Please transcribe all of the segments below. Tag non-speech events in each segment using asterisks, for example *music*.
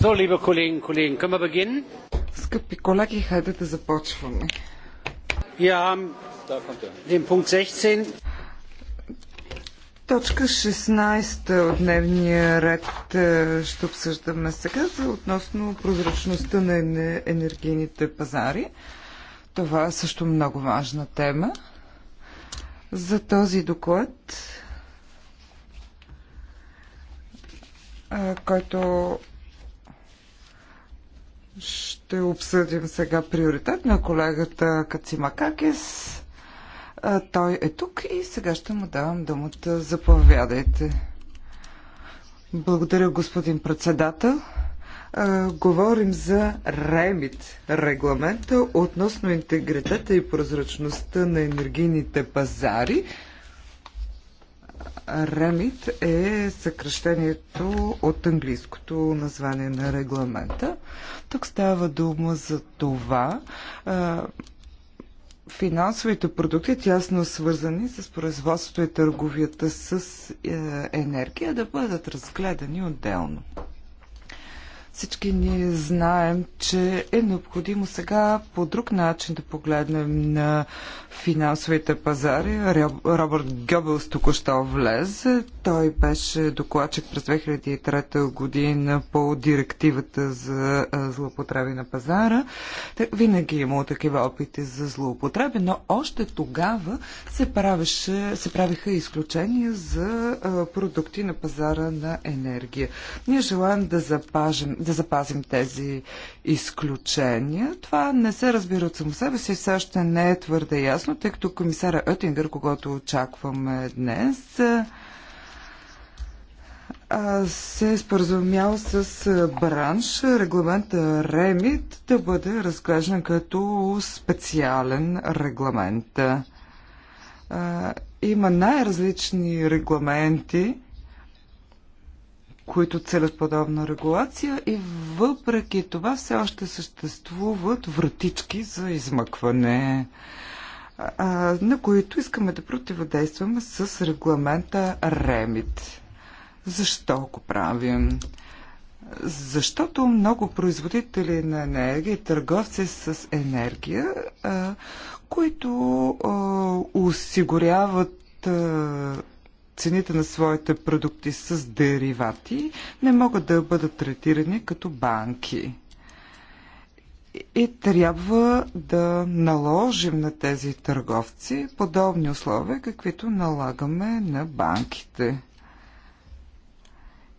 So, liebe Kolleginnen und Kollegen, können wir beginnen? Скъпи колеги, хайде да започваме. Wir den Punkt 16. Точка 16 от дневния ред е, ще обсъждаме сега за относно прозрачността на енергийните пазари. Това е също много важна тема. За този доклад е, който ще обсъдим сега приоритет на колегата Кацимакакис. Той е тук и сега ще му давам думата. Заповядайте. Благодаря, господин председател. Говорим за РЕМИТ, регламента относно интегритета и прозрачността на енергийните пазари. РЕМИТ е съкръщението от английското название на регламента. Тук става дума за това финансовите продукти, тясно свързани с производството и търговията с е, енергия, да бъдат разгледани отделно. Всички ние знаем, че е необходимо сега по друг начин да погледнем на финансовите пазари. Робърт Гебелс току-що влезе. Той беше докладчик през 2003 година по директивата за злоупотреби на пазара. Винаги е имало такива опити за злоупотреби, но още тогава се, правеше, се правиха изключения за продукти на пазара на енергия. Ние желаем да запажем да запазим тези изключения. Това не се разбира от само себе си, все още не е твърде ясно, тъй като комисара Оттингър, когато очакваме днес, се е споразумял с бранш регламента Ремит да бъде разглеждан като специален регламент. Има най-различни регламенти, които целят подобна регулация и въпреки това все още съществуват вратички за измъкване, на които искаме да противодействаме с регламента РЕМИТ. Защо го правим? Защото много производители на енергия и търговци с енергия, които осигуряват цените на своите продукти с деривати, не могат да бъдат третирани като банки. И трябва да наложим на тези търговци подобни условия, каквито налагаме на банките.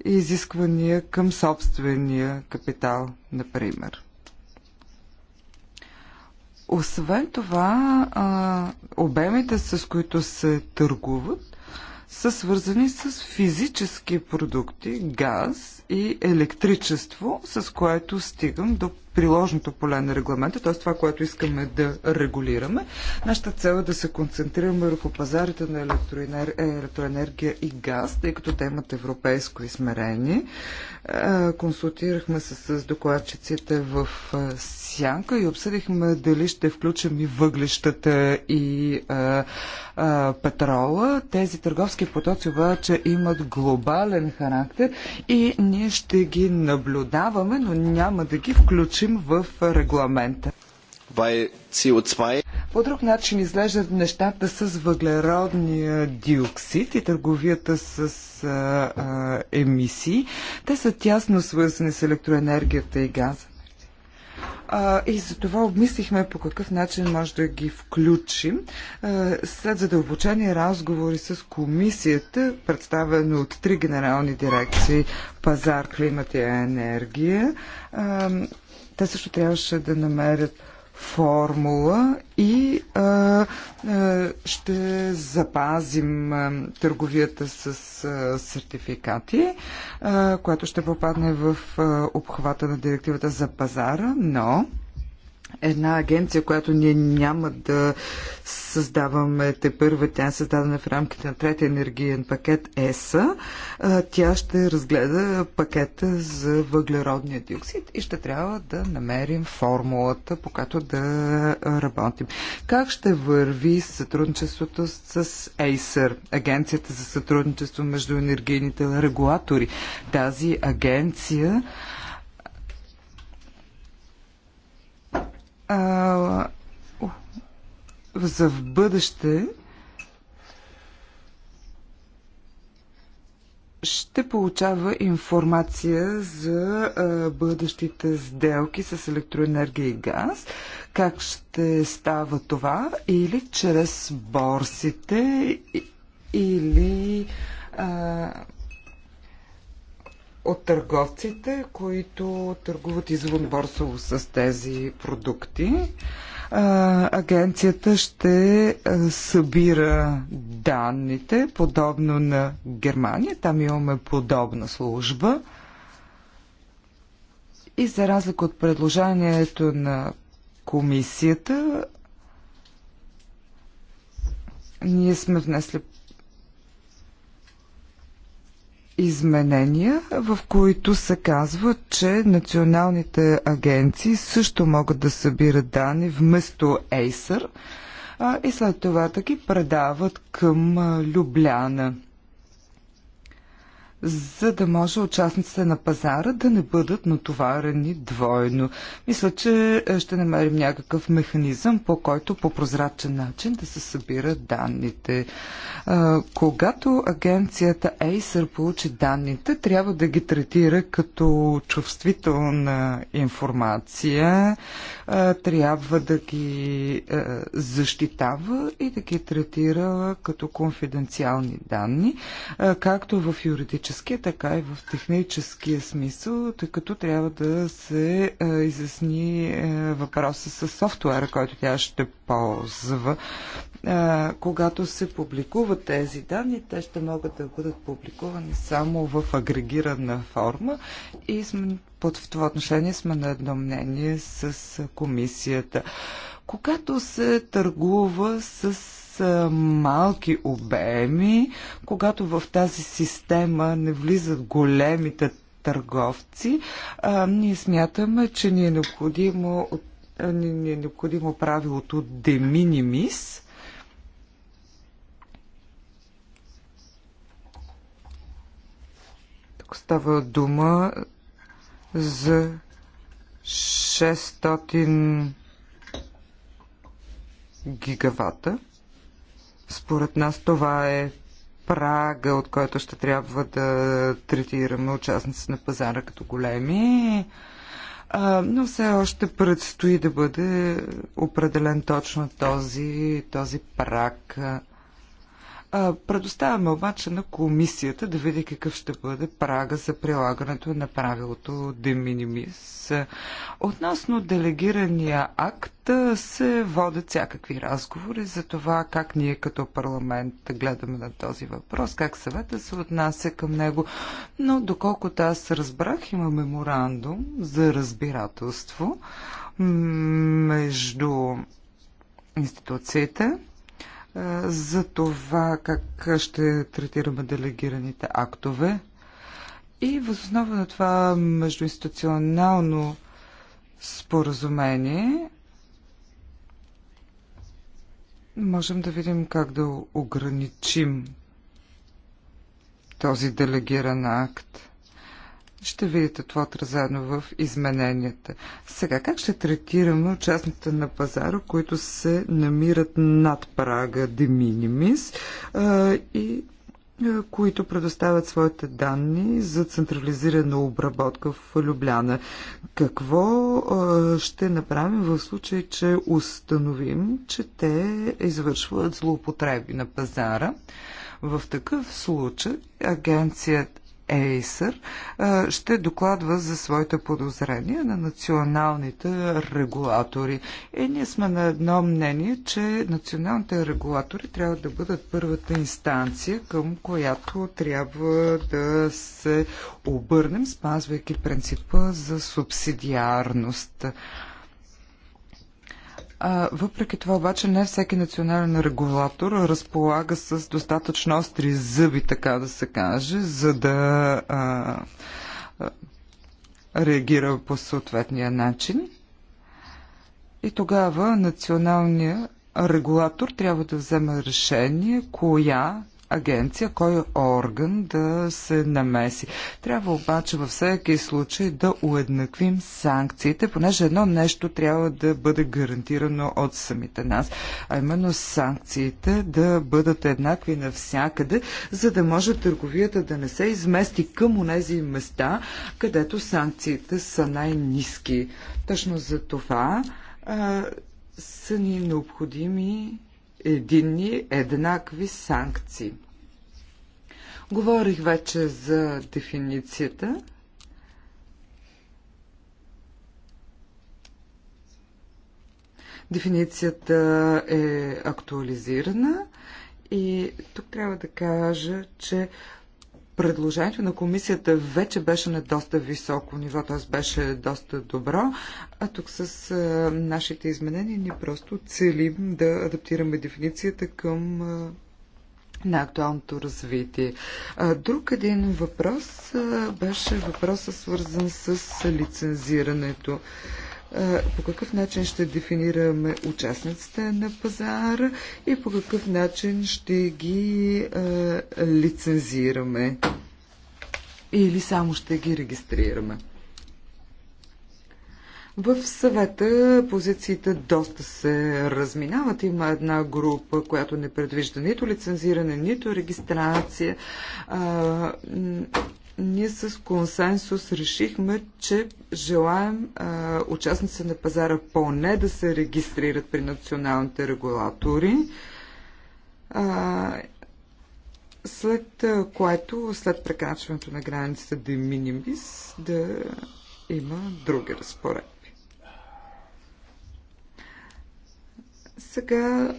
Изисквания към собствения капитал, например. Освен това, обемите, с които се търгуват, са свързани с физически продукти, газ и електричество, с което стигам до приложното поле на регламента, т.е. това, което искаме да регулираме. Нашата цел е да се концентрираме върху пазарите на електроенер... Е, електроенергия и газ, тъй като те имат европейско измерение. Е, консултирахме се с докладчиците в е, Сянка и обсъдихме дали ще включим и въглищата и петрола. Тези търговски потоци обаче имат глобален характер и ние ние ще ги наблюдаваме, но няма да ги включим в регламента. По друг начин изглеждат нещата с въглеродния диоксид и търговията с а, а, емисии. Те са тясно свързани с електроенергията и газа. А, и за това обмислихме по какъв начин може да ги включим. А, след задълбочени разговори с комисията, представена от три генерални дирекции пазар, климат и енергия, а, те също трябваше да намерят формула и а, а, ще запазим а, търговията с а, сертификати, а, която ще попадне в а, обхвата на директивата за пазара, но една агенция, която ние няма да създаваме те първа, тя е създадена в рамките на третия енергиен пакет ЕСА. Тя ще разгледа пакета за въглеродния диоксид и ще трябва да намерим формулата, по която да работим. Как ще върви сътрудничеството с ЕЙСър, Агенцията за сътрудничество между енергийните регулатори? Тази агенция а, за в бъдеще ще получава информация за а, бъдещите сделки с електроенергия и газ, как ще става това или чрез борсите или а, от търговците, които търгуват извън борсово с тези продукти. Агенцията ще събира данните, подобно на Германия. Там имаме подобна служба. И за разлика от предложението на комисията, ние сме внесли изменения, в които се казва, че националните агенции също могат да събират данни вместо Acer и след това таки предават към Любляна за да може участниците на пазара да не бъдат натоварени двойно. Мисля, че е, ще намерим някакъв механизъм, по който по прозрачен начин да се събират данните. Когато агенцията Acer получи данните, трябва да ги третира като чувствителна информация, трябва да ги защитава и да ги третира като конфиденциални данни, както в юридически юридически, така и в техническия смисъл, тъй като трябва да се а, изясни а, въпроса с софтуера, който тя ще ползва. А, когато се публикуват тези данни, те ще могат да бъдат публикувани само в агрегирана форма и сме, под, в това отношение сме на едно мнение с комисията. Когато се търгува с са малки обеми, когато в тази система не влизат големите търговци, а, ние смятаме, че ни е необходимо, ни е необходимо правилото de minimis, Тук става дума за 600 гигавата. Според нас това е прага, от който ще трябва да третираме участници на пазара като големи, но все още предстои да бъде определен точно този, този прак. Предоставяме обаче на комисията да види какъв ще бъде прага за прилагането на правилото de minimis. Относно делегирания акт се водят всякакви разговори за това как ние като парламент гледаме на този въпрос, как съвета се отнася към него. Но доколкото аз разбрах, има меморандум за разбирателство между институциите за това как ще третираме делегираните актове. И възоснова на това междуинституционално споразумение можем да видим как да ограничим този делегиран акт. Ще видите това отразено в измененията. Сега как ще третираме участните на пазара, които се намират над прага de minimis и които предоставят своите данни за централизирана обработка в Любляна. Какво ще направим в случай, че установим, че те извършват злоупотреби на пазара? В такъв случай агенцията Ейсър, ще докладва за своите подозрения на националните регулатори. И е, ние сме на едно мнение, че националните регулатори трябва да бъдат първата инстанция, към която трябва да се обърнем, спазвайки принципа за субсидиарност. Въпреки това обаче не всеки национален регулатор разполага с достатъчно остри зъби, така да се каже, за да а, а, реагира по съответния начин. И тогава националният регулатор трябва да вземе решение коя агенция, кой е орган да се намеси. Трябва обаче във всеки случай да уеднаквим санкциите, понеже едно нещо трябва да бъде гарантирано от самите нас, а именно санкциите да бъдат еднакви навсякъде, за да може търговията да не се измести към онези места, където санкциите са най-низки. Точно за това а, са ни необходими единни, еднакви санкции. Говорих вече за дефиницията. Дефиницията е актуализирана и тук трябва да кажа, че предложението на комисията вече беше на доста високо ниво, т.е. беше доста добро, а тук с нашите изменения ние просто целим да адаптираме дефиницията към на актуалното развитие. Друг един въпрос беше въпросът свързан с лицензирането по какъв начин ще дефинираме участниците на пазара и по какъв начин ще ги лицензираме или само ще ги регистрираме. В съвета позициите доста се разминават. Има една група, която не предвижда нито лицензиране, нито регистрация ние с консенсус решихме, че желаем а, участници на пазара поне да се регистрират при националните регулатори, а, след което, след прекрачването на границата де минимис, да има други разпоредби. Сега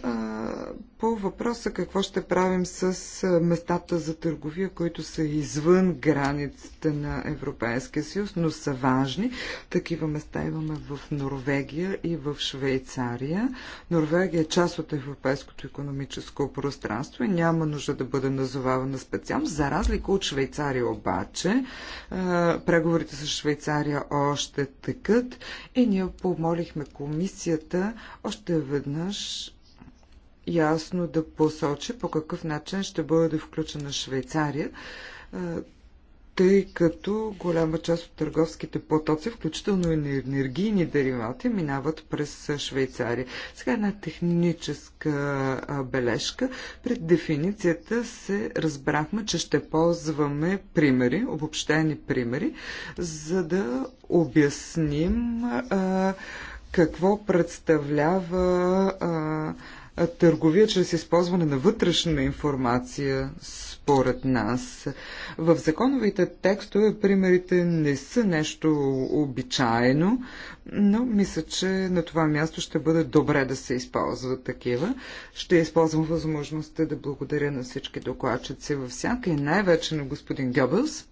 по въпроса какво ще правим с местата за търговия, които са извън границите на Европейския съюз, но са важни. Такива места имаме в Норвегия и в Швейцария. Норвегия е част от европейското економическо пространство и няма нужда да бъде назовавана специално. За разлика от Швейцария обаче, преговорите с Швейцария още тъкат и ние помолихме комисията още веднъж веднъж ясно да посочи по какъв начин ще бъде включена Швейцария, тъй като голяма част от търговските потоци, включително и енергийни деривати, минават през Швейцария. Сега една техническа бележка. Пред дефиницията се разбрахме, че ще ползваме примери, обобщени примери, за да обясним а, какво представлява а, търговия чрез използване на вътрешна информация според нас. В законовите текстове примерите не са нещо обичайно, но мисля, че на това място ще бъде добре да се използват такива. Ще използвам възможността да благодаря на всички докладчици във всяка и най-вече на господин Гебълс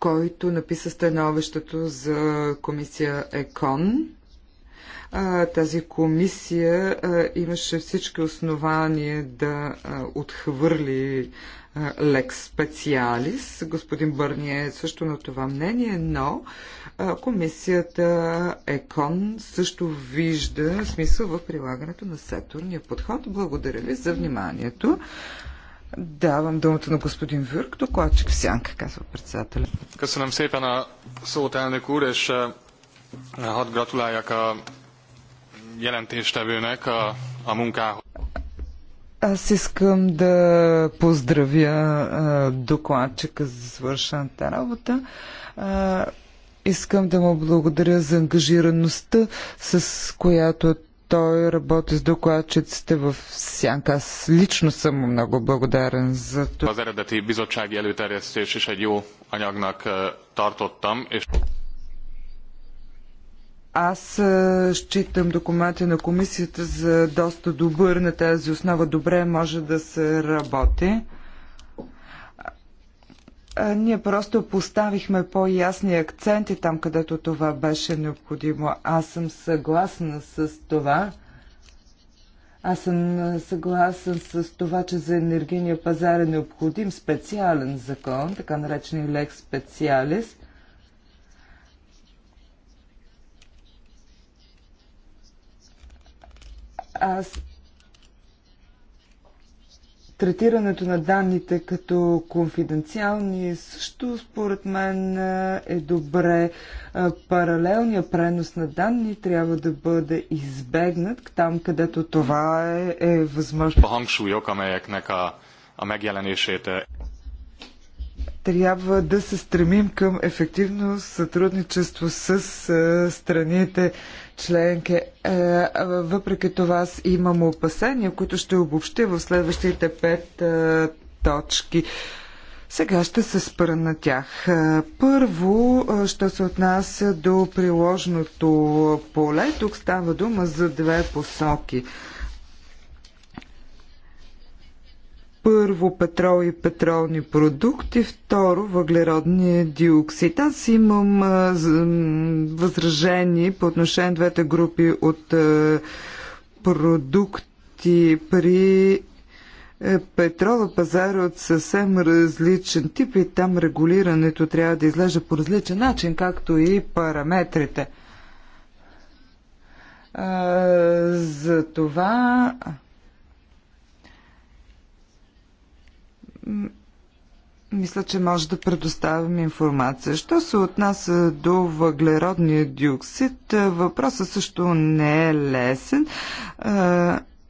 който написа становището за комисия ЕКОН. Тази комисия имаше всички основания да отхвърли лекс специалис. Господин Бърни е също на това мнение, но комисията ЕКОН също вижда смисъл в прилагането на секторния подход. Благодаря ви за вниманието. Давам думата на господин Вюрк, докладчик в сянка, казва председателя. Köszönöm szépen на szót, elnök úr, és е, hadd gratuláljak a jelentéstevőnek a, a munkához. Аз искам да поздравя а, е, докладчика за свършената работа. А, е, искам да му благодаря за ангажираността, с която е той работи с докладчиците в Сянка. Аз лично съм много благодарен за това. Az eredeti bizottsági előterjesztés is egy jó eh, аз eh, считам документи на комисията за доста добър на тази основа. Добре може да се работи ние просто поставихме по-ясни акценти там, където това беше необходимо. Аз съм съгласна с това. Аз съм съгласен с това, че за енергийния пазар е необходим специален закон, така наречен лек специалист. Аз Третирането на данните като конфиденциални е също според мен е добре. Паралелният пренос на данни трябва да бъде избегнат там, където това е, е възможно. Е. Трябва да се стремим към ефективно сътрудничество с страните членки. Е, въпреки това аз имам опасения, които ще обобщя в следващите пет е, точки. Сега ще се спра на тях. Е, първо, що се отнася до приложното поле, тук става дума за две посоки – първо петрол и петролни продукти, второ въглеродния диоксид. Аз имам възражение по отношение на двете групи от продукти при е, Петрола пазар от е съвсем различен тип и там регулирането трябва да изглежда по различен начин, както и параметрите. А, за това мисля, че може да предоставим информация. Що се отнася до въглеродния диоксид, е, въпросът също не е лесен е,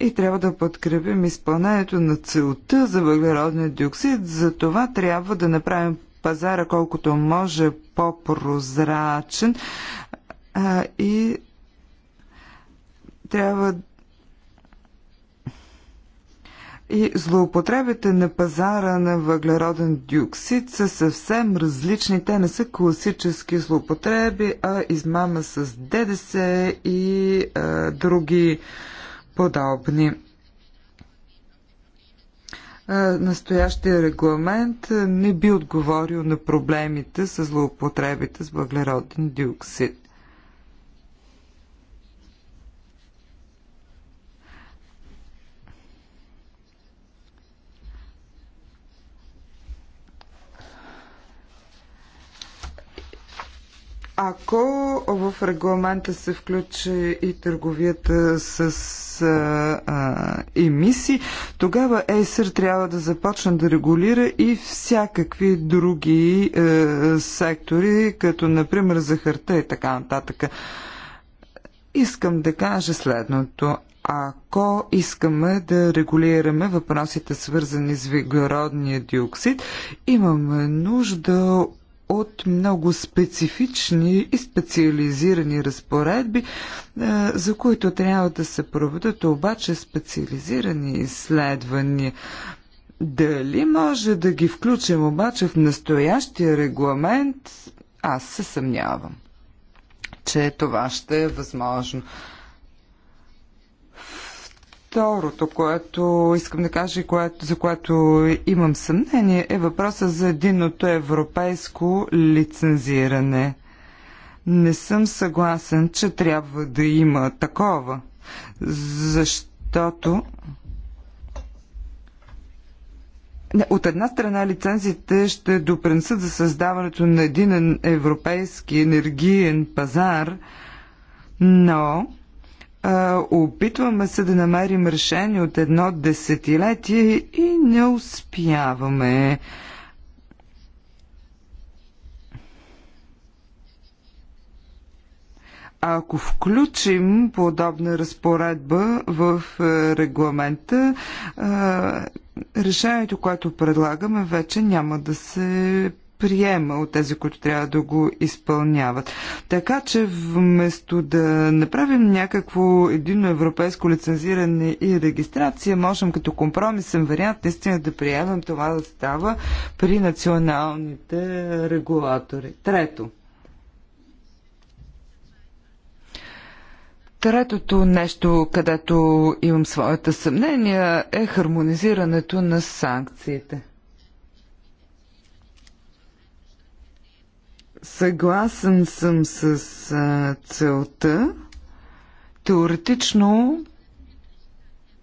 и трябва да подкрепим изпълнението на целта за въглеродния диоксид. За това трябва да направим пазара колкото може по-прозрачен е, и трябва и злоупотребите на пазара на въглероден диоксид са съвсем различни. Те не са класически злоупотреби, а измама с ДДС и а, други подобни. Настоящия регламент не би отговорил на проблемите с злоупотребите с въглероден диоксид. Ако в регламента се включи и търговията с а, а, емисии, тогава ЕСР трябва да започне да регулира и всякакви други а, сектори, като например захарта и така нататък. Искам да кажа следното. Ако искаме да регулираме въпросите свързани с въглеродния диоксид, имаме нужда от много специфични и специализирани разпоредби, е, за които трябва да се проведат обаче специализирани изследвания. Дали може да ги включим обаче в настоящия регламент, аз се съмнявам, че това ще е възможно. Второто, което искам да кажа и което, за което имам съмнение, е въпроса за единното европейско лицензиране. Не съм съгласен, че трябва да има такова, защото от една страна лицензите ще допринесат за създаването на един европейски енергиен пазар, но опитваме се да намерим решение от едно десетилетие и не успяваме. ако включим подобна разпоредба в е, регламента, е, решението, което предлагаме, вече няма да се приема от тези, които трябва да го изпълняват. Така че вместо да направим някакво едино европейско лицензиране и регистрация, можем като компромисен вариант наистина да приемем това да става при националните регулатори. Трето. Третото нещо, където имам своята съмнение, е хармонизирането на санкциите. Съгласен съм с а, целта. Теоретично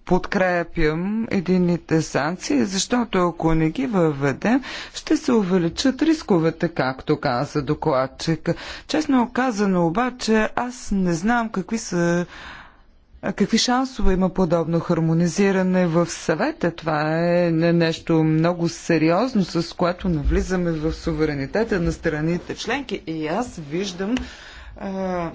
подкрепям едините санкции, защото ако не ги въведем, ще се увеличат рисковете, както каза докладчика. Честно казано обаче, аз не знам какви са Какви шансове има подобно хармонизиране в съвета? Това е нещо много сериозно, с което навлизаме в суверенитета на страните членки. И аз виждам а,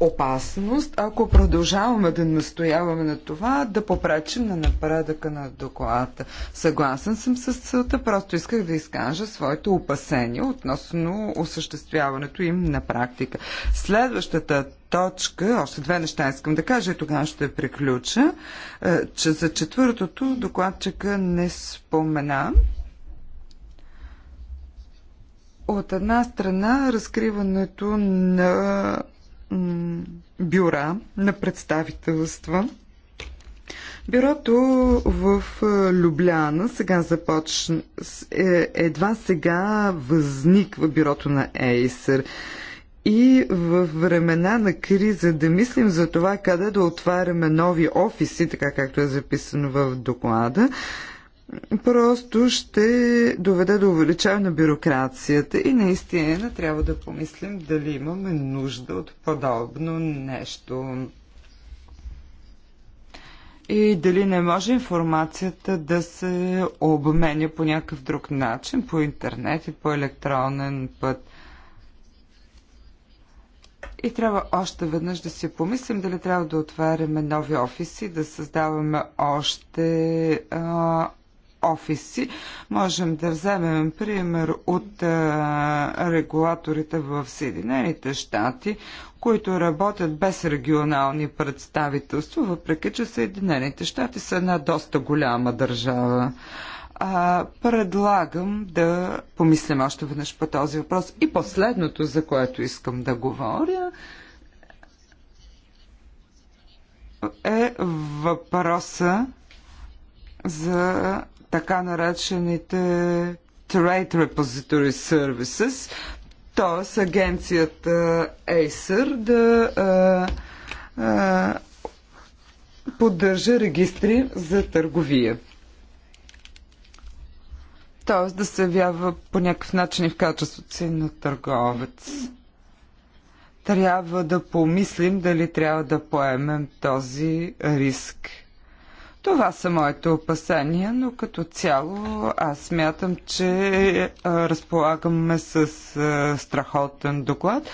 опасност, ако продължаваме да настояваме на това, да попречим на напредъка на доклада. Съгласен съм с целта, просто исках да изкажа своите опасения относно осъществяването им на практика. Следващата точка, още две неща искам да кажа и тогава ще приключа, е, че за четвъртото докладчика не спомена, от една страна разкриването на бюра на представителства. Бюрото в е, Любляна сега започна, е, едва сега възниква бюрото на Ейсер. И в времена на криза да мислим за това къде да отваряме нови офиси, така както е записано в доклада, просто ще доведе до увеличаване на бюрокрацията и наистина трябва да помислим дали имаме нужда от подобно нещо. И дали не може информацията да се обменя по някакъв друг начин, по интернет и по електронен път. И трябва още веднъж да си помислим дали трябва да отваряме нови офиси, да създаваме още а, офиси. Можем да вземем пример от регулаторите в Съединените щати, които работят без регионални представителства, въпреки че Съединените щати са една доста голяма държава. А, предлагам да помислим още веднъж по този въпрос. И последното, за което искам да говоря, е въпроса за така наречените Trade Repository Services, т.е. агенцията Acer да а, а, поддържа регистри за търговия. Т.е. да се явява по някакъв начин и в качеството си на търговец. Трябва да помислим дали трябва да поемем този риск. Това са моите опасения, но като цяло аз смятам, че разполагаме с страхотен доклад,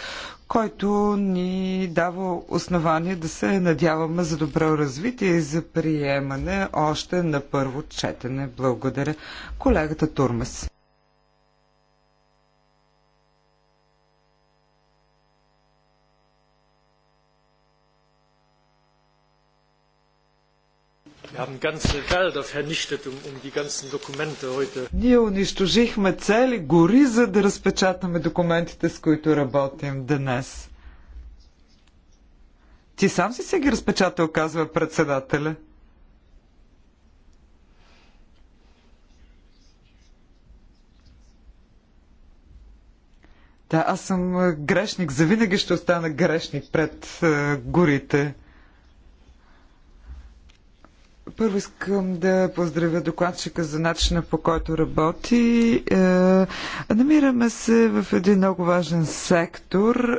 който ни дава основание да се надяваме за добро развитие и за приемане още на първо четене. Благодаря. Колегата Турмес. Um, um Ние унищожихме цели гори, за да разпечатаме документите, с които работим днес. Ти сам си си ги разпечатал, казва председателя. Да, аз съм грешник. Завинаги ще остана грешник пред горите. Първо искам да поздравя докладчика за начина по който работи. Е, намираме се в един много важен сектор е,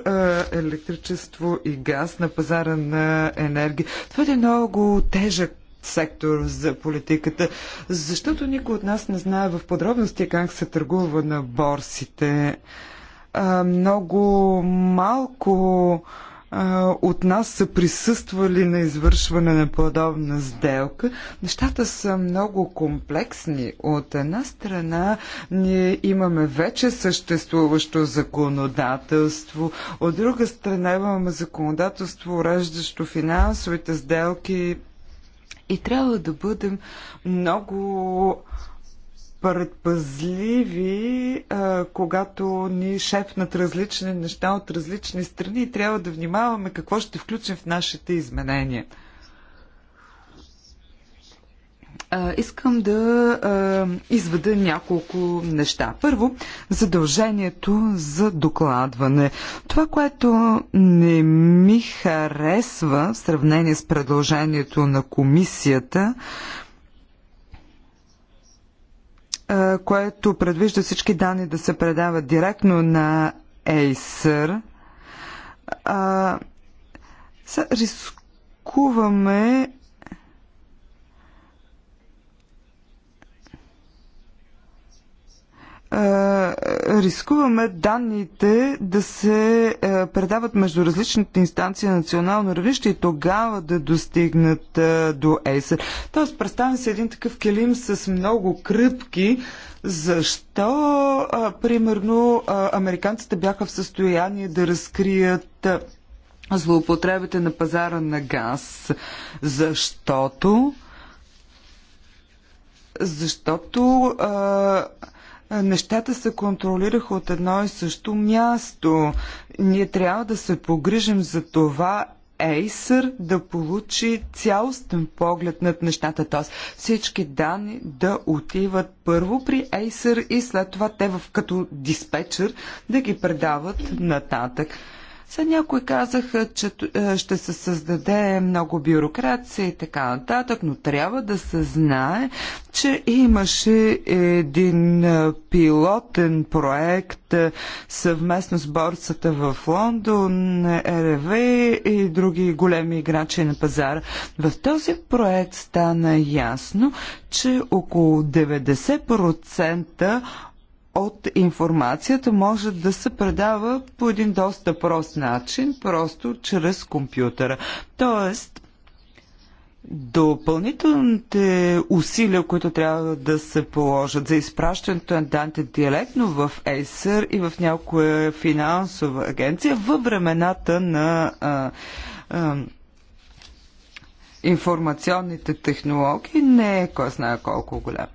електричество и газ на пазара на енергия. Това е много тежък сектор за политиката, защото никой от нас не знае в подробности как се търгува на борсите. Е, много малко от нас са присъствали на извършване на подобна сделка. Нещата са много комплексни. От една страна ние имаме вече съществуващо законодателство, от друга страна имаме законодателство, уреждащо финансовите сделки и трябва да бъдем много предпазливи, когато ни шепнат различни неща от различни страни и трябва да внимаваме какво ще включим в нашите изменения. искам да изведа няколко неща. Първо, задължението за докладване. Това, което не ми харесва в сравнение с предложението на комисията, което предвижда всички данни да се предават директно на Acer, рискуваме рискуваме данните да се предават между различните инстанции на национално равнище и тогава да достигнат до Acer. Тоест, представя се един такъв келим с много кръпки. Защо, примерно, американците бяха в състояние да разкрият злоупотребите на пазара на газ? Защото защото а, нещата се контролираха от едно и също място. Ние трябва да се погрижим за това Acer да получи цялостен поглед над нещата, т.е. всички данни да отиват първо при Acer и след това те в, като диспетчер да ги предават нататък. Са някои казаха, че е, ще се създаде много бюрокрация и така нататък, но трябва да се знае, че имаше един е, пилотен проект е, съвместно с борцата в Лондон, РВ и други големи играчи на пазара. В този проект стана ясно, че около 90% от информацията може да се предава по един доста прост начин, просто чрез компютъра. Тоест, Допълнителните усилия, които трябва да се положат за изпращането на данните диалектно в Acer и в някоя финансова агенция във времената на а, а, информационните технологии не е кой знае колко голям.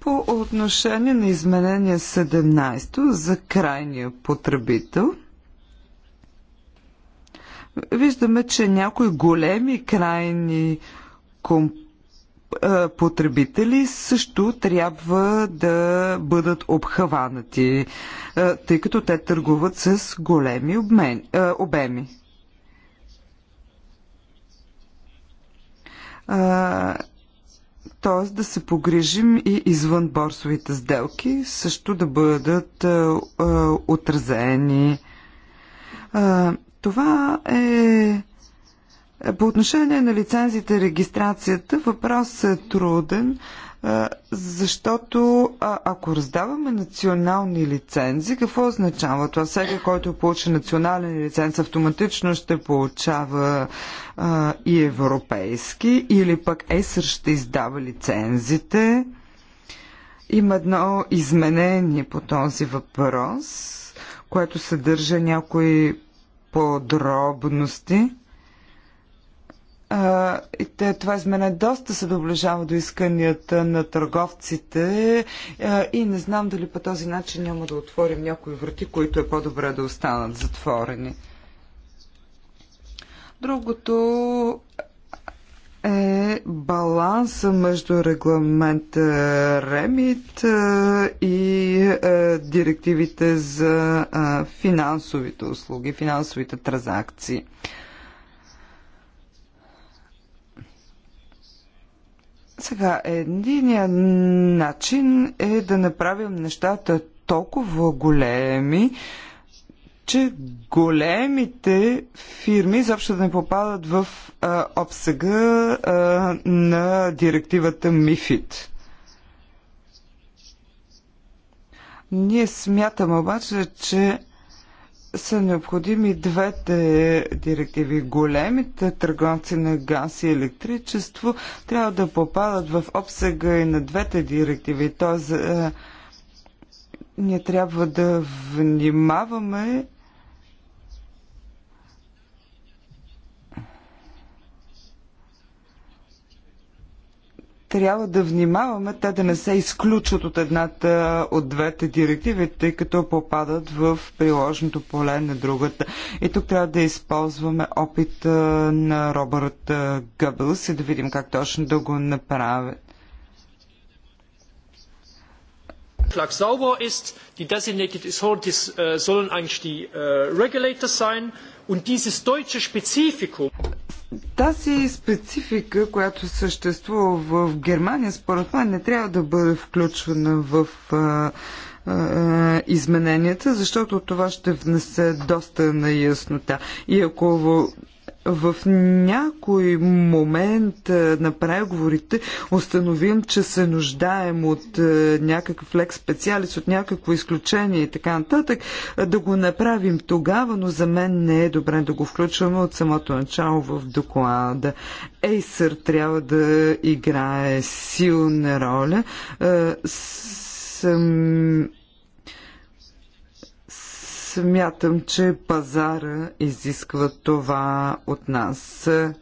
По отношение на изменение 17 за крайния потребител, виждаме, че някои големи крайни потребители също трябва да бъдат обхванати, тъй като те търгуват с големи обмен, обеми т.е. да се погрижим и извън борсовите сделки също да бъдат а, е, а, е, отразени. А, е, това е по отношение на лицензите и регистрацията въпрос е труден. А, защото а, ако раздаваме национални лицензи, какво означава това? Всеки, който получи национален лиценз, автоматично ще получава а, и европейски, или пък ЕСР ще издава лицензите. Има едно изменение по този въпрос, което съдържа някои подробности. А, и те, това измене доста се доближава до исканията на търговците а, и не знам дали по този начин няма да отворим някои врати, които е по-добре да останат затворени. Другото е баланса между регламент Ремит и директивите за финансовите услуги, финансовите транзакции. Сега, единият начин е да направим нещата толкова големи, че големите фирми изобщо да не попадат в а, обсъга а, на директивата МИФИД. Ние смятаме обаче, че са необходими двете директиви. Големите търговци на газ и електричество трябва да попадат в обсега и на двете директиви. Тоест, е, ние трябва да внимаваме трябва да внимаваме те да не се изключат от едната от двете директиви, тъй като попадат в приложното поле на другата. И тук трябва да използваме опит на Робърт Гъбълс и да видим как точно да го направят. Vorschlag sauber ist. Die designated authorities äh, sollen eigentlich die äh, Regulator sein. Und dieses deutsche Spezifikum. Тази специфика, която съществува в Германия, според мен не трябва да бъде включвана в а, а, измененията, защото това ще внесе доста яснота. И ако в някой момент е, на преговорите установим, че се нуждаем от е, някакъв лек специалист, от някакво изключение и така нататък, е, да го направим тогава, но за мен не е добре да го включваме от самото начало в доклада. Ейсър трябва да играе силна роля. Съм Смятам, че пазара изисква това от нас. Е,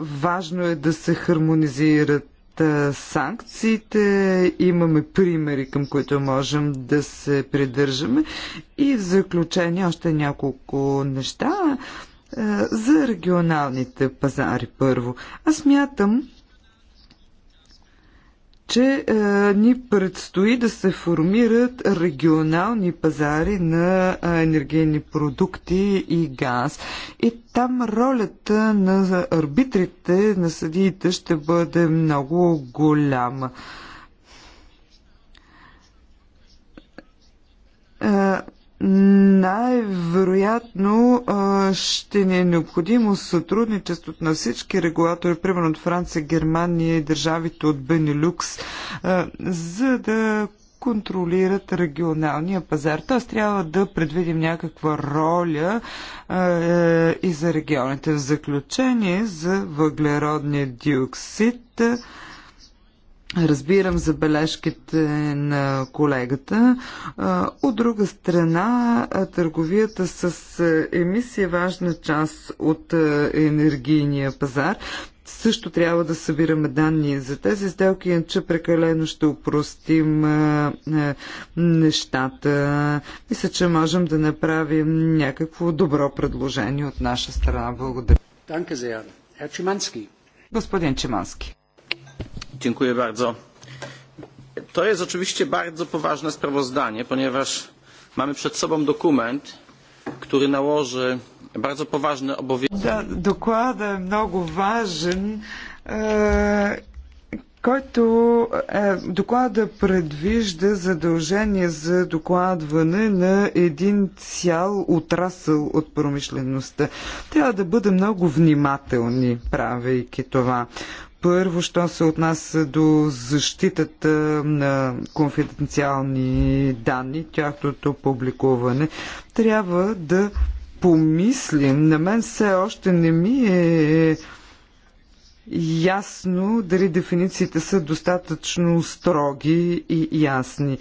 важно е да се хармонизират е, санкциите, имаме примери, към които можем да се придържаме. И в заключение още няколко неща е, за регионалните пазари първо. Аз мятам, че а, е, ни предстои да се формират регионални пазари на е, енергийни продукти и газ. И там ролята на арбитрите, на съдиите ще бъде много голяма. А, е, най-вероятно ще ни е необходимо сътрудничеството на всички регулатори, примерно от Франция, Германия и държавите от Бенилюкс, за да контролират регионалния пазар. Т.е. трябва да предвидим някаква роля е, и за регионите. В заключение за въглеродния диоксид. Е, Разбирам забележките на колегата. От друга страна, търговията с емисия е важна част от енергийния пазар. Също трябва да събираме данни за тези сделки, Че прекалено ще упростим нещата. Мисля, че можем да направим някакво добро предложение от наша страна. Благодаря. Господин Чимански. Dziękuję bardzo. To jest oczywiście bardzo poważne sprawozdanie, ponieważ mamy przed sobą dokument, który nałoży bardzo poważne obowiązki. Dokładnie, mnogo ważny който е, доклада предвижда задължение за докладване на един цял отрасъл от промишлеността. Трябва да бъдем много внимателни, правейки това. Първо, що се отнася до защитата на конфиденциални данни, тяхното публикуване, трябва да помислим. На мен все още не ми е ясно дали дефинициите са достатъчно строги и ясни.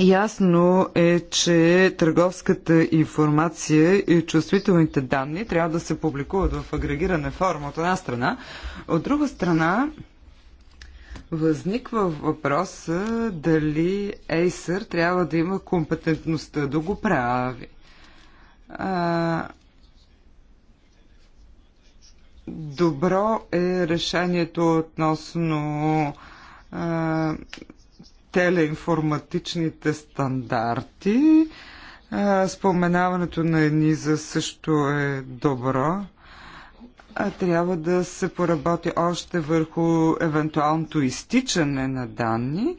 Ясно е, че търговската информация и чувствителните данни трябва да се публикуват в агрегирана форма от една страна. От друга страна, възниква въпрос дали Acer трябва да има компетентността да го прави. А, добро е решението относно а, телеинформатичните стандарти. Споменаването на ЕНИЗА също е добро. Трябва да се поработи още върху евентуалното изтичане на данни.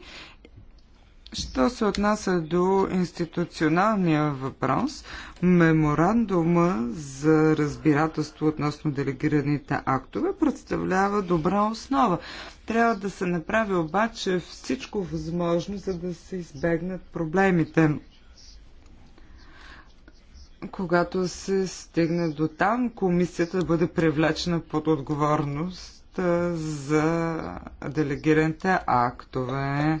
Що се отнася до институционалния въпрос, меморандума за разбирателство относно делегираните актове представлява добра основа. Трябва да се направи обаче всичко възможно, за да се избегнат проблемите когато се стигне до там, комисията да бъде привлечена под отговорност за делегираните актове.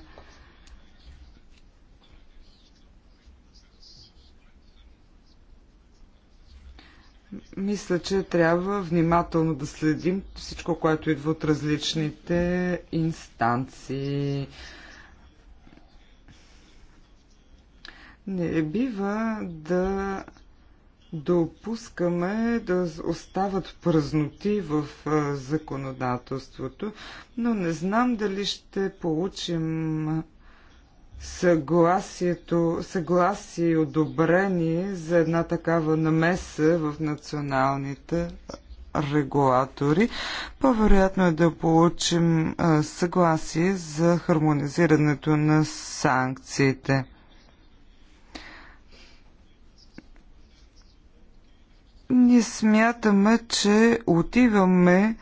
Мисля, че трябва внимателно да следим всичко, което идва от различните инстанции. Не бива да допускаме да остават празноти в законодателството, но не знам дали ще получим съгласието, съгласие и одобрение за една такава намеса в националните регулатори. По-вероятно е да получим съгласие за хармонизирането на санкциите. Ние смятаме, че отиваме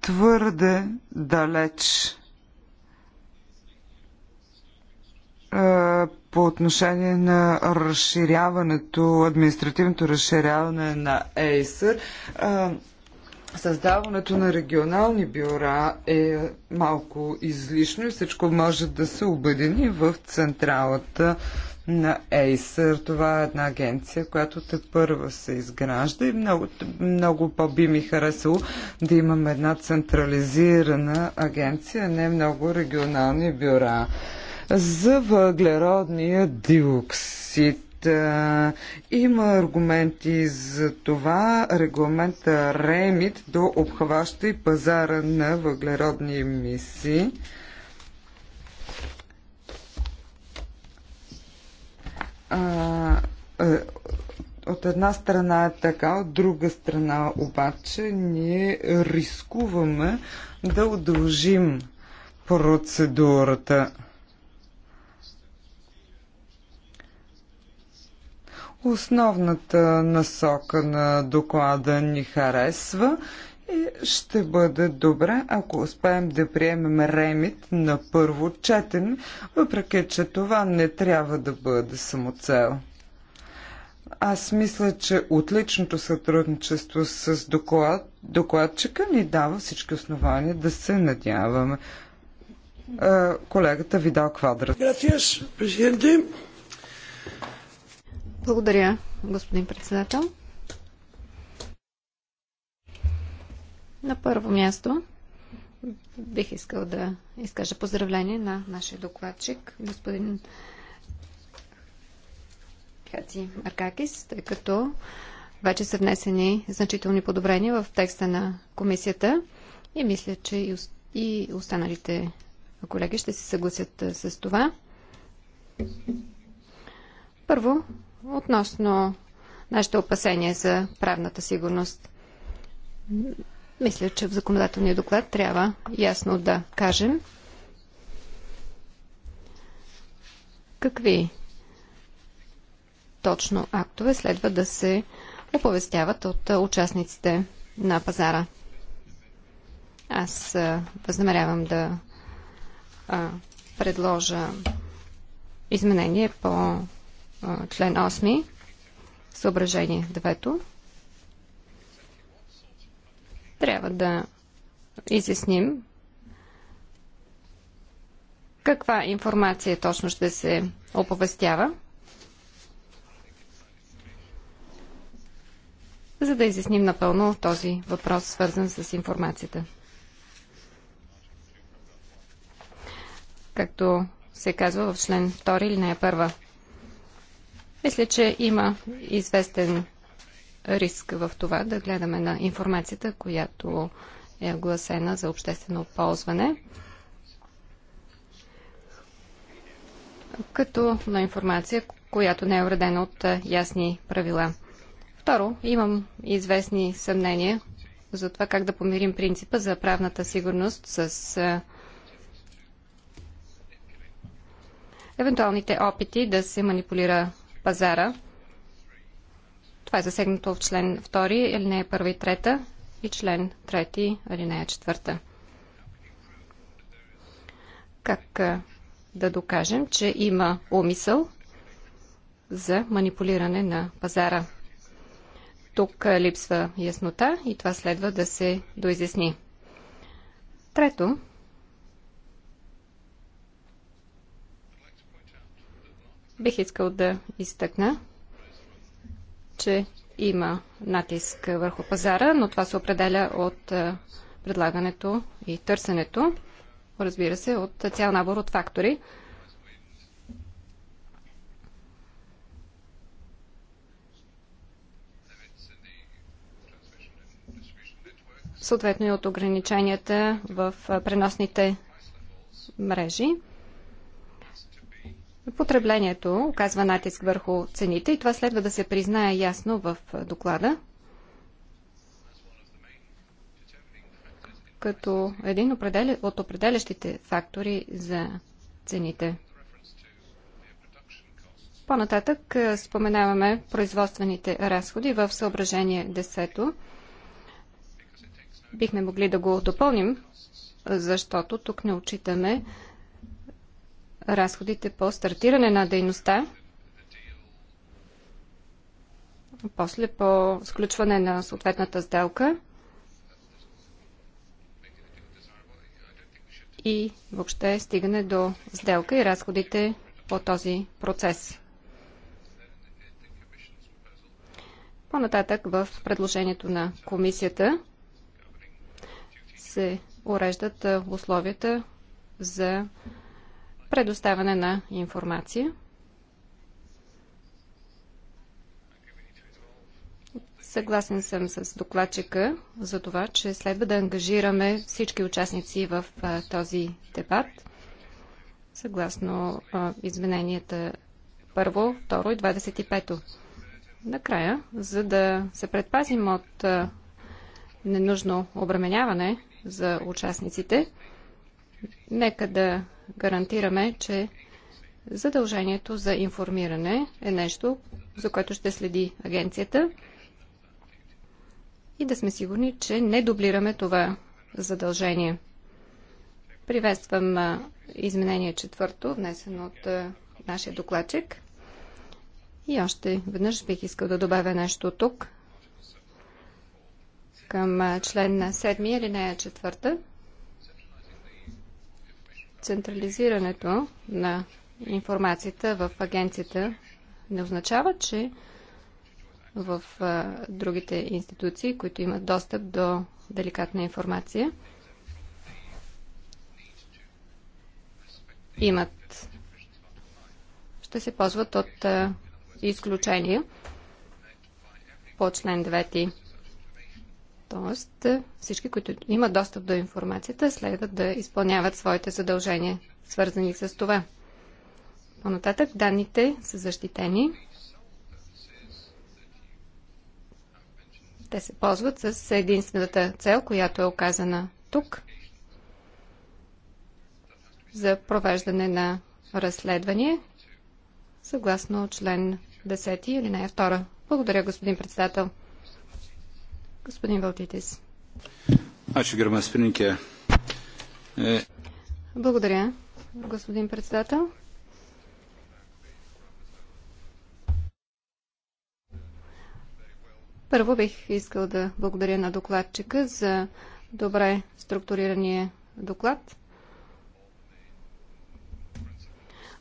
твърде далеч по отношение на разширяването, административното разширяване на Acer. Създаването на регионални бюра е малко излишно и всичко може да се обедини в централата на Acer. Това е една агенция, която те първа се изгражда и много, много по-би ми харесало да имаме една централизирана агенция, не много регионални бюра. За въглеродния диоксид е, има аргументи за това регламента Ремит до обхваща и пазара на въглеродни емисии. Е, от една страна е така, от друга страна обаче ние рискуваме да удължим процедурата. Основната насока на доклада ни харесва и ще бъде добре, ако успеем да приемем ремит на първо четен, въпреки че това не трябва да бъде самоцел. Аз мисля, че отличното сътрудничество с доклад, докладчика ни дава всички основания да се надяваме. Е, колегата Видал Квадрат. Gracias, благодаря, господин председател. На първо място бих искал да изкажа поздравление на нашия докладчик, господин Хаци Маркакис, тъй като вече са внесени значителни подобрения в текста на комисията и мисля, че и останалите колеги ще се съгласят с това. Първо, относно нашите опасения за правната сигурност. Мисля, че в законодателния доклад трябва ясно да кажем какви точно актове следва да се оповестяват от участниците на пазара. Аз възнамерявам да предложа изменение по член 8, съображение 9, трябва да изясним каква информация точно ще се оповестява, за да изясним напълно този въпрос, свързан с информацията. Както се казва в член 2 или не е първа. Мисля, че има известен риск в това да гледаме на информацията, която е огласена за обществено ползване, като на информация, която не е уредена от е, ясни правила. Второ, имам известни съмнения за това как да помирим принципа за правната сигурност с е, евентуалните опити да се манипулира пазара. Това е засегнато в член 2, алинея 1 и 3 и член 3, алинея 4. Как да докажем, че има умисъл за манипулиране на пазара? Тук липсва яснота и това следва да се доизясни. Трето, Бих искал да изтъкна, че има натиск върху пазара, но това се определя от е, предлагането и търсенето, разбира се, от цял набор от фактори. Съответно и от ограниченията в е, преносните мрежи. Потреблението оказва натиск върху цените и това следва да се признае ясно в доклада. като един от определящите фактори за цените. По-нататък споменаваме производствените разходи в съображение 10. Бихме могли да го допълним, защото тук не отчитаме разходите по стартиране на дейността, после по сключване на съответната сделка и въобще стигане до сделка и разходите по този процес. По-нататък в предложението на комисията се уреждат условията за предоставяне на информация. Съгласен съм с докладчика за това, че следва да ангажираме всички участници в този дебат, съгласно измененията първо, второ и 25-то. Накрая, за да се предпазим от ненужно обременяване за участниците, нека да гарантираме, че задължението за информиране е нещо, за което ще следи агенцията и да сме сигурни, че не дублираме това задължение. Приветствам изменение четвърто, внесено от нашия докладчик. И още веднъж бих искал да добавя нещо тук към член на 7 или нея четвърта централизирането на информацията в агенцията не означава, че в другите институции, които имат достъп до деликатна информация, имат ще се ползват от изключения по член Тоест, е, всички, които имат достъп до информацията, следва да изпълняват своите задължения, свързани с това. По-нататък данните са защитени. Те се ползват с единствената цел, която е оказана тук за провеждане на разследване съгласно член 10 или 2. Благодаря, господин председател. Господин Балтитис. Ачи, гърмас Благодаря, господин председател. Първо бих искал да благодаря на докладчика за добре структурирания доклад.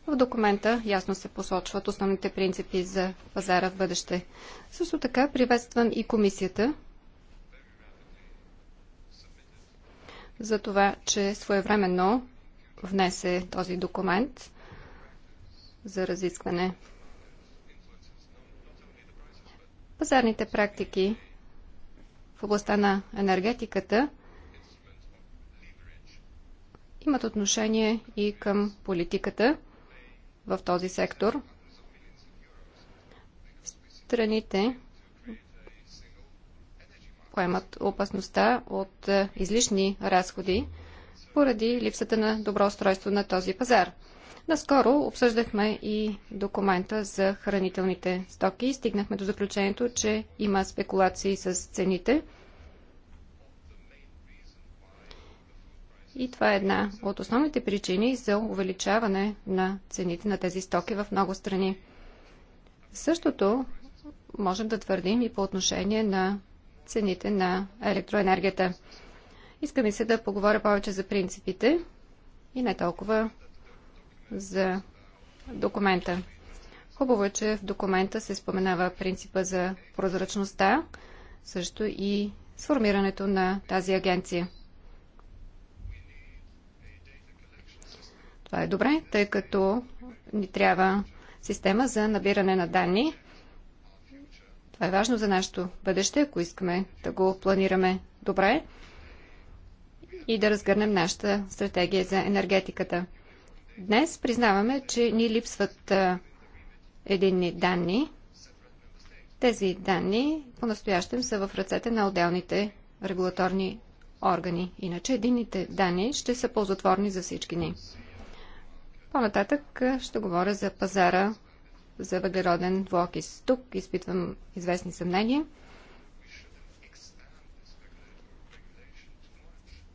В документа ясно се посочват основните принципи за пазара в бъдеще. Също така приветствам и комисията, за това, че своевременно внесе този документ за разискване. Пазарните практики в областта на енергетиката имат отношение и към политиката в този сектор. Страните поемат опасността от е, излишни разходи поради липсата на добро устройство на този пазар. Наскоро обсъждахме и документа за хранителните стоки и стигнахме до заключението, че има спекулации с цените. И това е една от основните причини за увеличаване на цените на тези стоки в много страни. Същото можем да твърдим и по отношение на цените на електроенергията. Иска ми се да поговоря повече за принципите и не толкова за документа. Хубаво е, че в документа се споменава принципа за прозрачността, също и сформирането на тази агенция. Това е добре, тъй като ни трябва система за набиране на данни, това е важно за нашето бъдеще, ако искаме да го планираме добре и да разгърнем нашата стратегия за енергетиката. Днес признаваме, че ни липсват единни данни. Тези данни по-настоящем са в ръцете на отделните регулаторни органи. Иначе единните данни ще са ползотворни за всички ни. По-нататък ще говоря за пазара за въглероден двуокис. Тук изпитвам известни съмнения.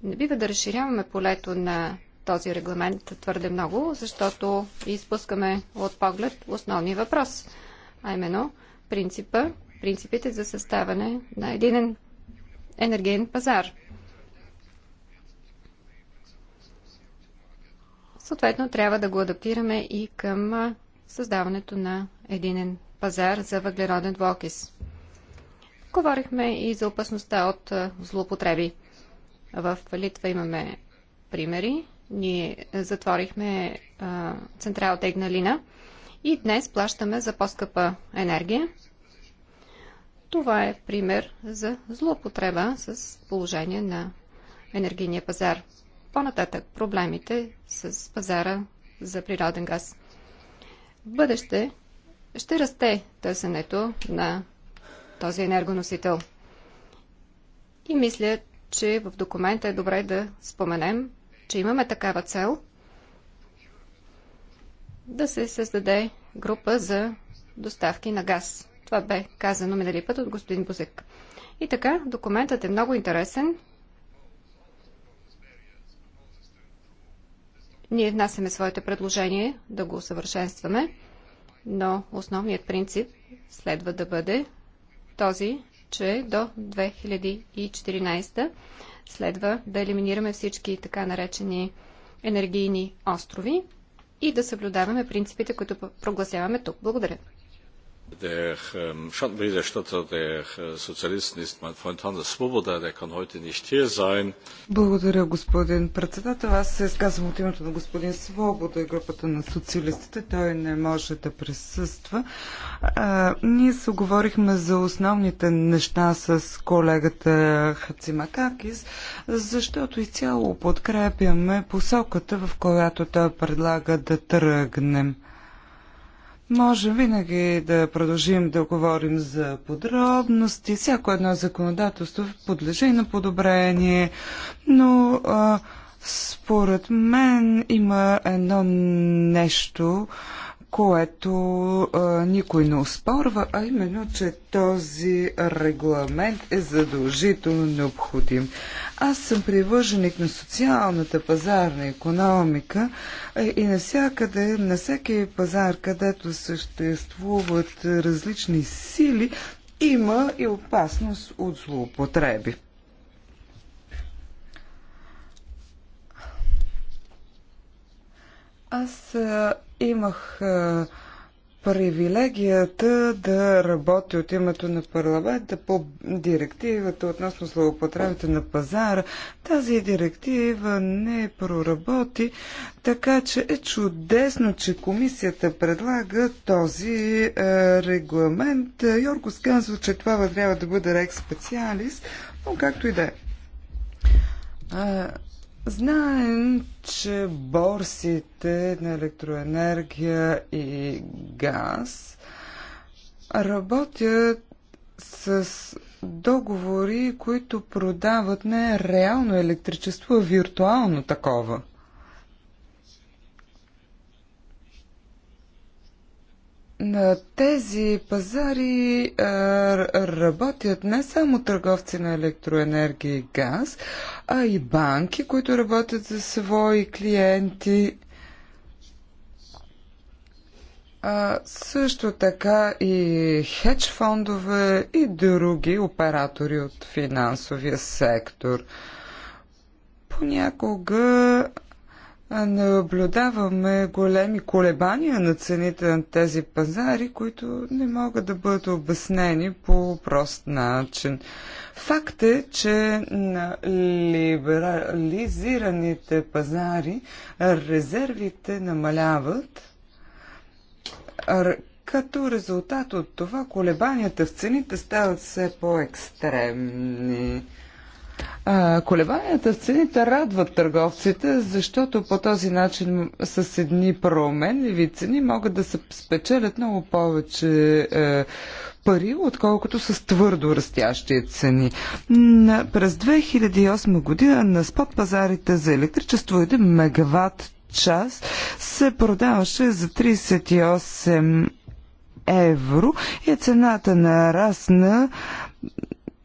Не бива да разширяваме полето на този регламент твърде много, защото изпускаме от поглед основния въпрос, а именно принципа, принципите за съставане на един енергиен пазар. Съответно, трябва да го адаптираме и към създаването на единен пазар за въглероден двуокис. Говорихме и за опасността от злоупотреби. В Литва имаме примери. Ние затворихме централ централата Игналина и днес плащаме за по-скъпа енергия. Това е пример за злоупотреба с положение на енергийния пазар. По-нататък проблемите с пазара за природен газ бъдеще ще расте търсенето на този енергоносител. И мисля, че в документа е добре да споменем, че имаме такава цел да се създаде група за доставки на газ. Това бе казано минали път от господин Бузек. И така, документът е много интересен. Ние внасяме своите предложения да го усъвършенстваме, но основният принцип следва да бъде този, че до 2014 следва да елиминираме всички така наречени енергийни острови и да съблюдаваме принципите, които прогласяваме тук. Благодаря. Der ähm, Schattenberichterstatter der äh, Sozialisten ist mein Freund Hannes Swoboda, der kann heute nicht hier sein. Благодаря, господин председател. Аз от името на господин Свобода и групата на социалистите. Той не може да присъства. ние се оговорихме за основните неща с колегата Хацимакакис, защото изцяло подкрепяме посоката, в която той предлага да тръгнем. Може винаги да продължим да говорим за подробности. Всяко едно законодателство подлежи на подобрение, но а, според мен има едно нещо, което а, никой не успорва, а именно, че този регламент е задължително необходим. Аз съм привърженик на социалната пазарна економика и навсякъде, на всеки пазар, където съществуват различни сили, има и опасност от злоупотреби. Аз а, имах а, привилегията да работи от името на парламента по директивата относно злоупотребите на пазара. Тази директива не проработи, така че е чудесно, че комисията предлага този е, регламент. Йорко казва, че това трябва да бъде рек специалист, но както и да е. Знаем, че борсите на електроенергия и газ работят с договори, които продават не реално електричество, а виртуално такова. На тези пазари а, работят не само търговци на електроенергия и газ, а и банки, които работят за свои клиенти. А, също така и хедж фондове и други оператори от финансовия сектор. Понякога наблюдаваме големи колебания на цените на тези пазари, които не могат да бъдат обяснени по прост начин. Факт е, че на либерализираните пазари резервите намаляват, като резултат от това колебанията в цените стават все по-екстремни. А, колебанията в цените радват търговците, защото по този начин с едни променливи цени могат да се спечелят много повече е, пари, отколкото с твърдо растящи цени. На, през 2008 година на спот пазарите за електричество 1 мегаватт час се продаваше за 38 евро и цената нарасна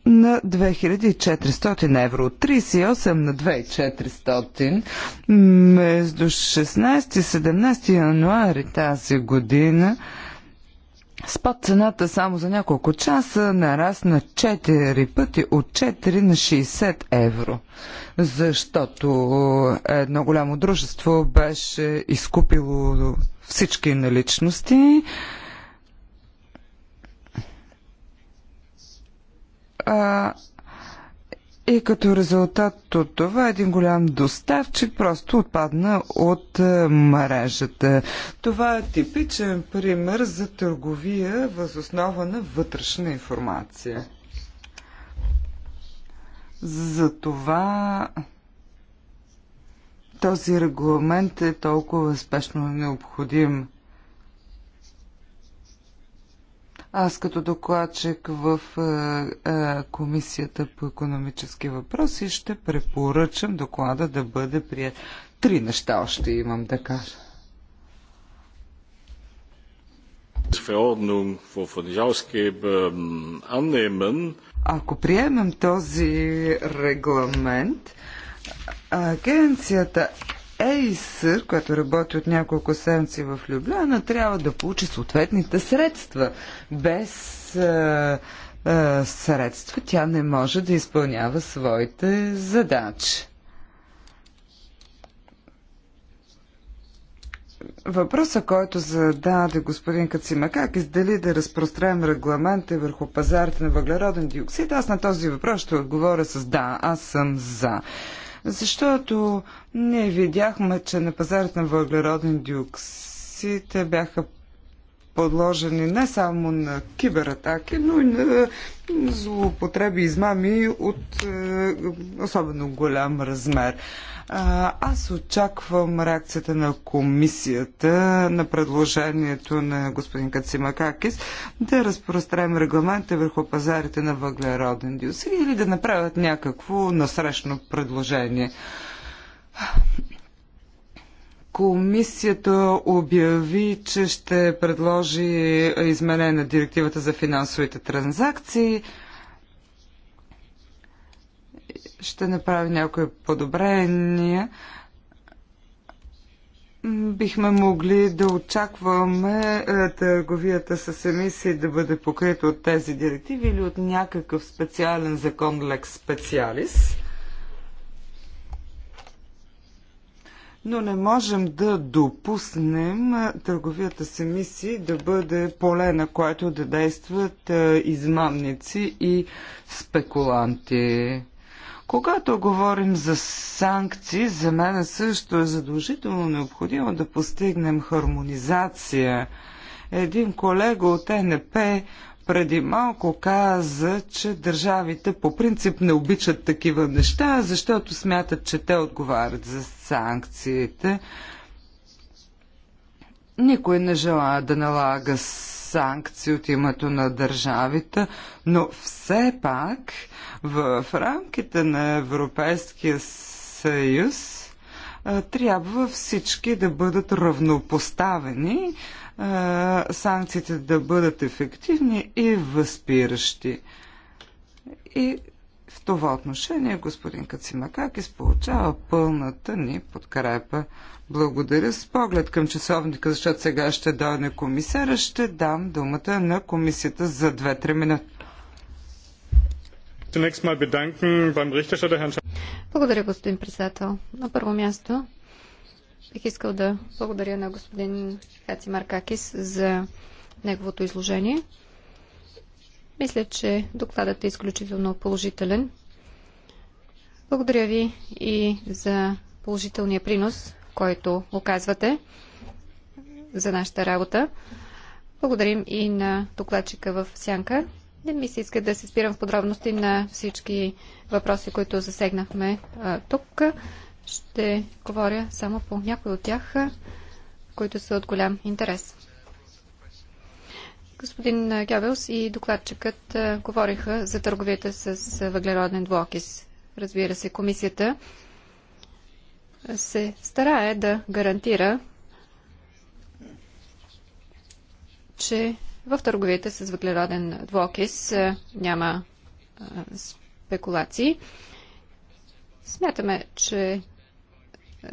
на 2400 евро. От 38 на 2400 между 16 и 17 януари тази година Спад цената само за няколко часа нарасна 4 пъти от 4 на 60 евро, защото едно голямо дружество беше изкупило всички наличности А, и като резултат от това един голям доставчик просто отпадна от е, мрежата. Това е типичен пример за търговия възоснова на вътрешна информация. За това този регламент е толкова спешно необходим. Аз като докладчик в е, е, Комисията по економически въпроси ще препоръчам доклада да бъде прият. Три неща още имам да кажа. Ако приемем този регламент, агенцията Ейсър, която работи от няколко седмици в Любляна, трябва да получи съответните средства. Без а, а, средства тя не може да изпълнява своите задачи. Въпроса, който зададе господин Кацимакак, дали да разпространим регламента върху пазарите на въглероден диоксид, аз на този въпрос ще отговоря с да, аз съм за. Защото ние видяхме, че на пазарите на въглероден диоксид бяха подложени не само на кибератаки, но и на злоупотреби и измами от е, особено голям размер. Аз очаквам реакцията на комисията на предложението на господин Кацимакакис да разпрострем регламента върху пазарите на въглероден диоксид или да направят някакво насрещно предложение. Комисията обяви, че ще предложи изменение на директивата за финансовите транзакции. Ще направи някои подобрения. Бихме могли да очакваме е, търговията с емисии да бъде покрита от тези директиви или от някакъв специален закон лекс специалис. но не можем да допуснем търговията с емисии да бъде поле, на което да действат измамници и спекуланти. Когато говорим за санкции, за мен също е задължително необходимо да постигнем хармонизация. Един колега от НП преди малко каза, че държавите по принцип не обичат такива неща, защото смятат, че те отговарят за санкциите. Никой не желая да налага санкции от името на държавите, но все пак в рамките на Европейския съюз трябва всички да бъдат равнопоставени, санкциите да бъдат ефективни и възпиращи. И в това отношение господин Кацимакакис получава пълната ни подкрепа. Благодаря с поглед към часовника, защото сега ще дойде комисара. Ще дам думата на комисията за 2-3 минути. Благодаря, господин председател. На първо място Бих искал да благодаря на господин Хаци Маркакис за неговото изложение. Мисля, че докладът е изключително положителен. Благодаря ви и за положителния принос, който оказвате за нашата работа. Благодарим и на докладчика в Сянка. Не ми се иска да се спирам в подробности на всички въпроси, които засегнахме а, тук. Ще говоря само по някои от тях, които са от голям интерес. Господин Гебелс и докладчикът говориха за търговията с въглероден двуокис. Разбира се, комисията се старае да гарантира, че в търговията с въглероден двуокис няма спекулации. Смятаме, че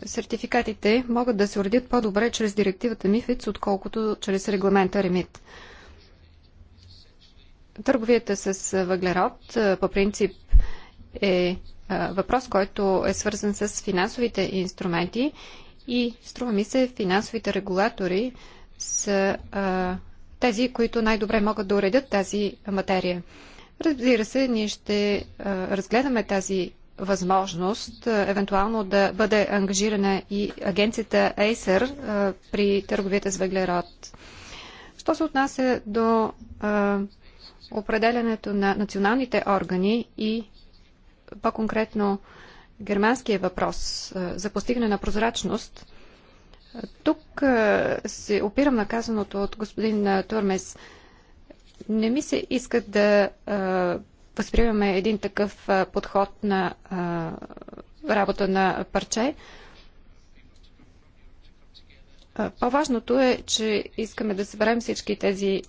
сертификатите могат да се уредят по-добре чрез директивата МИФИЦ, отколкото чрез регламента РЕМИТ. Търговията с въглерод по принцип е въпрос, който е свързан с финансовите инструменти и струва ми се финансовите регулатори са тези, които най-добре могат да уредят тази материя. Разбира се, ние ще разгледаме тази възможност е, евентуално да бъде ангажирана и агенцията Acer е, при търговията с въглерод. Що се отнася до е, определенето на националните органи и по-конкретно германския въпрос за постигане на прозрачност, тук се опирам на казаното от господин Турмес. Не ми се иска да възприемаме един такъв подход на работа на парче. По-важното е, че искаме да съберем всички тези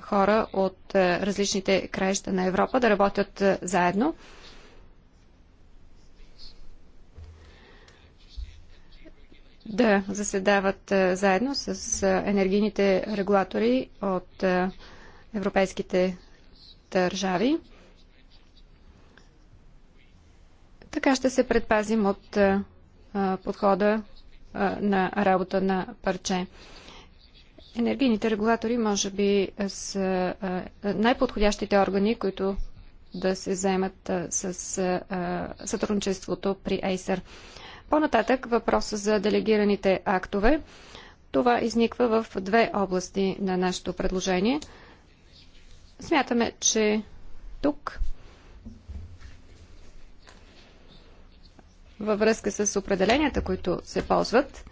хора от различните краища на Европа да работят заедно. да заседават заедно с енергийните регулатори от европейските държави. Така ще се предпазим от а, подхода а, на работа на парче. Енергийните регулатори може би са най-подходящите органи, които да се заемат с сътрудничеството при Acer. По-нататък въпроса за делегираните актове. Това изниква в две области на нашето предложение. Смятаме, че тук във връзка с определенията, които се ползват,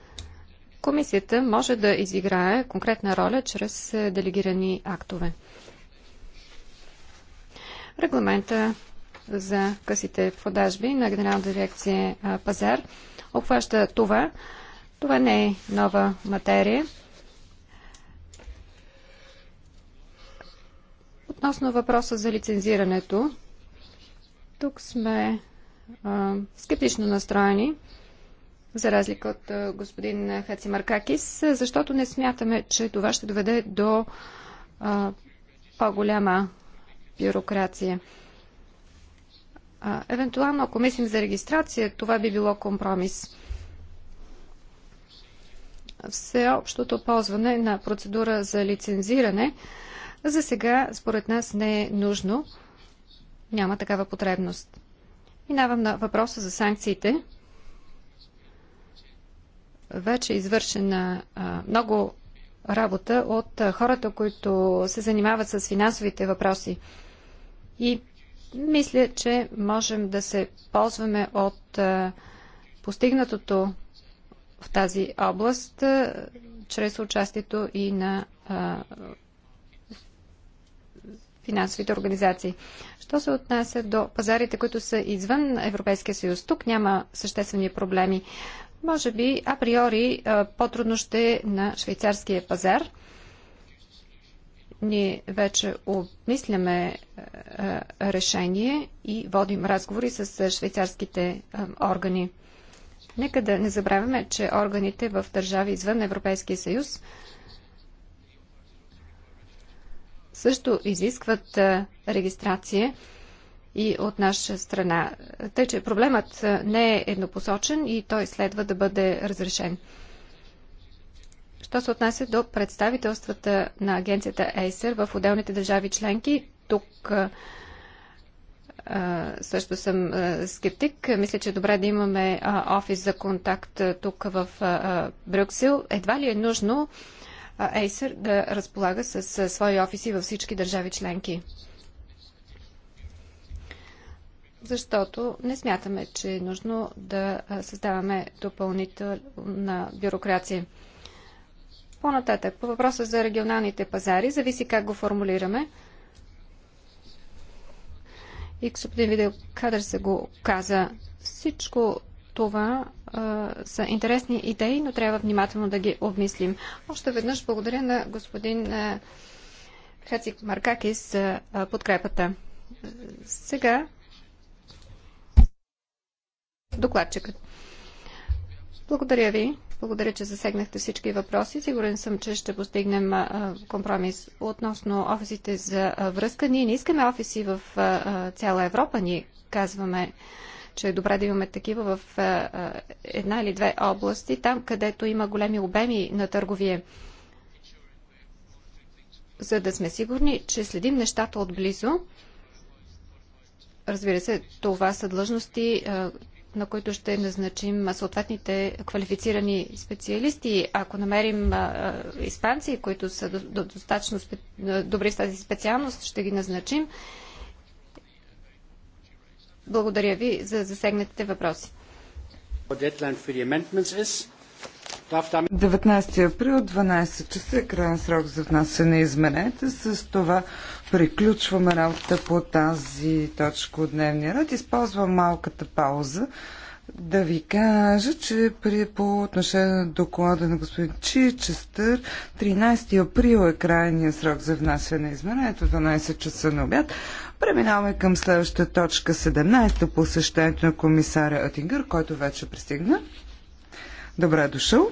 комисията може да изиграе конкретна роля чрез е, делегирани актове. Регламента за късите продажби на Генерална дирекция Пазар обхваща това. Това не е нова материя. Относно въпроса за лицензирането, тук сме скептично настроени, за разлика от господин Хацимаркакис, защото не смятаме, че това ще доведе до по-голяма бюрокрация. Евентуално, ако мислим за регистрация, това би било компромис. Всеобщото ползване на процедура за лицензиране за сега, според нас, не е нужно. Няма такава потребност. Минавам на въпроса за санкциите. Вече е извършена много работа от хората, които се занимават с финансовите въпроси. И мисля, че можем да се ползваме от постигнатото в тази област чрез участието и на финансовите организации. Що се отнася до пазарите, които са извън Европейския съюз, тук няма съществени проблеми. Може би априори по-трудно ще е на швейцарския пазар. Ние вече обмисляме решение и водим разговори с швейцарските органи. Нека да не забравяме, че органите в държави извън Европейския съюз – също изискват регистрация и от наша страна. Тъй, че проблемът не е еднопосочен и той следва да бъде разрешен. Що се отнася до представителствата на агенцията Acer в отделните държави членки, тук също съм скептик. Мисля, че е добре да имаме офис за контакт тук в Брюксел. Едва ли е нужно Acer да разполага с свои офиси във всички държави членки. Защото не смятаме, че е нужно да създаваме допълнителна бюрокрация. По-нататък, по въпроса за регионалните пазари, зависи как го формулираме. И господин Видеокадър се го каза. Всичко това са интересни идеи, но трябва внимателно да ги обмислим. Още веднъж благодаря на господин Хацик Маркакис за подкрепата. Сега докладчикът. Благодаря ви. Благодаря, че засегнахте всички въпроси. Сигурен съм, че ще постигнем компромис относно офисите за връзка. Ние не искаме офиси в цяла Европа, ние казваме че е добре да имаме такива в една или две области, там където има големи обеми на търговие. За да сме сигурни, че следим нещата отблизо, разбира се, това са длъжности, на които ще назначим съответните квалифицирани специалисти. Ако намерим испанци, които са достатъчно добри в тази специалност, ще ги назначим. Благодаря ви за засегнатите въпроси. 19 април, 12 часа е крайен срок за внасяне изменете. С това приключваме работа по тази точка от дневния ред. Използвам малката пауза да ви кажа, че при, по отношение на доклада на господин Чичестър, 13 април е крайният срок за внасяне на изменението, 12 часа на обяд. Преминаваме към следващата точка 17 посещението на комисаря Атингър, който вече пристигна. Добре е дошъл.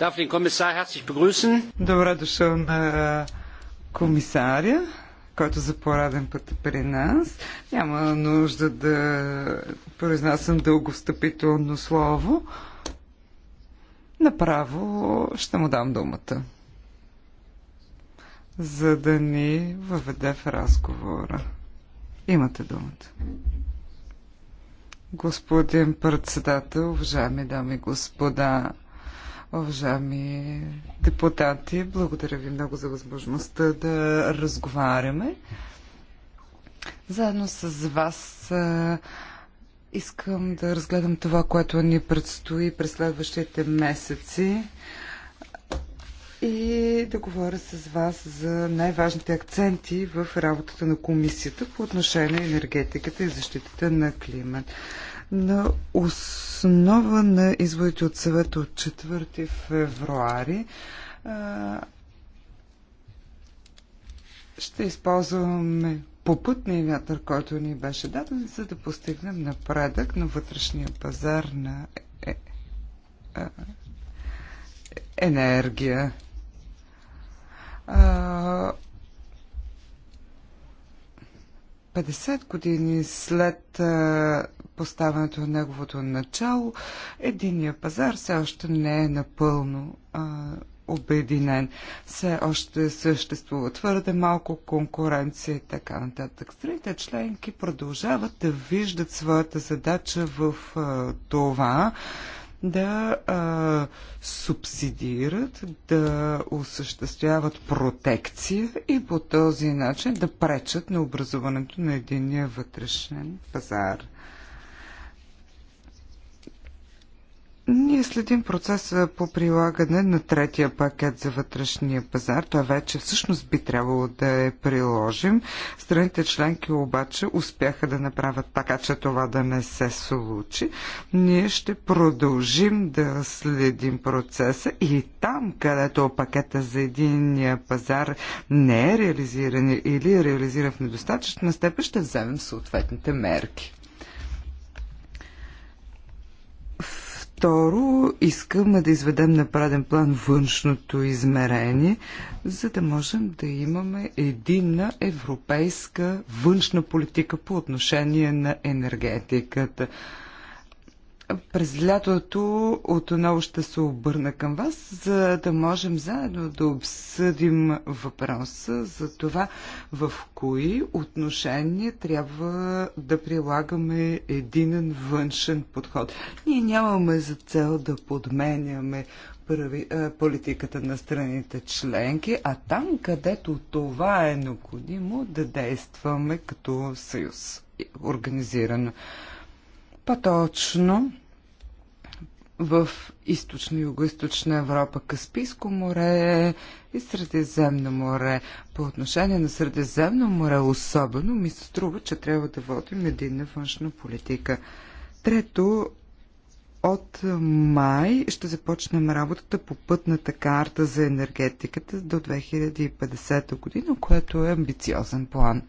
Добре е дошъл на комисаря, който за пореден път е при нас. Няма нужда да произнасям дълго встъпително слово. Направо ще му дам думата, за да ни въведе в разговора. Имате думата. Господин председател, уважаеми дами и господа, Уважаеми депутати, благодаря ви много за възможността да разговаряме. Заедно с вас искам да разгледам това, което ни предстои през следващите месеци и да говоря с вас за най-важните акценти в работата на комисията по отношение на енергетиката и защитата на климат на основа на изводите от съвета от 4 февруари ще използваме попътния вятър, който ни беше даден, за да постигнем напредък на вътрешния пазар на е, е, енергия. А, 50 години след поставянето на неговото начало, единия пазар все още не е напълно обединен. Все още съществува твърде малко конкуренция и така нататък. Страните членки продължават да виждат своята задача в това да а, субсидират, да осъществяват протекция и по този начин да пречат на образуването на единия вътрешен пазар. Ние следим процеса по прилагане на третия пакет за вътрешния пазар. това вече всъщност би трябвало да е приложим. Страните членки обаче успяха да направят така, че това да не се случи. Ние ще продължим да следим процеса и там, където пакета за единния пазар не е реализиран или е реализиран в недостатъчна степен, ще вземем съответните мерки. Второ, искаме да изведем на преден план външното измерение, за да можем да имаме единна европейска външна политика по отношение на енергетиката. През лятото отново ще се обърна към вас, за да можем заедно да обсъдим въпроса за това в кои отношения трябва да прилагаме единен външен подход. Ние нямаме за цел да подменяме политиката на страните членки, а там, където това е необходимо, да действаме като съюз, организирано. По-точно, в източна и Европа, Каспийско море и Средиземно море. По отношение на Средиземно море особено ми се струва, че трябва да водим единна външна политика. Трето, от май ще започнем работата по пътната карта за енергетиката до 2050 година, което е амбициозен план.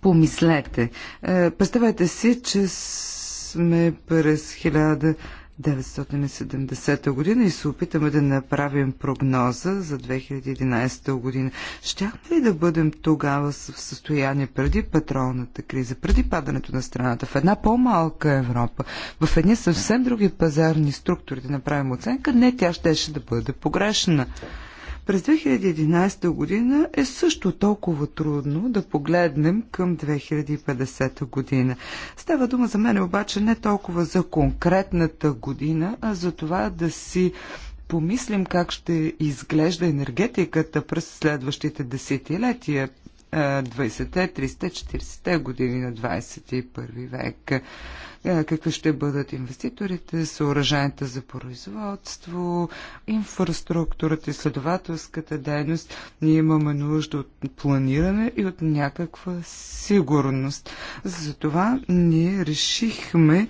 Помислете. Е, представете си, че сме през 1970 година и се опитаме да направим прогноза за 2011 година. Щяхме ли да бъдем тогава в състояние преди петролната криза, преди падането на страната, в една по-малка Европа, в едни съвсем други пазарни структури да направим оценка? Не, тя щеше да бъде погрешна. През 2011 година е също толкова трудно да погледнем към 2050 година. Става дума за мен обаче не толкова за конкретната година, а за това да си помислим как ще изглежда енергетиката през следващите десетилетия, 20-те, 30-те, 40-те години на 21 век. Е, какви ще бъдат инвеститорите, съоръженията за производство, инфраструктурата, изследователската дейност. Ние имаме нужда от планиране и от някаква сигурност. Затова ние решихме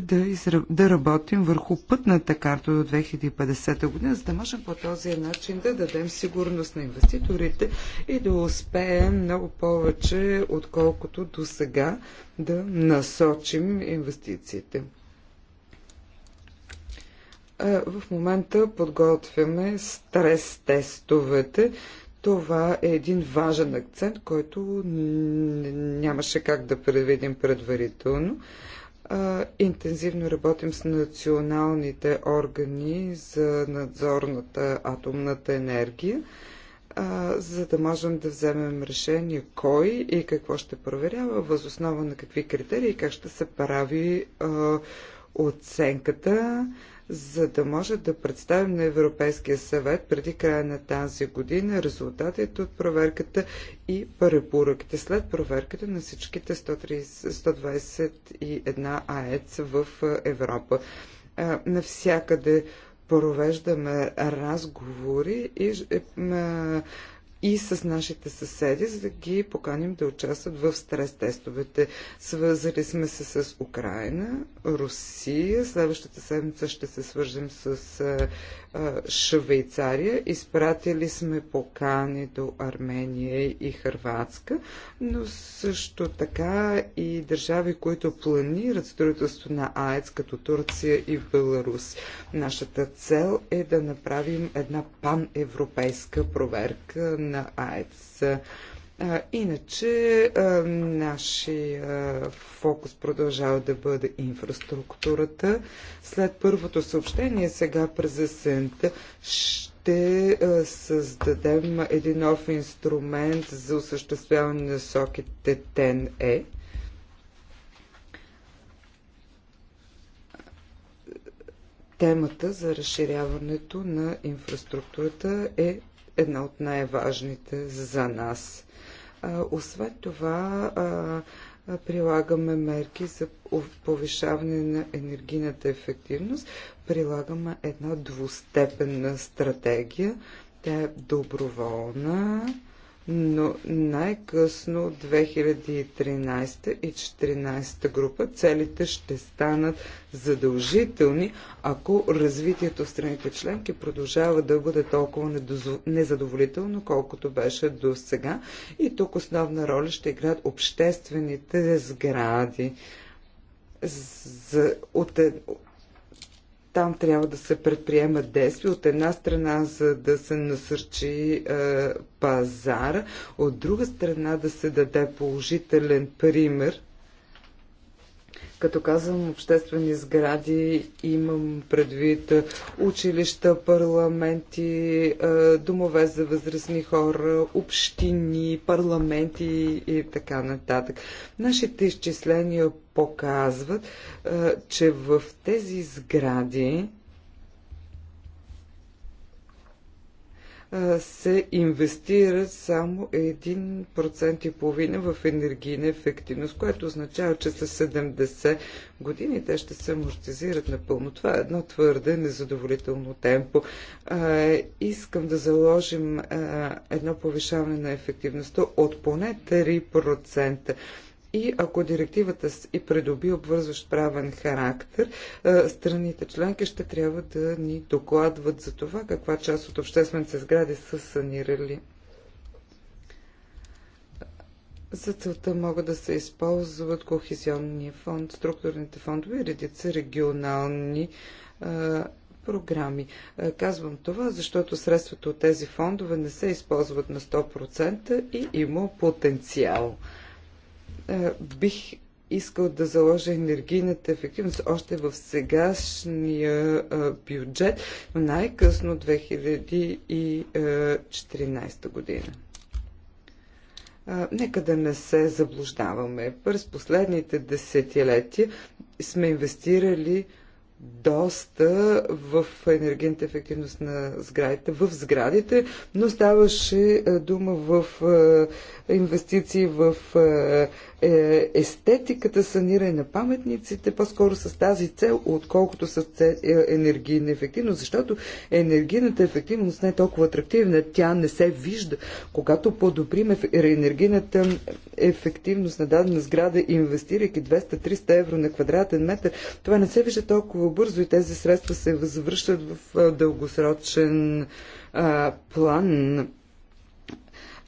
да, изра... да работим върху пътната карта до 2050 година, за да можем по този начин да дадем сигурност на инвеститорите и да успеем много повече, отколкото до сега да насочим инвестициите. В момента подготвяме стрес тестовете. Това е един важен акцент, който нямаше как да предвидим предварително. Интензивно работим с националните органи за надзор над атомната енергия а, за да можем да вземем решение кой и какво ще проверява, възоснова на какви критерии и как ще се прави а, оценката, за да може да представим на Европейския съвет преди края на тази година резултатите от проверката и препоръките след проверката на всичките 130, 121 АЕЦ в Европа. А, навсякъде провеждаме разговори и е, и с нашите съседи, за да ги поканим да участват в стрес-тестовете. Свързали сме се с Украина, Русия, следващата седмица ще се свържем с Швейцария, изпратили сме покани до Армения и Хрватска, но също така и държави, които планират строителство на АЕЦ, като Турция и Беларус. Нашата цел е да направим една паневропейска проверка на АЕЦ. Иначе нашия фокус продължава да бъде инфраструктурата. След първото съобщение, сега през есента, ще създадем един нов инструмент за осъществяване на соките ТЕН-Е. Темата за разширяването на инфраструктурата е една от най-важните за нас. Освен това, прилагаме мерки за повишаване на енергийната ефективност, прилагаме една двустепенна стратегия. Тя е доброволна но най-късно 2013 и 2014 група целите ще станат задължителни, ако развитието в страните членки продължава да бъде толкова незадоволително, колкото беше до сега. И тук основна роля ще играят обществените сгради. За, от, е, там трябва да се предприемат действия от една страна, за да се насърчи е, пазара, от друга страна да се даде положителен пример като казвам обществени сгради, имам предвид училища, парламенти, е, домове за възрастни хора, общини, парламенти и така нататък. Нашите изчисления показват, е, че в тези сгради се инвестира само 1,5% в енергийна ефективност, което означава, че за 70 години те ще се амортизират напълно. Това е едно твърде незадоволително темпо. искам да заложим едно повишаване на ефективността от поне 3% и ако директивата и придоби обвързващ правен характер, страните членки ще трябва да ни докладват за това каква част от обществените сгради са санирали. За целта могат да се използват Кохезионния фонд, структурните фондове и редица регионални програми. казвам това, защото средствата от тези фондове не се използват на 100% и има потенциал. Е, бих искал да заложа енергийната ефективност още в сегашния е, бюджет, най-късно 2014 година. Е, нека да не се заблуждаваме. През последните десетилетия сме инвестирали доста в енергийната ефективност на сградите, в сградите, но ставаше дума в инвестиции в е, естетиката саниране на паметниците по-скоро с тази цел, отколкото с цел е, енергийна ефективност, защото енергийната ефективност не е толкова атрактивна, тя не се вижда. Когато подобрим е, енергийната ефективност на дадена сграда, инвестирайки 200-300 евро на квадратен метър, това не се вижда толкова бързо и тези средства се възвръщат в дългосрочен а, план.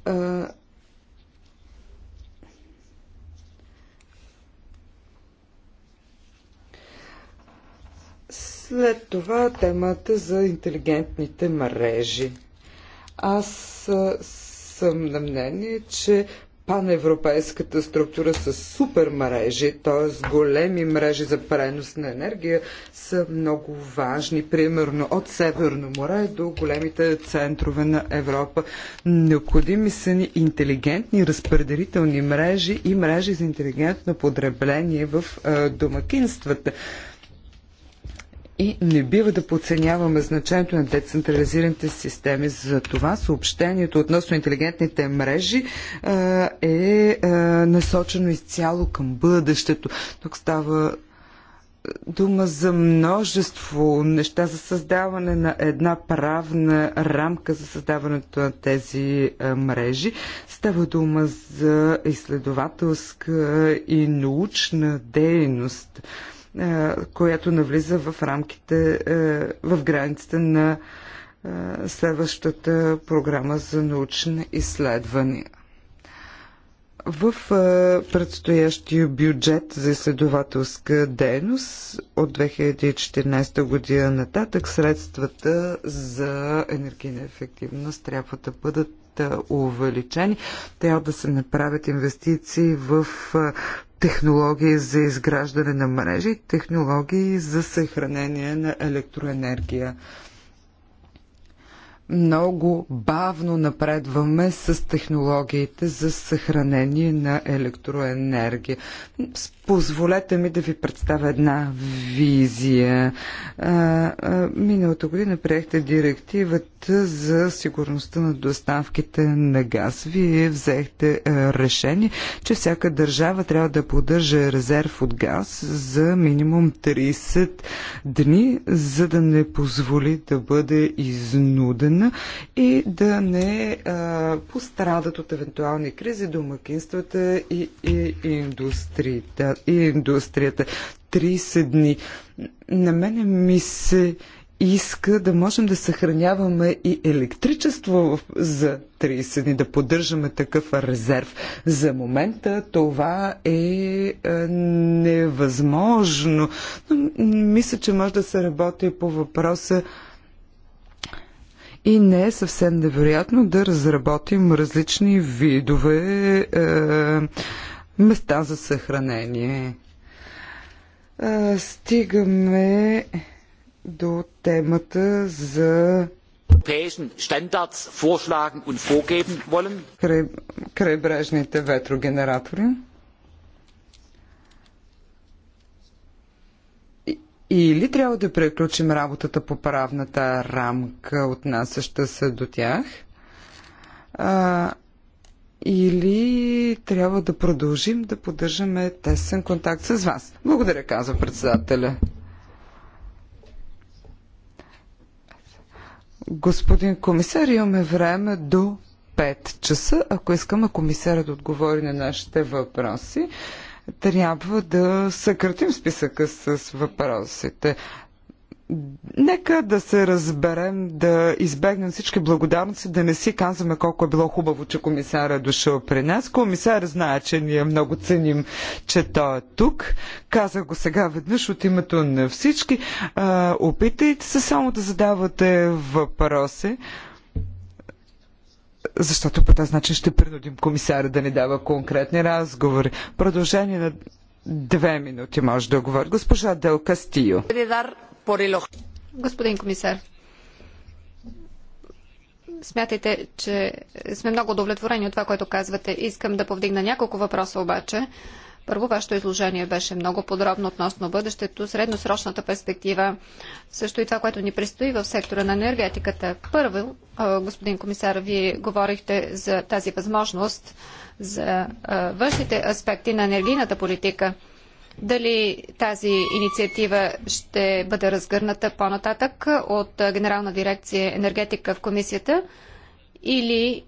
А, След това темата за интелигентните мрежи. Аз съм на мнение, че паневропейската структура с супер мрежи, т.е. големи мрежи за пренос на енергия, са много важни. Примерно от Северно море до големите центрове на Европа. Необходими са ни интелигентни разпределителни мрежи и мрежи за интелигентно потребление в домакинствата. И не бива да подценяваме значението на децентрализираните системи. За това съобщението относно интелигентните мрежи е насочено изцяло към бъдещето. Тук става дума за множество неща, за създаване на една правна рамка за създаването на тези мрежи. Става дума за изследователска и научна дейност. Е, която навлиза в рамките, е, в границите на е, следващата програма за научни изследвания. В предстоящия бюджет за изследователска дейност от 2014 година нататък средствата за енергийна ефективност трябва да бъдат увеличени. Трябва да се направят инвестиции в технологии за изграждане на мрежи, технологии за съхранение на електроенергия много бавно напредваме с технологиите за съхранение на електроенергия. Позволете ми да ви представя една визия. Миналата година приехте директивата за сигурността на доставките на газ. Вие взехте решение, че всяка държава трябва да поддържа резерв от газ за минимум 30 дни, за да не позволи да бъде изнуден отговорна и да не а, пострадат от евентуални кризи домакинствата и, и, индустрията, и индустрията. 30 дни. На мене ми се иска да можем да съхраняваме и електричество за 30 дни, да поддържаме такъв резерв. За момента това е невъзможно. Но мисля, че може да се работи по въпроса и не е съвсем невероятно да разработим различни видове е, места за съхранение. Е, стигаме до темата за крайбрежните ветрогенератори. или трябва да преключим работата по правната рамка, отнасяща се до тях, а, или трябва да продължим да поддържаме тесен контакт с вас. Благодаря, казва председателя. Господин комисар, имаме време до 5 часа, ако искаме комисара да отговори на нашите въпроси трябва да съкратим списъка с въпросите. Нека да се разберем, да избегнем всички благодарности, да не си казваме колко е било хубаво, че комисарът е дошъл при нас. Комисарът знае, че ние много ценим, че той е тук. Казах го сега веднъж от името на всички. А, опитайте се само да задавате въпроси защото по този начин ще принудим комисаря да ни дава конкретни разговори. Продължение на две минути може да говори. Госпожа Дел Кастио. Господин комисар, смятайте, че сме много удовлетворени от това, което казвате. Искам да повдигна няколко въпроса обаче. Първо, вашето изложение беше много подробно относно бъдещето, средносрочната перспектива, също и това, което ни предстои в сектора на енергетиката. Първо, господин комисар, вие говорихте за тази възможност за външните аспекти на енергийната политика. Дали тази инициатива ще бъде разгърната по-нататък от Генерална дирекция енергетика в комисията или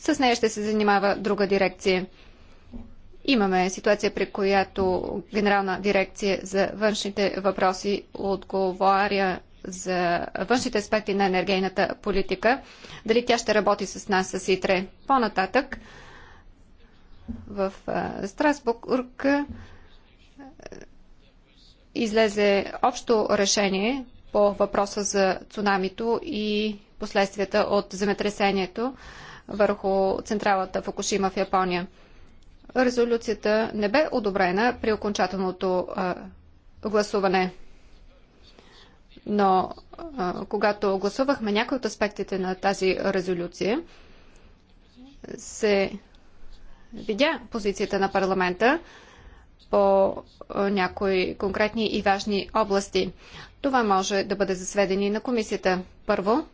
с нея ще се занимава друга дирекция? Имаме ситуация, при която Генерална дирекция за външните въпроси отговаря за външните аспекти на енергийната политика. Дали тя ще работи с нас с ИТРЕ по-нататък в Страсбург излезе общо решение по въпроса за цунамито и последствията от земетресението върху централата Фукушима в Япония резолюцията не бе одобрена при окончателното а, гласуване. Но а, когато гласувахме някои от аспектите на тази резолюция, се видя позицията на парламента по някои конкретни и важни области. Това може да бъде засведени на комисията. Първо,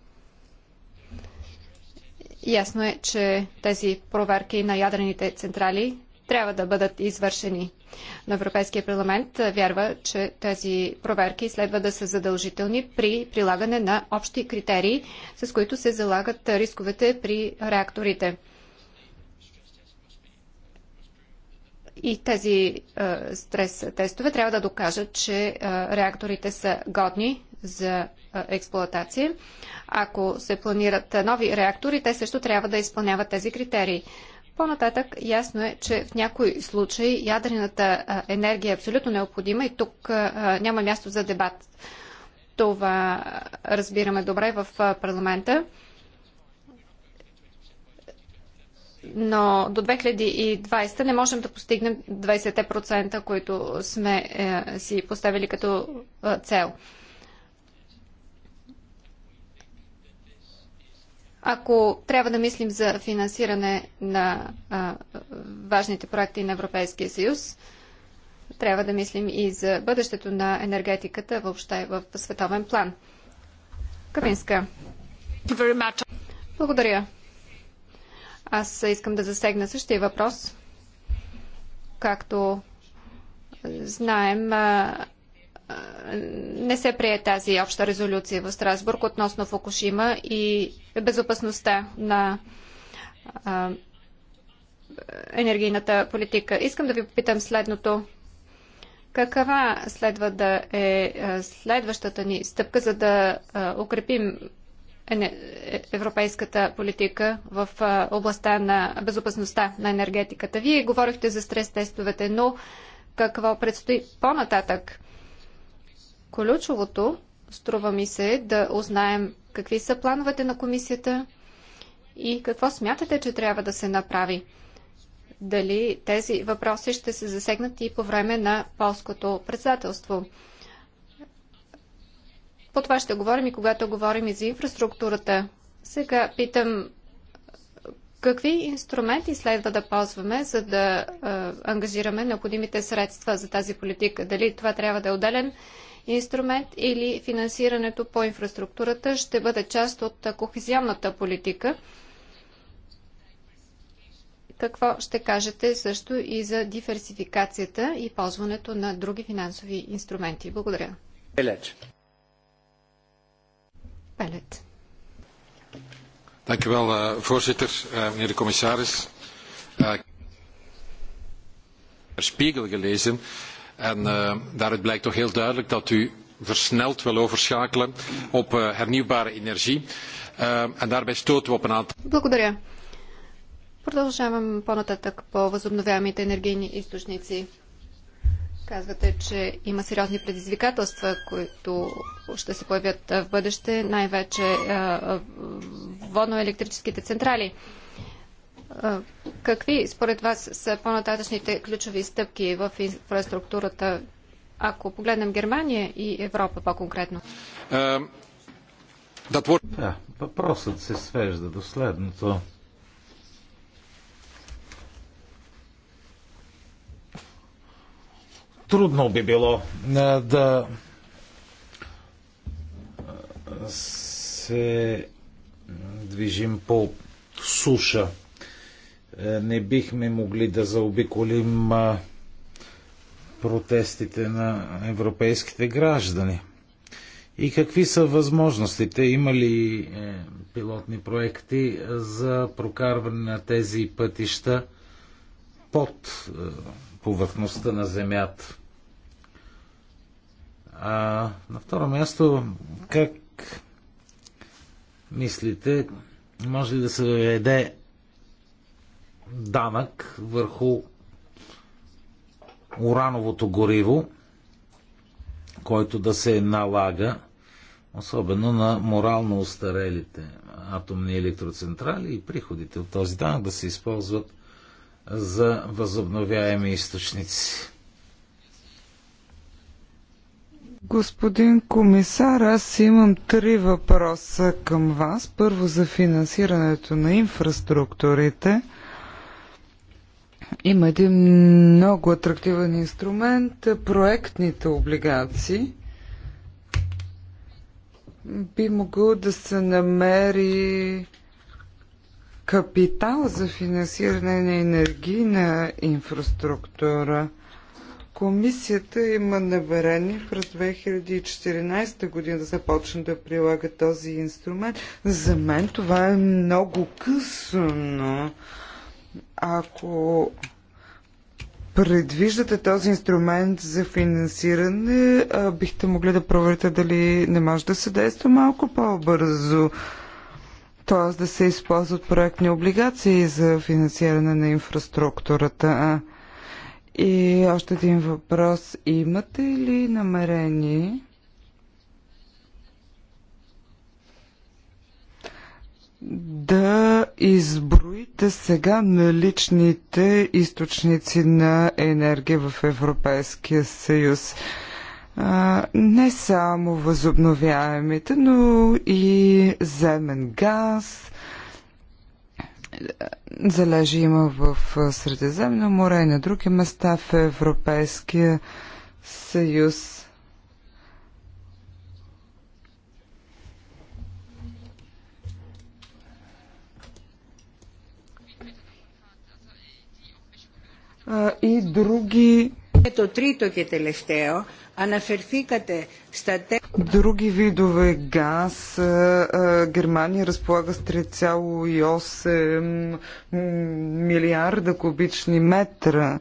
ясно е, че тези проверки на ядрените централи трябва да бъдат извършени. Но Европейския парламент вярва, че тези проверки следва да са задължителни при прилагане на общи критерии, с които се залагат рисковете при реакторите. И тези е, стрес тестове трябва да докажат, че е, реакторите са годни за експлоатация. Ако се планират нови реактори, те също трябва да изпълняват тези критерии. По-нататък ясно е, че в някои случаи ядрената енергия е абсолютно необходима и тук няма място за дебат. Това разбираме добре в парламента. но до 2020 не можем да постигнем 20%, които сме е, си поставили като цел. ако трябва да мислим за финансиране на а, важните проекти на Европейския съюз, трябва да мислим и за бъдещето на енергетиката въобще в световен план. Кавинска. Благодаря. Аз искам да засегна същия въпрос. Както знаем, не се прие тази обща резолюция в Страсбург относно Фукушима и безопасността на енергийната политика. Искам да ви попитам следното. Каква следва да е следващата ни стъпка, за да укрепим е, европейската политика в областта на безопасността на енергетиката? Вие говорихте за стрес тестовете, но какво предстои по-нататък? Ключовото, струва ми се, да узнаем какви са плановете на комисията и какво смятате, че трябва да се направи. Дали тези въпроси ще се засегнат и по време на полското председателство. По това ще говорим и когато говорим и за инфраструктурата. Сега питам Какви инструменти следва да ползваме, за да ангажираме необходимите средства за тази политика? Дали това трябва да е отделен инструмент или финансирането по инфраструктурата ще бъде част от кохезионната политика. Какво ще кажете също и за диверсификацията и ползването на други финансови инструменти? Благодаря. Пелет. Пелет. Dank u wel, eh, voorzitter, eh, meneer de commissaris. Uh, Spiegel gelezen En eh, daaruit blijkt toch heel duidelijk dat u versneld wil overschakelen op eh, hernieuwbare energie. Eh, en daarbij stoten we op een aantal. Благодаря. Продължавам по-нататък по възобновяемите енергийни източници. Казвате, че има сериозни предизвикателства, които ще се появят в бъдеще, най-вече е, е, водно-електрическите централи. Какви според вас са по-нататъчните ключови стъпки в инфраструктурата, ако погледнем Германия и Европа по-конкретно? Да, въпросът се свежда до следното. Трудно би било да се движим по суша е, не бихме могли да заобиколим протестите на европейските граждани. И какви са възможностите? Има ли е, пилотни проекти е, за прокарване на тези пътища под повърхността на Земята? А на второ място, как мислите, може ли да се въведе данък върху урановото гориво, който да се налага особено на морално устарелите атомни електроцентрали и приходите от този данък да се използват за възобновяеми източници. Господин комисар, аз имам три въпроса към вас. Първо за финансирането на инфраструктурите. Има един много атрактивен инструмент проектните облигации. Би могъл да се намери капитал за финансиране на енергийна инфраструктура. Комисията има намерение през 2014 година да започне да прилага този инструмент. За мен това е много късно ако предвиждате този инструмент за финансиране, бихте могли да проверите дали не може да се действа малко по-бързо, т.е. да се използват проектни облигации за финансиране на инфраструктурата. И още един въпрос. Имате ли намерение да изброите сега наличните източници на енергия в Европейския съюз. Не само възобновяемите, но и земен газ. Залежи има в Средиземно море и на други места в Европейския съюз и други Ето трито анаферфикате Други видове газ. Германия разполага с 3,8 милиарда кубични метра.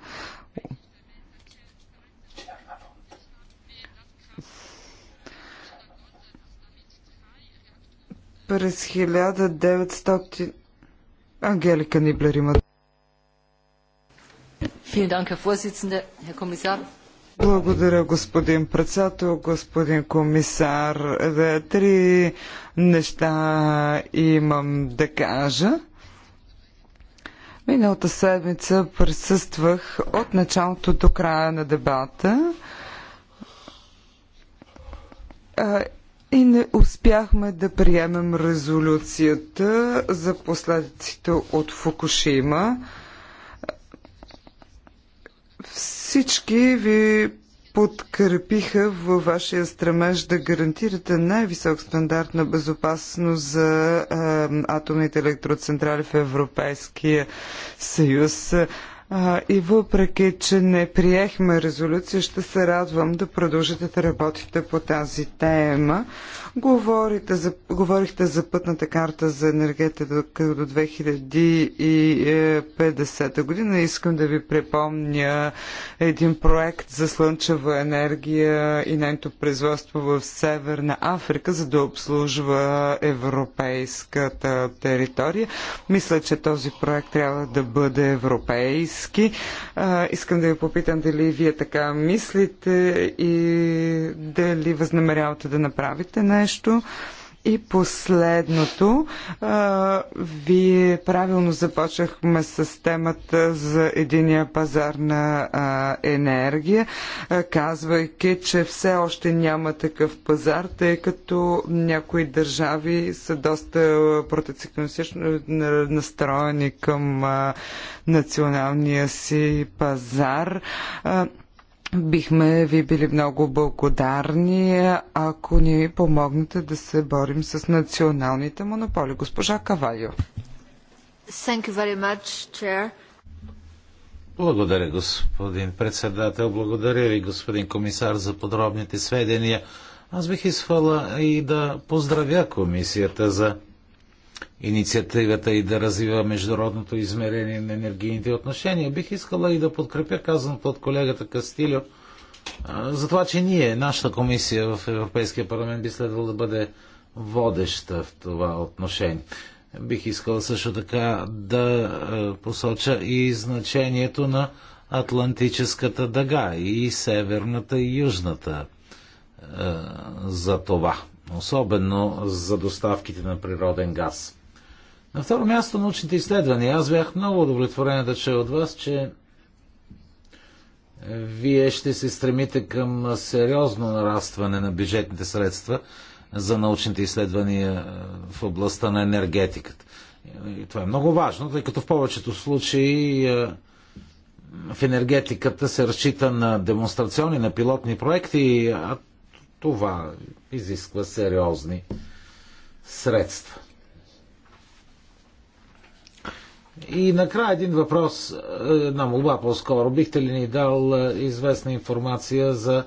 През 1900... Ангелика Ниблер има благодаря, господин председател, господин комисар. Е, три неща имам да кажа. Миналата седмица присъствах от началото до края на дебата е, и не успяхме да приемем резолюцията за последиците от Фукушима. Всички ви подкрепиха във вашия стремеж да гарантирате най-висок стандарт на безопасност за е, атомните електроцентрали в Европейския съюз и въпреки, че не приехме резолюция, ще се радвам да продължите да работите по тази тема. Говорите за, говорихте за пътната карта за енергетика до 2050 година. Искам да ви припомня един проект за слънчева енергия и нейното производство в Северна Африка, за да обслужва европейската територия. Мисля, че този проект трябва да бъде европейски Левски. А, искам да ви попитам дали вие така мислите и дали възнамерявате да направите нещо. И последното, а, вие правилно започнахме с темата за единия пазар на а, енергия, а, казвайки, че все още няма такъв пазар, тъй като някои държави са доста протекционистично настроени към а, националния си пазар. А, Бихме ви били много благодарни, ако ни помогнете да се борим с националните монополи. Госпожа Кавайо. Much, благодаря, господин председател. Благодаря ви, господин комисар, за подробните сведения. Аз бих искала и да поздравя комисията за инициативата и да развива международното измерение на енергийните отношения. Бих искала и да подкрепя казаното от колегата Кастилио за това, че ние, нашата комисия в Европейския парламент би следвало да бъде водеща в това отношение. Бих искала също така да посоча и значението на Атлантическата дъга и Северната и Южната за това особено за доставките на природен газ. На второ място научните изследвания. Аз бях много удовлетворен да чуя от вас, че вие ще се стремите към сериозно нарастване на бюджетните средства за научните изследвания е, в областта на енергетиката. И това е много важно, тъй като в повечето случаи е, в енергетиката се разчита на демонстрационни, на пилотни проекти, а това изисква сериозни средства. И накрая един въпрос, една молба по-скоро. Бихте ли ни дал е, известна информация за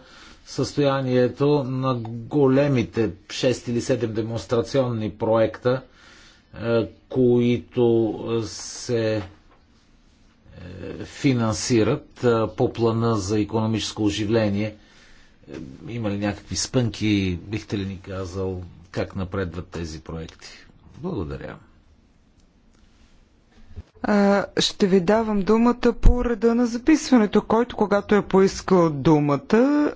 състоянието на големите 6 или 7 демонстрационни проекта, е, които се е, финансират по плана за економическо оживление е, има ли някакви спънки? Бихте ли ни казал как напредват тези проекти? Благодаря. Ще ви давам думата по реда на записването, който когато е поискал думата,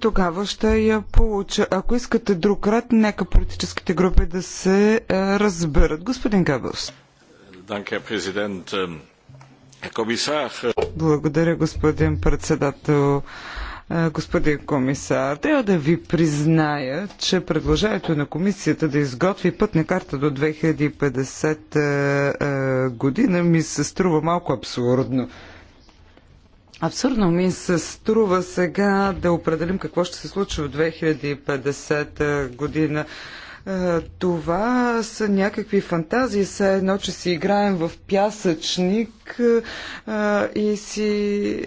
тогава ще я получа. Ако искате друг ред, нека политическите групи да се разберат. Господин Габелс. Благодаря, господин председател. Господин комисар, трябва да ви призная, че предложението на комисията да изготви пътна карта до 2050 година ми се струва малко абсурдно. Абсурдно ми се струва сега да определим какво ще се случи в 2050 година. Е, това са някакви фантазии, са едно, че си играем в пясъчник е, е, и си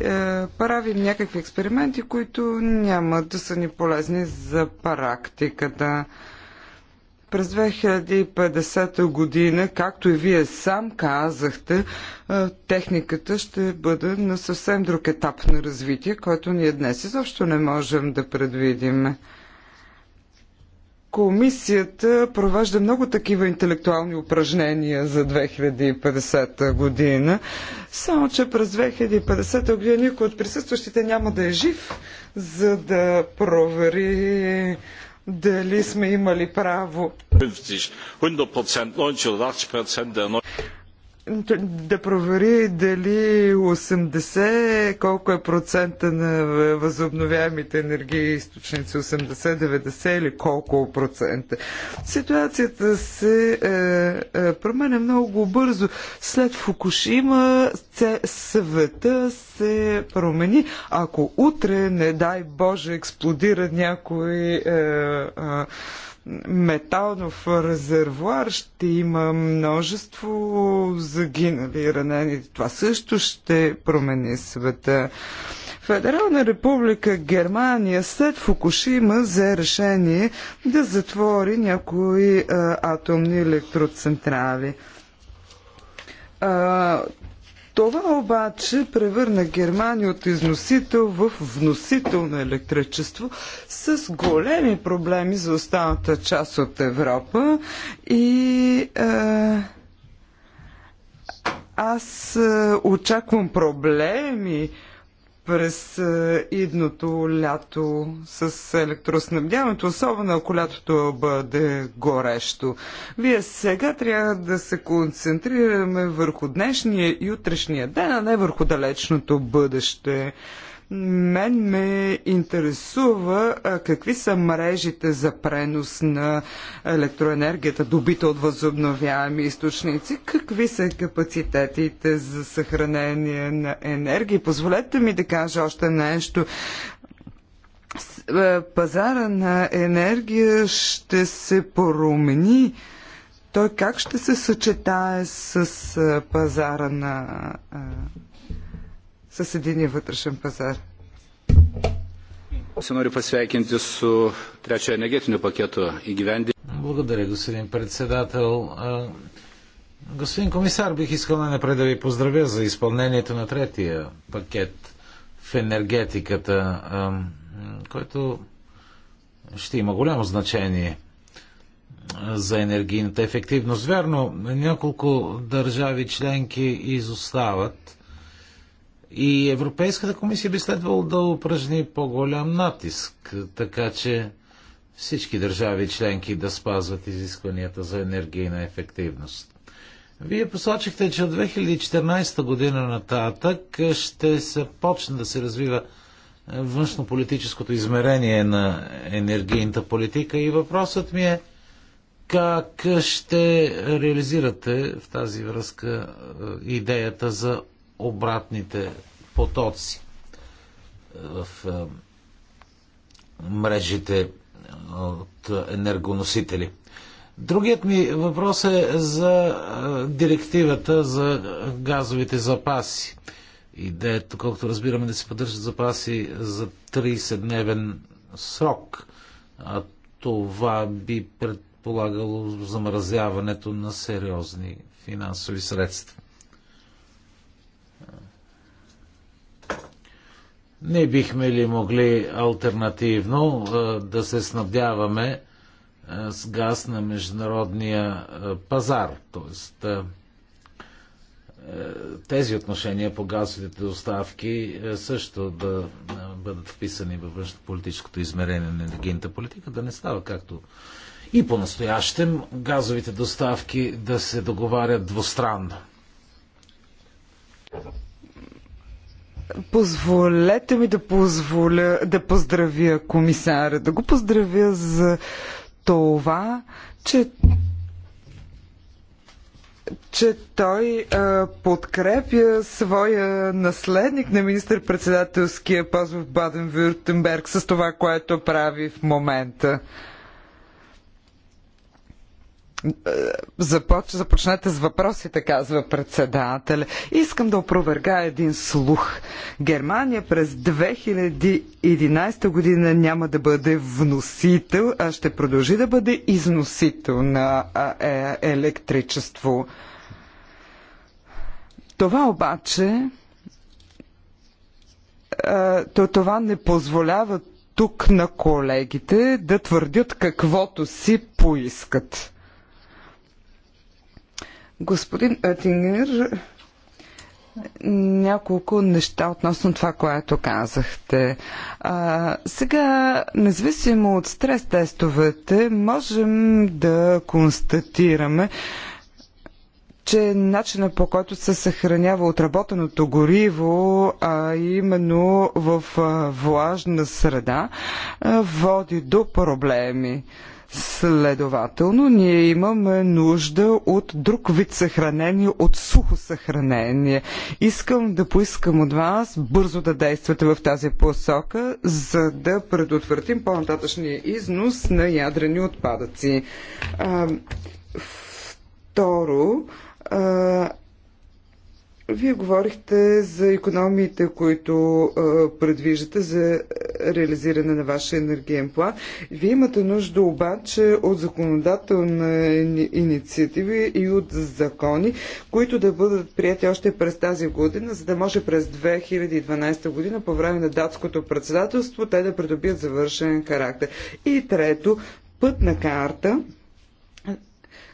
правим някакви експерименти, които няма да са ни полезни за практиката. През 2050 година, както и вие сам казахте, техниката ще бъде на съвсем друг етап на развитие, който ние днес изобщо не можем да предвидим. Комисията провежда много такива интелектуални упражнения за 2050 година, само че през 2050 година никой от присъстващите няма да е жив, за да провери дали сме имали право. 50, 100%, 90, да провери дали 80, колко е процента на възобновяемите енергии източници, 80, 90 или колко процента. Ситуацията се е, е, променя много бързо. След Фукушима света се промени. Ако утре, не дай Боже, експлодира някой е, е, металнов резервуар ще има множество загинали ранени. Това също ще промени света. Федерална република Германия след Фукушима взе решение да затвори някои а, атомни електроцентрали. А, това обаче превърна Германия от износител в вносител на електричество с големи проблеми за останата част от Европа и е, аз е, очаквам проблеми през е, идното лято с електроснабдяването, особено ако лятото бъде горещо. Вие сега трябва да се концентрираме върху днешния и утрешния ден, а не върху далечното бъдеще. Мен ме интересува какви са мрежите за пренос на електроенергията, добита от възобновяеми източници, какви са капацитетите за съхранение на енергия. Позволете ми да кажа още нещо пазара на енергия ще се промени. Той как ще се съчетае с пазара на с единия вътрешен пазар. Благодаря, господин председател. Господин комисар, бих искал най-напред да ви поздравя за изпълнението на третия пакет в енергетиката, който ще има голямо значение за енергийната ефективност. Вярно, няколко държави членки изостават и Европейската комисия би следвало да упражни по-голям натиск, така че всички държави членки да спазват изискванията за енергийна ефективност. Вие посочихте, че от 2014 година нататък ще се почне да се развива е, външно политическото измерение на енергийната политика и въпросът ми е как ще реализирате в тази връзка е, идеята за обратните потоци е, в е, мрежите е, от енергоносители. Другият ми въпрос е за директивата за газовите запаси. Идеята, колкото разбираме, да се поддържат запаси за 30-дневен срок. А това би предполагало замразяването на сериозни финансови средства. Не бихме ли могли альтернативно да се снабдяваме с газ на международния пазар? Тоест, тези отношения по газовите доставки също да бъдат вписани във външно-политическото измерение на енергийната политика, да не става както и по-настоящем газовите доставки да се договарят двустранно. Позволете ми да позволя да поздравя комисаря, да го поздравя за това, че че той а, подкрепя своя наследник на министър-председателския пост в Баден-Вюртенберг с това, което прави в момента. Е, започ, започнете с въпросите, казва председателя. Искам да опровергая един слух. Германия през 2011 година няма да бъде вносител, а ще продължи да бъде износител на е, електричество. Това обаче е, това не позволява тук на колегите да твърдят каквото си поискат. Господин Етингер, няколко неща относно това, което казахте. А, сега, независимо от стрес тестовете, можем да констатираме, че начина по който се съхранява отработеното гориво, а именно в влажна среда, води до проблеми. Следователно, ние имаме нужда от друг вид съхранение, от сухо съхранение. Искам да поискам от вас бързо да действате в тази посока, за да предотвратим по-нататъчния износ на ядрени отпадъци. А, второ, а, вие говорихте за економиите, които а, предвиждате за реализиране на вашия енергиен план. Вие имате нужда обаче от законодателни инициативи и от закони, които да бъдат прияти още през тази година, за да може през 2012 година по време на датското председателство те да придобият завършен характер. И трето, пътна карта –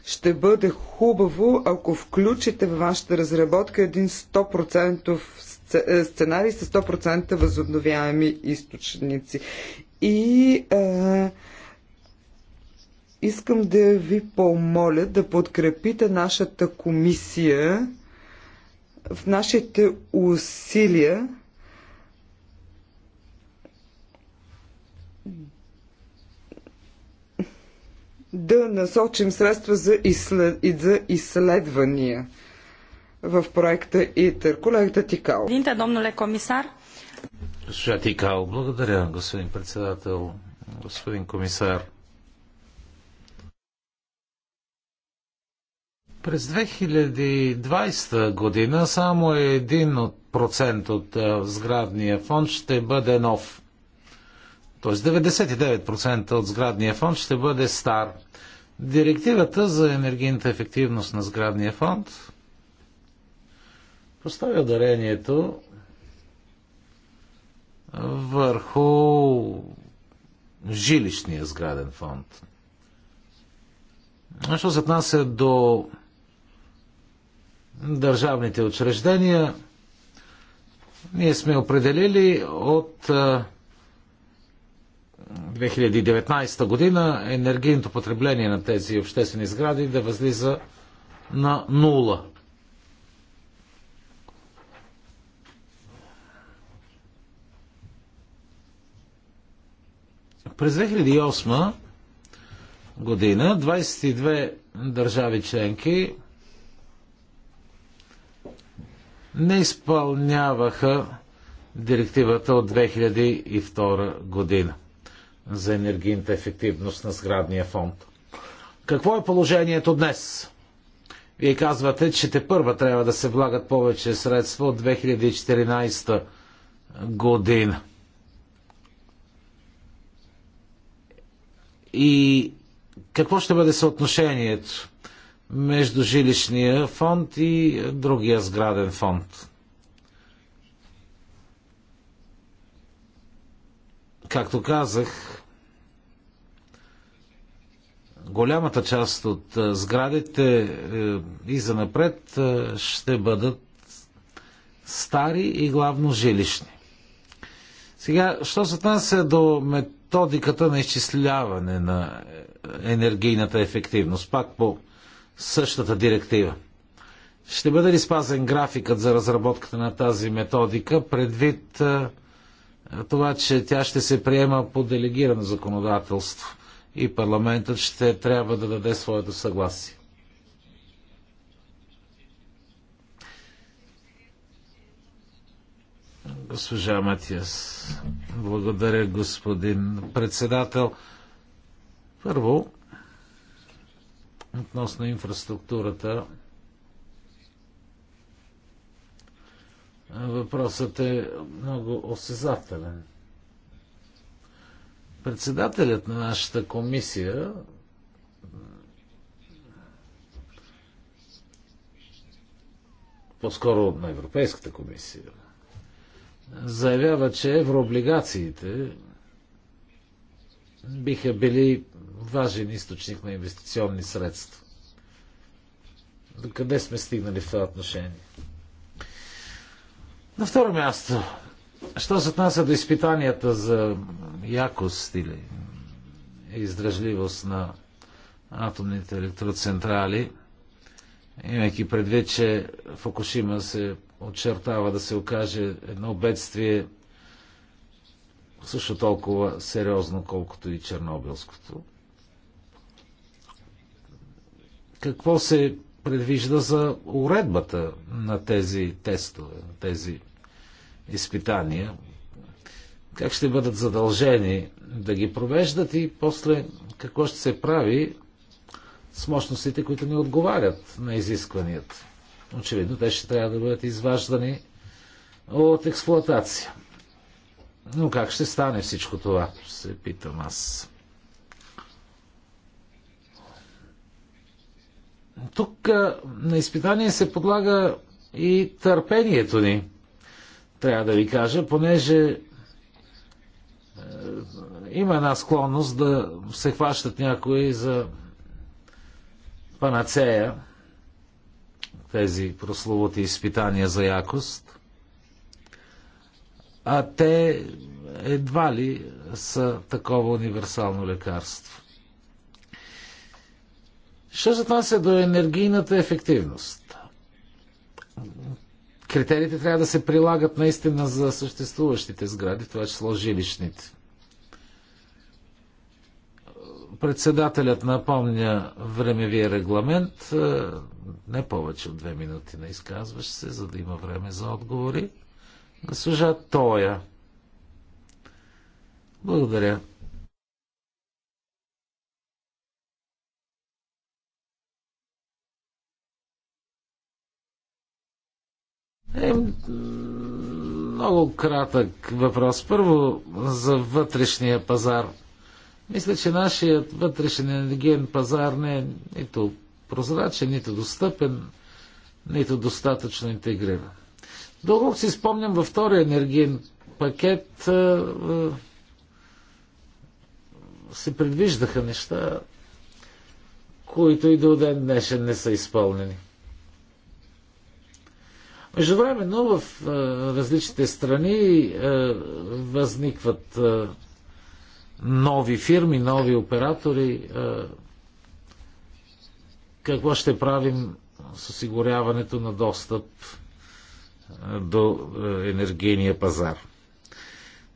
ще бъде хубаво, ако включите във вашата разработка един 100% е, сценарий с 100% възобновяеми източници. И а, е, искам да ви помоля да подкрепите нашата комисия в нашите усилия да насочим средства за, изслед... за изследвания в проекта ИТЕР. Колегата Тикал. Динте, домноле комисар. Госпожа Тикал, благодаря, господин председател, господин комисар. През 2020 година само един от процент от сградния фонд ще бъде нов. Тоест 99% от сградния фонд ще бъде стар. Директивата за енергийната ефективност на сградния фонд поставя дарението върху жилищния сграден фонд. Що се отнася до държавните учреждения, ние сме определили от 2019 година енергийното потребление на тези обществени сгради да възлиза на нула. През 2008 година 22 държави членки не изпълняваха директивата от 2002 година за енергийната ефективност на сградния фонд. Какво е положението днес? Вие казвате, че те първа трябва да се влагат повече средства от 2014 година. И какво ще бъде съотношението между жилищния фонд и другия сграден фонд? Както казах, голямата част от сградите е, и за напред е, ще бъдат стари и главно жилищни. Сега, що се отнася до методиката на изчисляване на е, енергийната ефективност, пак по същата директива. Ще бъде ли спазен графикът за разработката на тази методика предвид това, че тя ще се приема по делегирано законодателство и парламентът ще трябва да даде своето съгласие. Госпожа Матиас, благодаря, господин председател. Първо, относно инфраструктурата, Въпросът е много осезателен. Председателят на нашата комисия по-скоро на Европейската комисия, заявява, че еврооблигациите биха били важен източник на инвестиционни средства. До къде сме стигнали в това отношение? На второ място, що се отнася до изпитанията за якост или издръжливост на атомните електроцентрали, имайки предвид, че Фукушима се очертава да се окаже едно бедствие също толкова сериозно, колкото и Чернобилското. Какво се предвижда за уредбата на тези тестове, на тези изпитания, как ще бъдат задължени да ги провеждат и после какво ще се прави с мощностите, които не отговарят на изискванията. Очевидно, те ще трябва да бъдат изваждани от експлоатация. Но как ще стане всичко това, се питам аз. Тук на изпитание се подлага и търпението ни трябва да ви кажа, понеже е, има една склонност да се хващат някои за панацея тези прословути изпитания за якост, а те едва ли са такова универсално лекарство. Що се отнася до енергийната ефективност? критериите трябва да се прилагат наистина за съществуващите сгради, това число жилищните. Председателят напомня времевия регламент. Е, не повече от две минути на изказваш се, за да има време за отговори. Госпожа Тоя. Благодаря. Е, много кратък въпрос. Първо за вътрешния пазар. Мисля, че нашият вътрешен енергиен пазар не е нито прозрачен, нито достъпен, нито достатъчно интегриран. Дълго си спомням във втория енергиен пакет е, е, се предвиждаха неща, които и до ден днешен не са изпълнени. Междувременно в различните страни възникват нови фирми, нови оператори. Какво ще правим с осигуряването на достъп до енергийния пазар?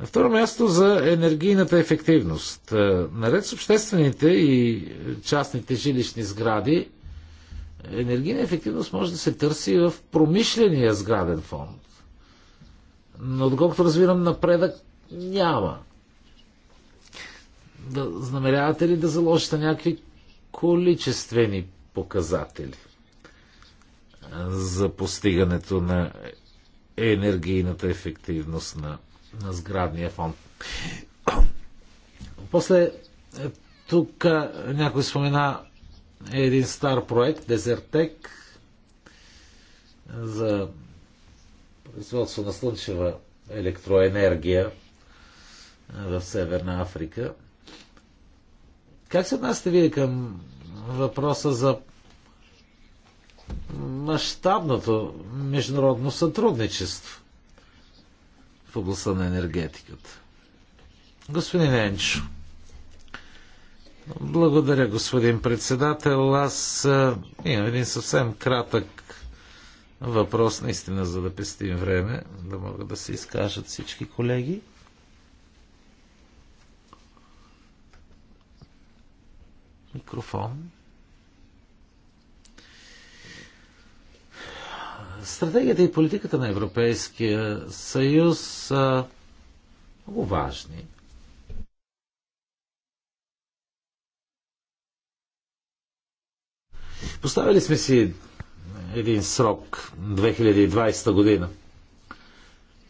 На второ място за енергийната ефективност. Наред с обществените и частните жилищни сгради, енергийна ефективност може да се търси в промишления сграден фонд. Но доколкото разбирам, напредък няма. Да, знамерявате ли да заложите някакви количествени показатели за постигането на енергийната ефективност на, на сградния фонд? После е, тук е, някой спомена е един стар проект, Дезертек, за производство на слънчева електроенергия в Северна Африка. Как се отнасяте вие към въпроса за мащабното международно сътрудничество в областта на енергетиката? Господин Енчо. Благодаря, господин председател. Аз имам един съвсем кратък въпрос, наистина, за да пестим време, да могат да се изкажат всички колеги. Микрофон. Стратегията и политиката на Европейския съюз са много важни Поставили сме си един срок 2020 година.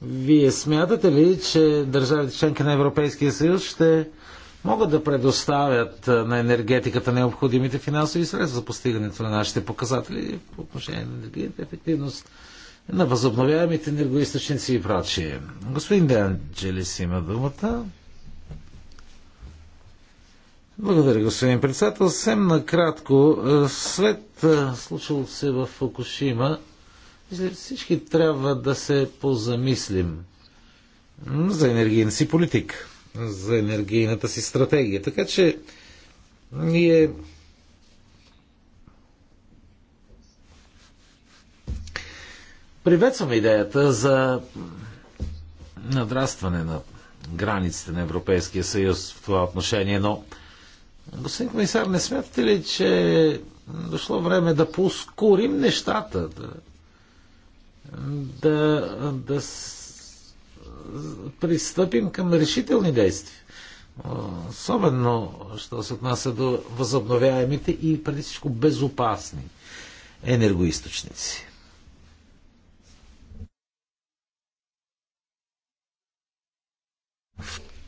Вие смятате ли, че държавите членки на Европейския съюз ще могат да предоставят на енергетиката необходимите финансови средства за постигането на нашите показатели по отношение на енергийната ефективност, на възобновяемите енергоисточници и прочие? Господин Деанджелис има думата. Благодаря, господин председател. Съвсем накратко, е, след е, случило се в Фукушима, всички трябва да се позамислим за енергийната си политик, за енергийната си стратегия. Така че ние приветстваме идеята за надрастване на границите на Европейския съюз в това отношение, но Господин комисар, не смятате ли, че дошло време да поускорим нещата, да, да, да пристъпим към решителни действия? Особено, що се отнася до възобновяемите и преди всичко безопасни енергоисточници.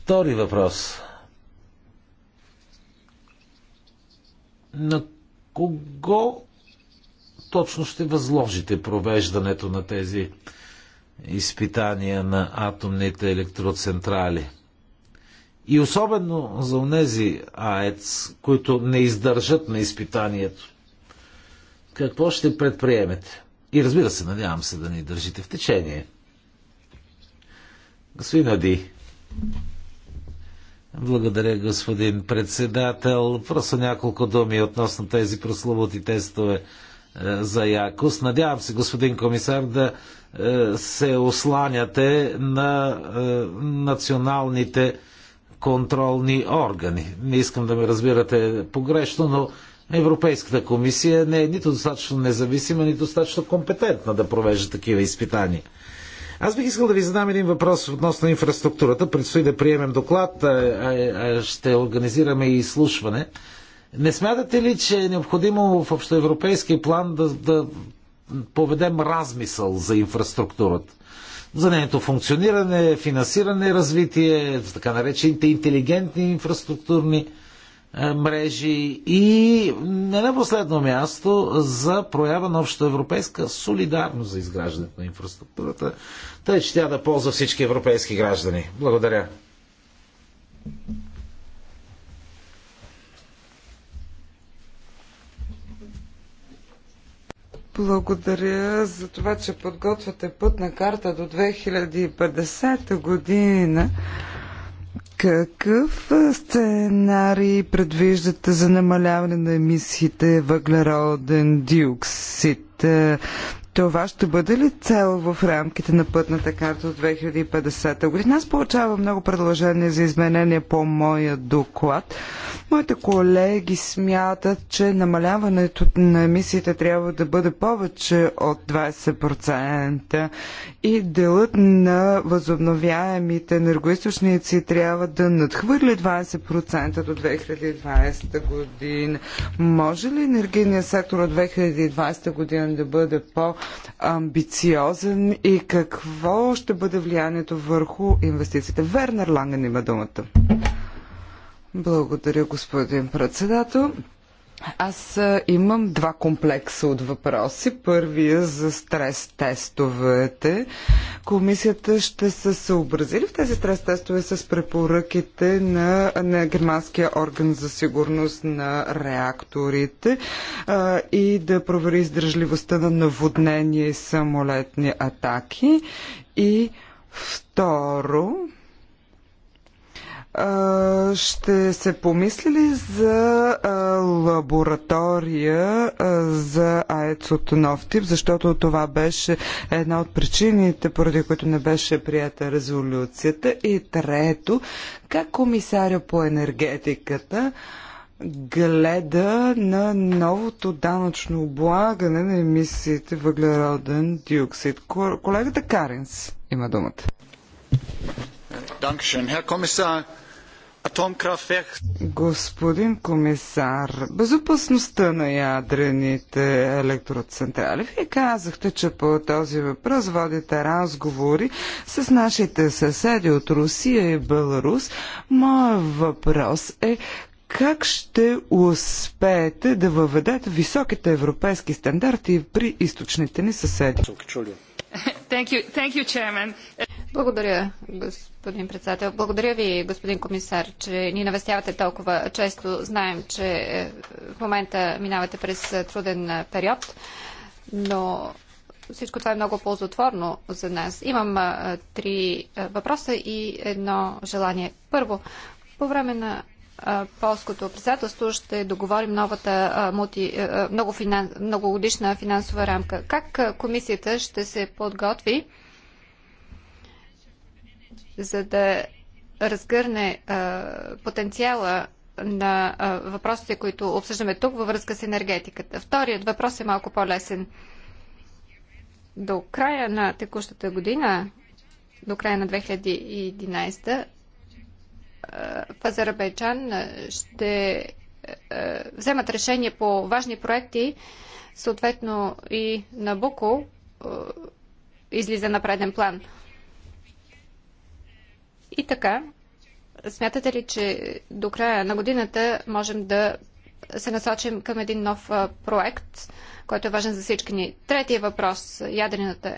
Втори въпрос – На кого точно ще възложите провеждането на тези изпитания на атомните електроцентрали? И особено за онези АЕЦ, които не издържат на изпитанието. Какво ще предприемете? И разбира се, надявам се да ни държите в течение. Господин Ади. Благодаря, господин председател. Просто няколко думи относно тези прословути тестове е, за якост. Надявам се, господин комисар, да е, се осланяте на е, националните контролни органи. Не искам да ме разбирате погрешно, но Европейската комисия не е нито достатъчно независима, нито достатъчно компетентна да провежда такива изпитания. Аз бих искал да ви задам един въпрос относно инфраструктурата. Предстои да приемем доклад, ще организираме и изслушване. Не смятате ли, че е необходимо в общоевропейски план да, да поведем размисъл за инфраструктурата? За нейното функциониране, финансиране, развитие, така наречените интелигентни инфраструктурни мрежи и не на последно място за проява на общоевропейска солидарност за изграждането на инфраструктурата, тъй че тя да ползва всички европейски граждани. Благодаря. Благодаря за това, че подготвяте пътна карта до 2050 година. Какъв сценарий предвиждате за намаляване на емисиите въглероден диоксид? Това ще бъде ли цел в рамките на пътната карта от 2050 година? Аз получавам много предложения за изменения по моя доклад. Моите колеги смятат, че намаляването на емисиите трябва да бъде повече от 20% и делът на възобновяемите енергоисточници трябва да надхвърли 20% до 2020 година. Може ли енергийният сектор от 2020 година да бъде по- амбициозен и какво ще бъде влиянието върху инвестициите. Вернер Ланген има думата. Благодаря, господин председател. Аз имам два комплекса от въпроси. Първия за стрес-тестовете. Комисията ще се съобрази ли в тези стрес-тестове с препоръките на, на Германския орган за сигурност на реакторите а, и да провери издържливостта на наводнения и самолетни атаки? И второ, ще се помисли ли за лаборатория за АЕЦ от нов тип, защото това беше една от причините, поради които не беше прията резолюцията. И трето, как комисаря по енергетиката гледа на новото данъчно облагане на емисиите въглероден диоксид. Колегата Каренс има думата. Господин комисар, безопасността на ядрените електроцентрали. Вие казахте, че по този въпрос водите разговори с нашите съседи от Русия и Беларус. Моят въпрос е как ще успеете да въведете високите европейски стандарти при източните ни съседи? *laughs* Благодаря, господин председател. Благодаря ви, господин комисар, че ни навестявате толкова често. Знаем, че е, в момента минавате през труден е, период, но всичко това е много ползотворно за нас. Имам е, три въпроса и едно желание. Първо, по време на полското председателство ще договорим новата мути, много финанс, многогодишна финансова рамка. Как комисията ще се подготви за да разгърне потенциала на въпросите, които обсъждаме тук във връзка с енергетиката. Вторият въпрос е малко по-лесен. До края на текущата година, до края на 2011, в Азербайджан ще вземат решение по важни проекти, съответно и на БУКО, излиза на преден план. И така, смятате ли, че до края на годината можем да се насочим към един нов проект, който е важен за всички ни. Третия въпрос – ядрената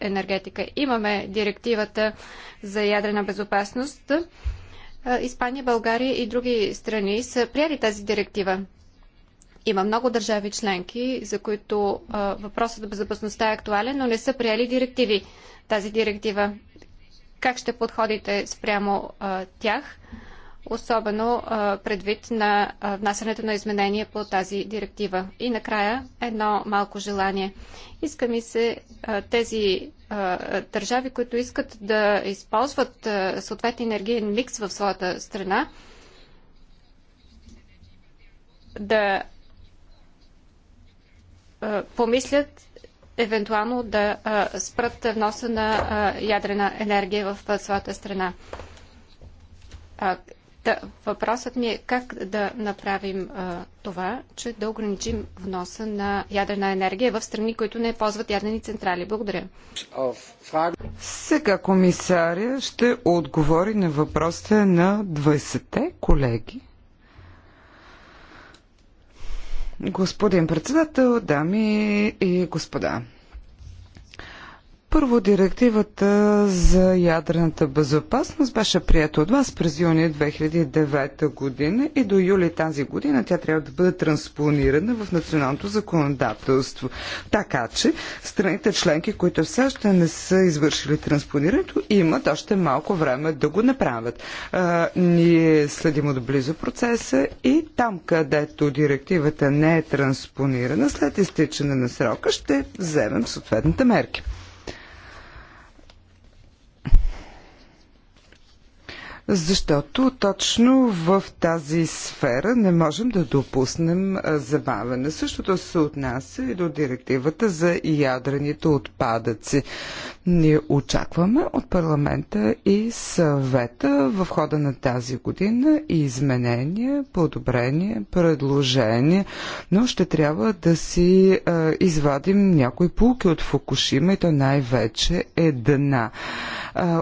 енергетика. Имаме директивата за ядрена безопасност. Е, Испания, България и други страни са приели тази директива. Има много държави членки, за които е, въпросът за безопасността е актуален, но не са приели директиви тази директива. Как ще подходите спрямо а, е, тях, особено а, предвид на а, внасянето на изменения по тази директива? И накрая едно малко желание. Иска ми се тези държави, които искат да използват съответния енергиен микс в своята страна, да помислят евентуално да спрат вноса на ядрена енергия в своята страна. Да, въпросът ми е как да направим а, това, че да ограничим вноса на ядрена енергия в страни, които не ползват ядрени централи. Благодаря. Сега комисаря ще отговори на въпросите на 20-те колеги. Господин председател, дами и господа. Първо, директивата за ядрената безопасност беше прията от вас през юни 2009 година и до юли тази година тя трябва да бъде транспонирана в националното законодателство. Така че страните членки, които все още не са извършили транспонирането, имат още малко време да го направят. А, ние следим отблизо процеса и там, където директивата не е транспонирана, след изтичане на срока ще вземем съответните мерки. защото точно в тази сфера не можем да допуснем забавяне. Същото се отнася и до директивата за ядрените отпадъци. Ние очакваме от парламента и съвета в хода на тази година и изменения, подобрения, предложения, но ще трябва да си извадим някои пулки от Фукушима и то най-вече е дна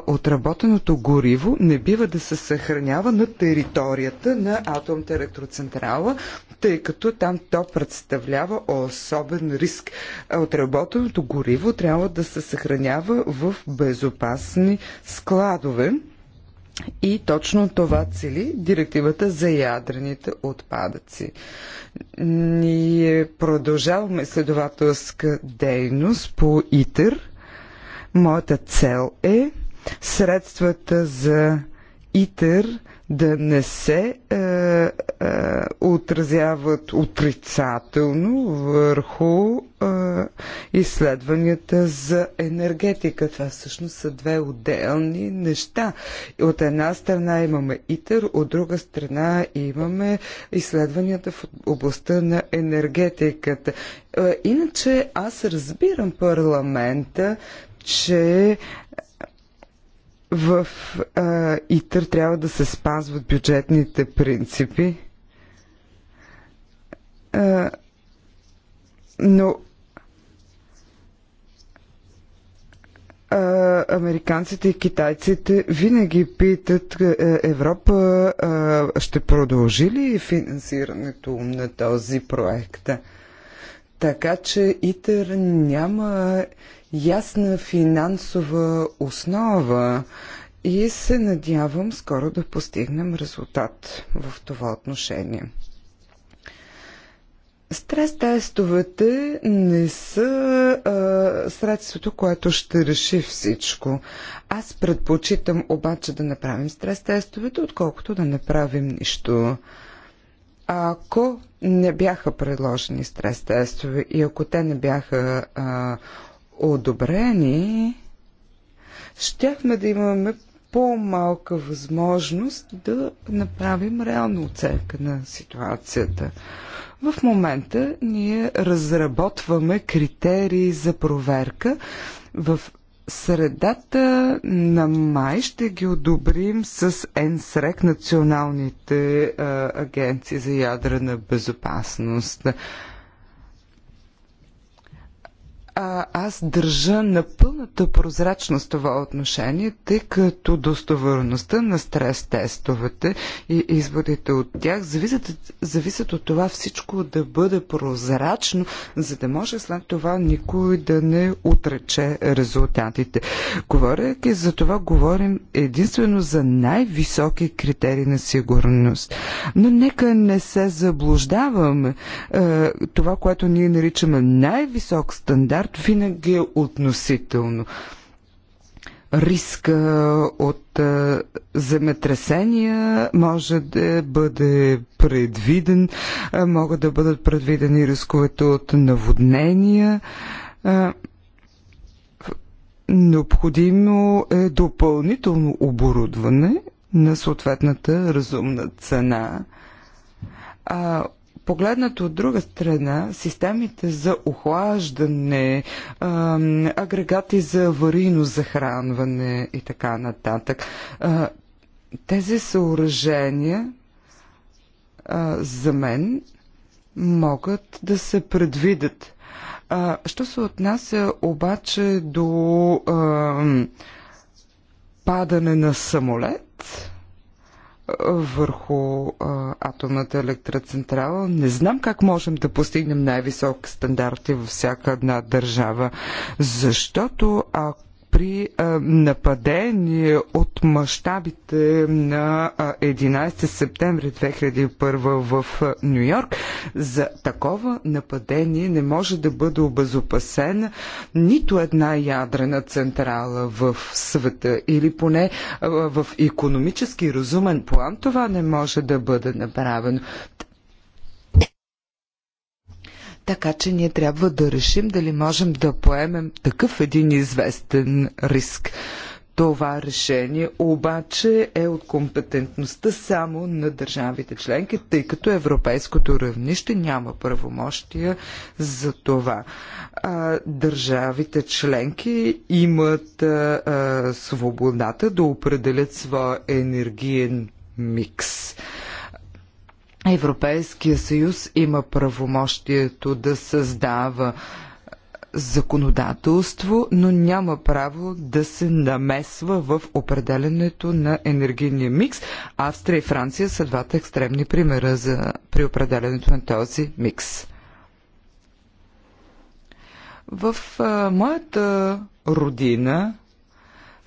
отработеното гориво не бива да се съхранява на територията на атомната електроцентрала, тъй като там то представлява особен риск. Отработеното гориво трябва да се съхранява в безопасни складове. И точно това цели директивата за ядрените отпадъци. Ние продължаваме следователска дейност по ИТЕР. Моята цел е средствата за ИТЕР да не се е, е, отразяват отрицателно върху е, изследванията за енергетика. Това всъщност са две отделни неща. От една страна имаме ИТЕР, от друга страна имаме изследванията в областта на енергетиката. Е, иначе аз разбирам парламента, че е, в а, ИТР трябва да се спазват бюджетните принципи. А, но а, американците и китайците винаги питат е, е, Европа а, ще продължи ли финансирането на този проект? Така че ИТЕР няма ясна финансова основа и се надявам скоро да постигнем резултат в това отношение. Стрес тестовете не са а, средството, което ще реши всичко. Аз предпочитам обаче да направим стрес тестовете, отколкото да не правим нищо. Ако не бяха предложени стрес тестове и ако те не бяха а, одобрени, щяхме да имаме по-малка възможност да направим реална оценка на ситуацията. В момента ние разработваме критерии за проверка в средата на май ще ги одобрим с НСРЕК, националните агенции за ядрена безопасност а, аз държа на пълната прозрачност това отношение, тъй като достоверността на стрес-тестовете и изводите от тях зависят, зависят от това всичко да бъде прозрачно, за да може след това никой да не отрече резултатите. Говоряки за това, говорим единствено за най-високи критерии на сигурност. Но нека не се заблуждаваме. Е, това, което ние наричаме най-висок стандарт, която винаги е относително. Риска от земетресения може да бъде предвиден, могат да бъдат предвидени рисковете от наводнения. Необходимо е допълнително оборудване на съответната разумна цена. А Погледнато от друга страна, системите за охлаждане, агрегати за аварийно захранване и така нататък, тези съоръжения за мен могат да се предвидят. що се отнася обаче до падане на самолет, върху а, атомната електроцентрала. Не знам как можем да постигнем най-високи стандарти във всяка една държава, защото ако при нападение от мащабите на 11 септември 2001 в Нью Йорк. За такова нападение не може да бъде обезопасена нито една ядрена централа в света или поне в економически разумен план това не може да бъде направено. Така че ние трябва да решим дали можем да поемем такъв един известен риск. Това решение обаче е от компетентността само на държавите членки, тъй като европейското равнище няма правомощия за това. А, държавите членки имат а, а, свободата да определят своя енергиен микс. А, Европейския съюз има правомощието да създава законодателство, но няма право да се намесва в определенето на енергийния микс. Австрия и Франция са двата екстремни примера за, при определенето на този микс. В а, моята родина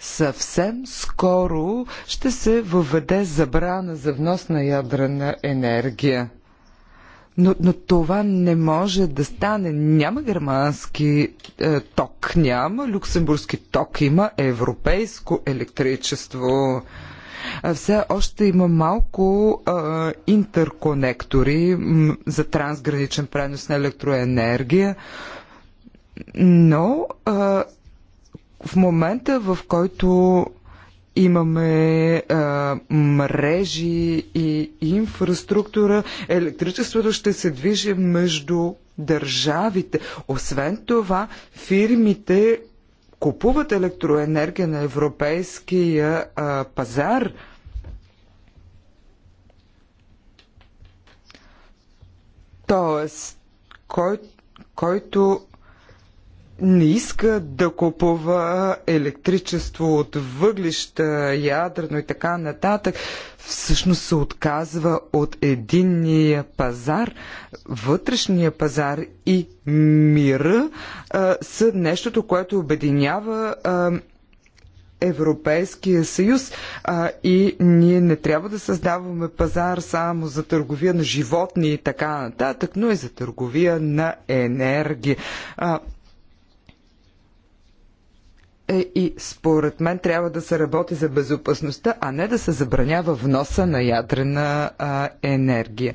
Съвсем скоро ще се въведе забрана за внос на ядрена енергия. Но, но това не може да стане. Няма германски е, ток, няма люксембургски ток, има европейско електричество все още има малко е, интерконектори за трансграничен пренос на електроенергия, но е, в момента, в който имаме а, мрежи и инфраструктура, електричеството ще се движи между държавите. Освен това, фирмите купуват електроенергия на европейския а, пазар. Тоест, кой, който не иска да купува електричество от въглища, ядрено и така нататък, всъщност се отказва от единния пазар, вътрешния пазар и мира а, са нещото, което обединява а, Европейския съюз а, и ние не трябва да създаваме пазар само за търговия на животни и така нататък, но и за търговия на енергия. А, е и според мен трябва да се работи за безопасността, а не да се забранява вноса на ядрена а, енергия.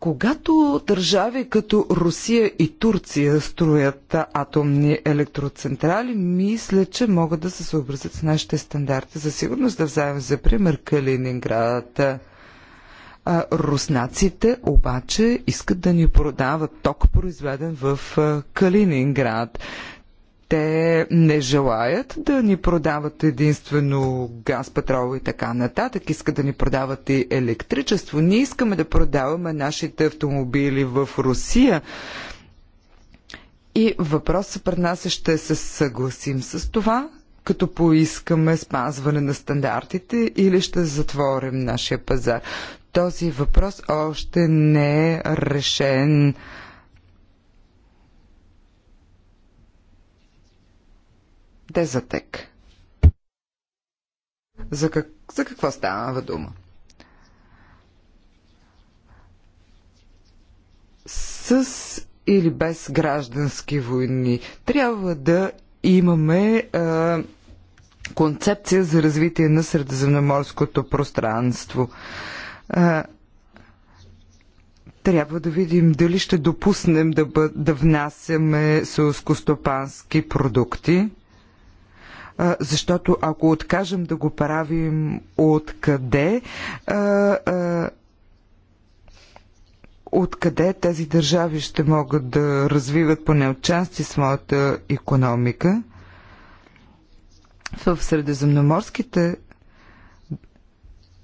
Когато държави като Русия и Турция строят атомни електроцентрали, мисля, че могат да се съобразят с нашите стандарти. За сигурност да вземем за пример Калининград. руснаците обаче искат да ни продават ток, произведен в Калининград те не желаят да ни продават единствено газ, петрол и така нататък. Искат да ни продават и електричество. Ние искаме да продаваме нашите автомобили в Русия. И въпросът пред нас е ще се съгласим с това, като поискаме спазване на стандартите или ще затворим нашия пазар. Този въпрос още не е решен. Дезатек. За, как, за какво става дума? С или без граждански войни трябва да имаме а, концепция за развитие на средиземноморското пространство. А, трябва да видим дали ще допуснем да, бъ, да внасяме селскостопански продукти защото ако откажем да го правим откъде, откъде тези държави ще могат да развиват поне отчасти своята економика. В средиземноморските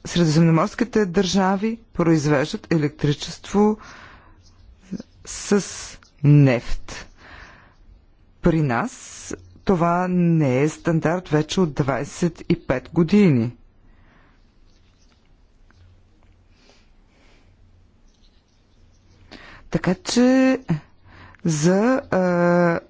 средиземноморските държави произвеждат електричество с нефт. При нас това не е стандарт вече от 25 години. Така че за а,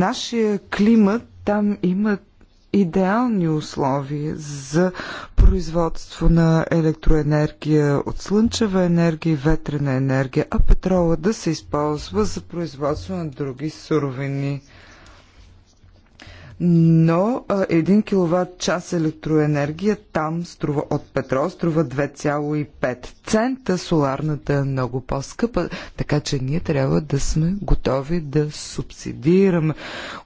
нашия климат там имат идеални условия за производство на електроенергия от слънчева енергия и ветрена енергия, а петрола да се използва за производство на други суровини но 1 кВт час електроенергия там струва от петрол, струва 2,5 цента, соларната е много по-скъпа, така че ние трябва да сме готови да субсидираме,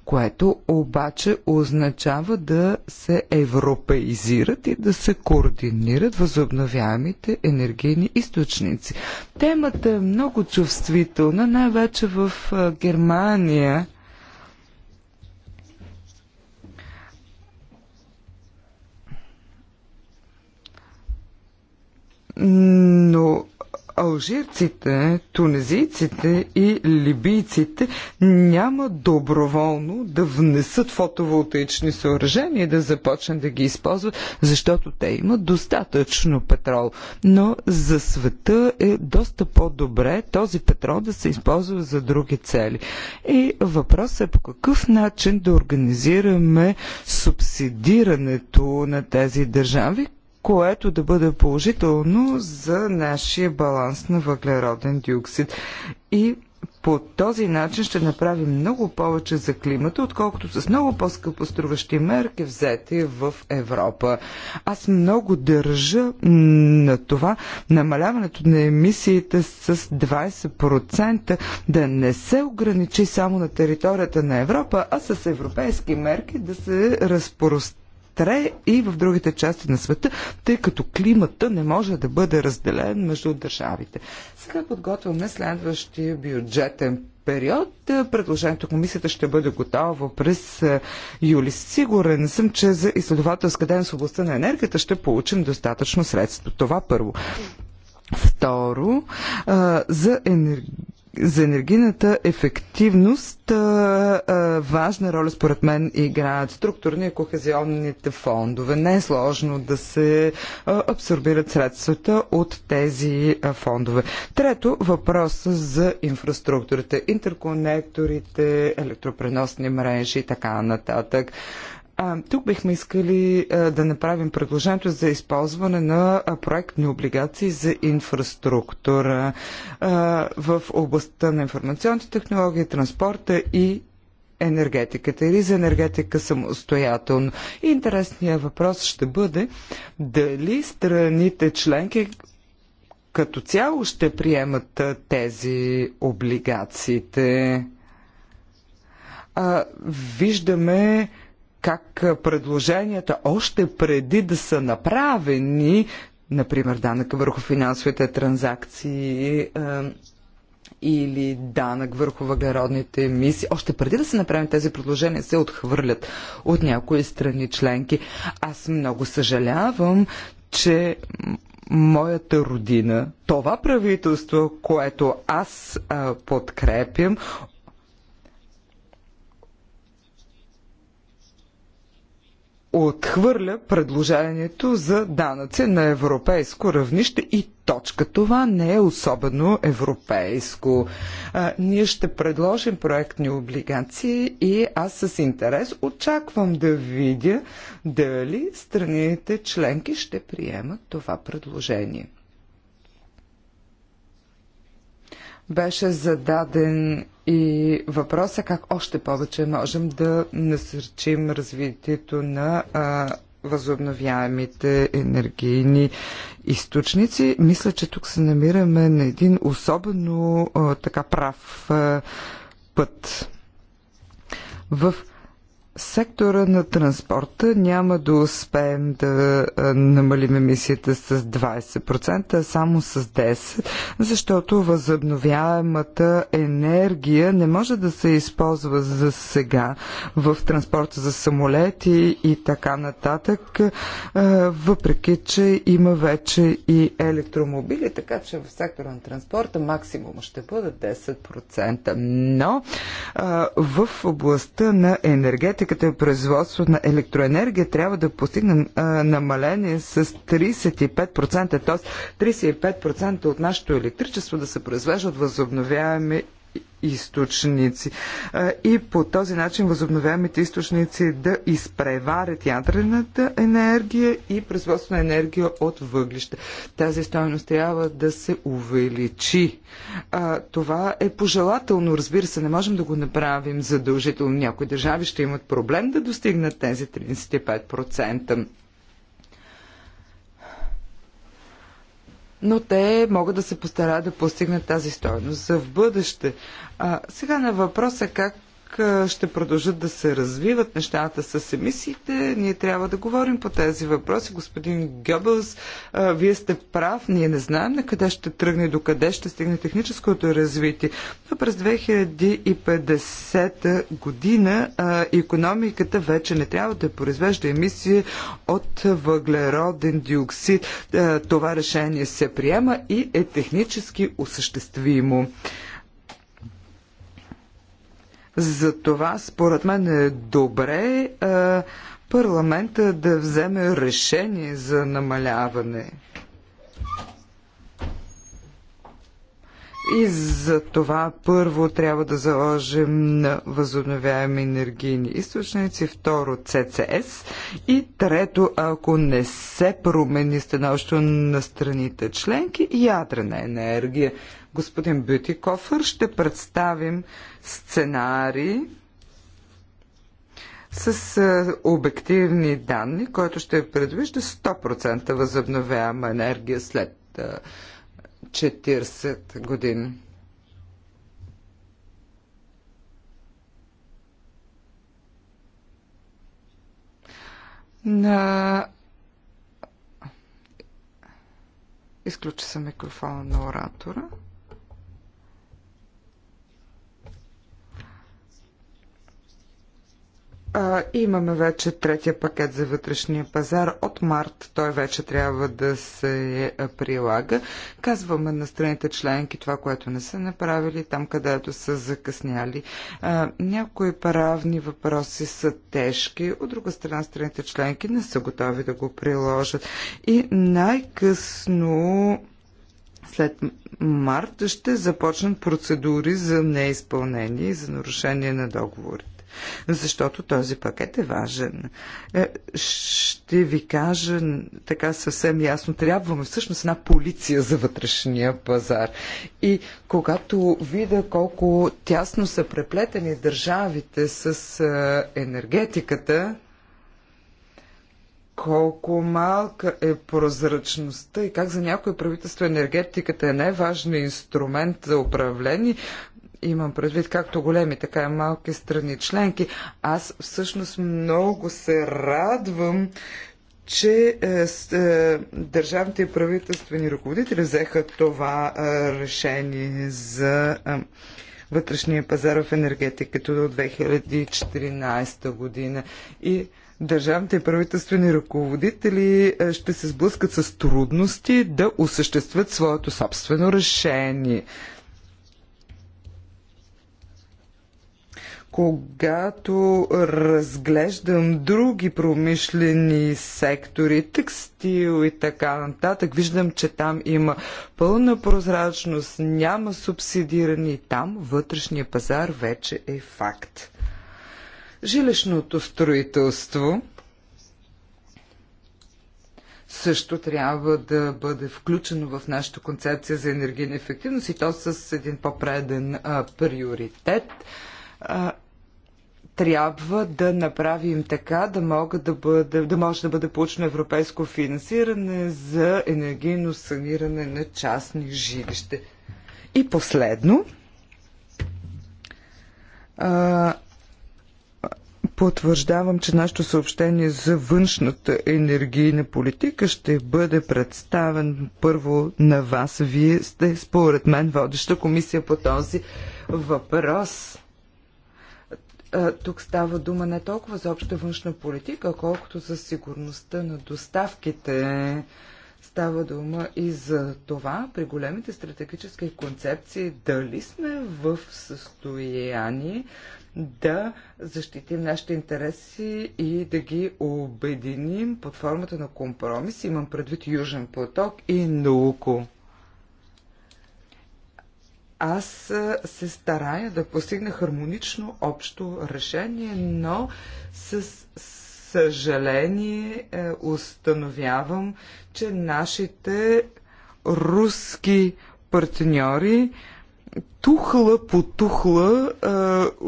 което обаче означава да се европеизират и да се координират възобновяемите енергийни източници. Темата е много чувствителна, най-вече в Германия. Но алжирците, тунезийците и либийците няма доброволно да внесат фотоволтаични съоръжения и да започнат да ги използват, защото те имат достатъчно петрол. Но за света е доста по-добре този петрол да се използва за други цели. И въпросът е по какъв начин да организираме субсидирането на тези държави, което да бъде положително за нашия баланс на въглероден диоксид. И по този начин ще направим много повече за климата, отколкото с много по скъпоструващи мерки взети в Европа. Аз много държа на това намаляването на емисиите с 20% да не се ограничи само на територията на Европа, а с европейски мерки да се разпространи Итре и в другите части на света, тъй като климата не може да бъде разделен между държавите. Сега подготвяме следващия бюджетен период. Предложението комисията ще бъде готова през е, юли. Сигурен съм, че за изследователска ден в областта на енергията ще получим достатъчно средства. Това първо. Второ, е, за енергия за енергийната ефективност а, а, важна роля според мен играят структурни и кохезионните фондове. Не е сложно да се а, абсорбират средствата от тези а, фондове. Трето, въпрос за инфраструктурата, интерконекторите, електропреносни мрежи и така нататък тук бихме искали да направим предложението за използване на проектни облигации за инфраструктура в областта на информационните технологии, транспорта и енергетиката или за енергетика самостоятелно. интересният въпрос ще бъде дали страните членки като цяло ще приемат тези облигациите. А, виждаме как предложенията още преди да са направени, например данък върху финансовите транзакции или данък върху въглеродните емисии, още преди да се направим тези предложения, се отхвърлят от някои страни членки. Аз много съжалявам, че моята родина, това правителство, което аз а, подкрепям, отхвърля предложението за данъци на европейско равнище и точка. Това не е особено европейско. А, ние ще предложим проектни облигации и аз с интерес очаквам да видя дали страните членки ще приемат това предложение. Беше зададен и въпросът е как още повече можем да насърчим развитието на а, възобновяемите енергийни източници. Мисля, че тук се намираме на един особено а, така прав а, път. В сектора на транспорта няма да успеем да намалим емисията с 20%, а само с 10%, защото възобновяемата енергия не може да се използва за сега в транспорта за самолети и така нататък, въпреки, че има вече и електромобили, така че в сектора на транспорта максимум ще бъде 10%. Но в областта на енергетика енергетиката и е производство на електроенергия трябва да постигне намаление с 35%, т.е. 35% от нашето електричество да се произвежда от възобновяеми източници. И по този начин възобновяемите източници да изпреварят ядрената енергия и производство на енергия от въглища. Тази стоеност трябва да се увеличи. Това е пожелателно, разбира се, не можем да го направим задължително. Някои държави ще имат проблем да достигнат тези 35%. но те могат да се постараят да постигнат тази стойност за в бъдеще. А, сега на въпроса как ще продължат да се развиват нещата с емисиите. Ние трябва да говорим по тези въпроси. Господин Гебелс, вие сте прав. Ние не знаем на къде ще тръгне, до къде ще стигне техническото развитие. Но през 2050 година економиката вече не трябва да произвежда емисии от въглероден диоксид. Това решение се приема и е технически осъществимо. Затова, според мен, е добре а, е, парламента да вземе решение за намаляване. И за това първо трябва да заложим на възобновяеми енергийни източници, второ ЦЦС и трето, ако не се промени становището на страните членки, ядрена енергия. Господин Бютикофър ще представим сценарий с обективни данни, който ще предвижда 100% възобновяема енергия след 40 години. На... Изключи се микрофона на оратора. А, имаме вече третия пакет за вътрешния пазар. От март той вече трябва да се е, прилага. Казваме на страните членки това, което не са направили, там където са закъсняли. А, някои правни въпроси са тежки, от друга страна страните членки не са готови да го приложат. И най-късно след март ще започнат процедури за неизпълнение и за нарушение на договорите защото този пакет е важен. Е, ще ви кажа така съвсем ясно, трябваме всъщност една полиция за вътрешния пазар. И когато видя колко тясно са преплетени държавите с е, енергетиката, колко малка е прозрачността и как за някои правителство енергетиката е най-важният инструмент за управление, Имам предвид както големи, така и малки страни членки. Аз всъщност много се радвам, че е, е, държавните и правителствени ръководители взеха това е, решение за е, вътрешния пазар в енергетиката до 2014 година. И държавните и правителствени ръководители е, ще се сблъскат с трудности да осъществят своето собствено решение. когато разглеждам други промишлени сектори, текстил и така нататък, виждам, че там има пълна прозрачност, няма субсидирани, там вътрешния пазар вече е факт. Жилищното строителство също трябва да бъде включено в нашата концепция за енергийна ефективност и то с един по-преден приоритет трябва да направим така, да, мога да, бъде, да може да бъде получено европейско финансиране за енергийно саниране на частни жилища. И последно, а, потвърждавам, че нашето съобщение за външната енергийна политика ще бъде представен първо на вас. Вие сте, според мен, водеща комисия по този въпрос. Е, тук става дума не толкова за обща външна политика, колкото за сигурността на доставките. Става дума и за това при големите стратегически концепции дали сме в състояние да защитим нашите интереси и да ги обединим под формата на компромис. Имам предвид Южен поток и науко аз се старая да постигна хармонично общо решение, но с съжаление е, установявам, че нашите руски партньори тухла по тухла е,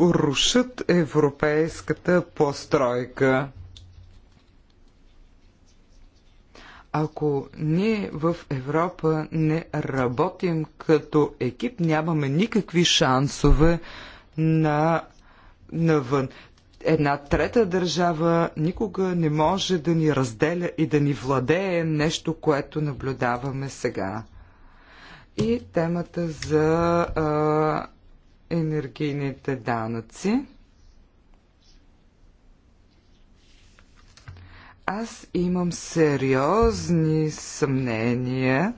рушат европейската постройка. Ако ние в Европа не работим като екип, нямаме никакви шансове на навън. Една трета държава никога не може да ни разделя и да ни владее нещо, което наблюдаваме сега. И темата за а, енергийните данъци. аз имам сериозни съмнения.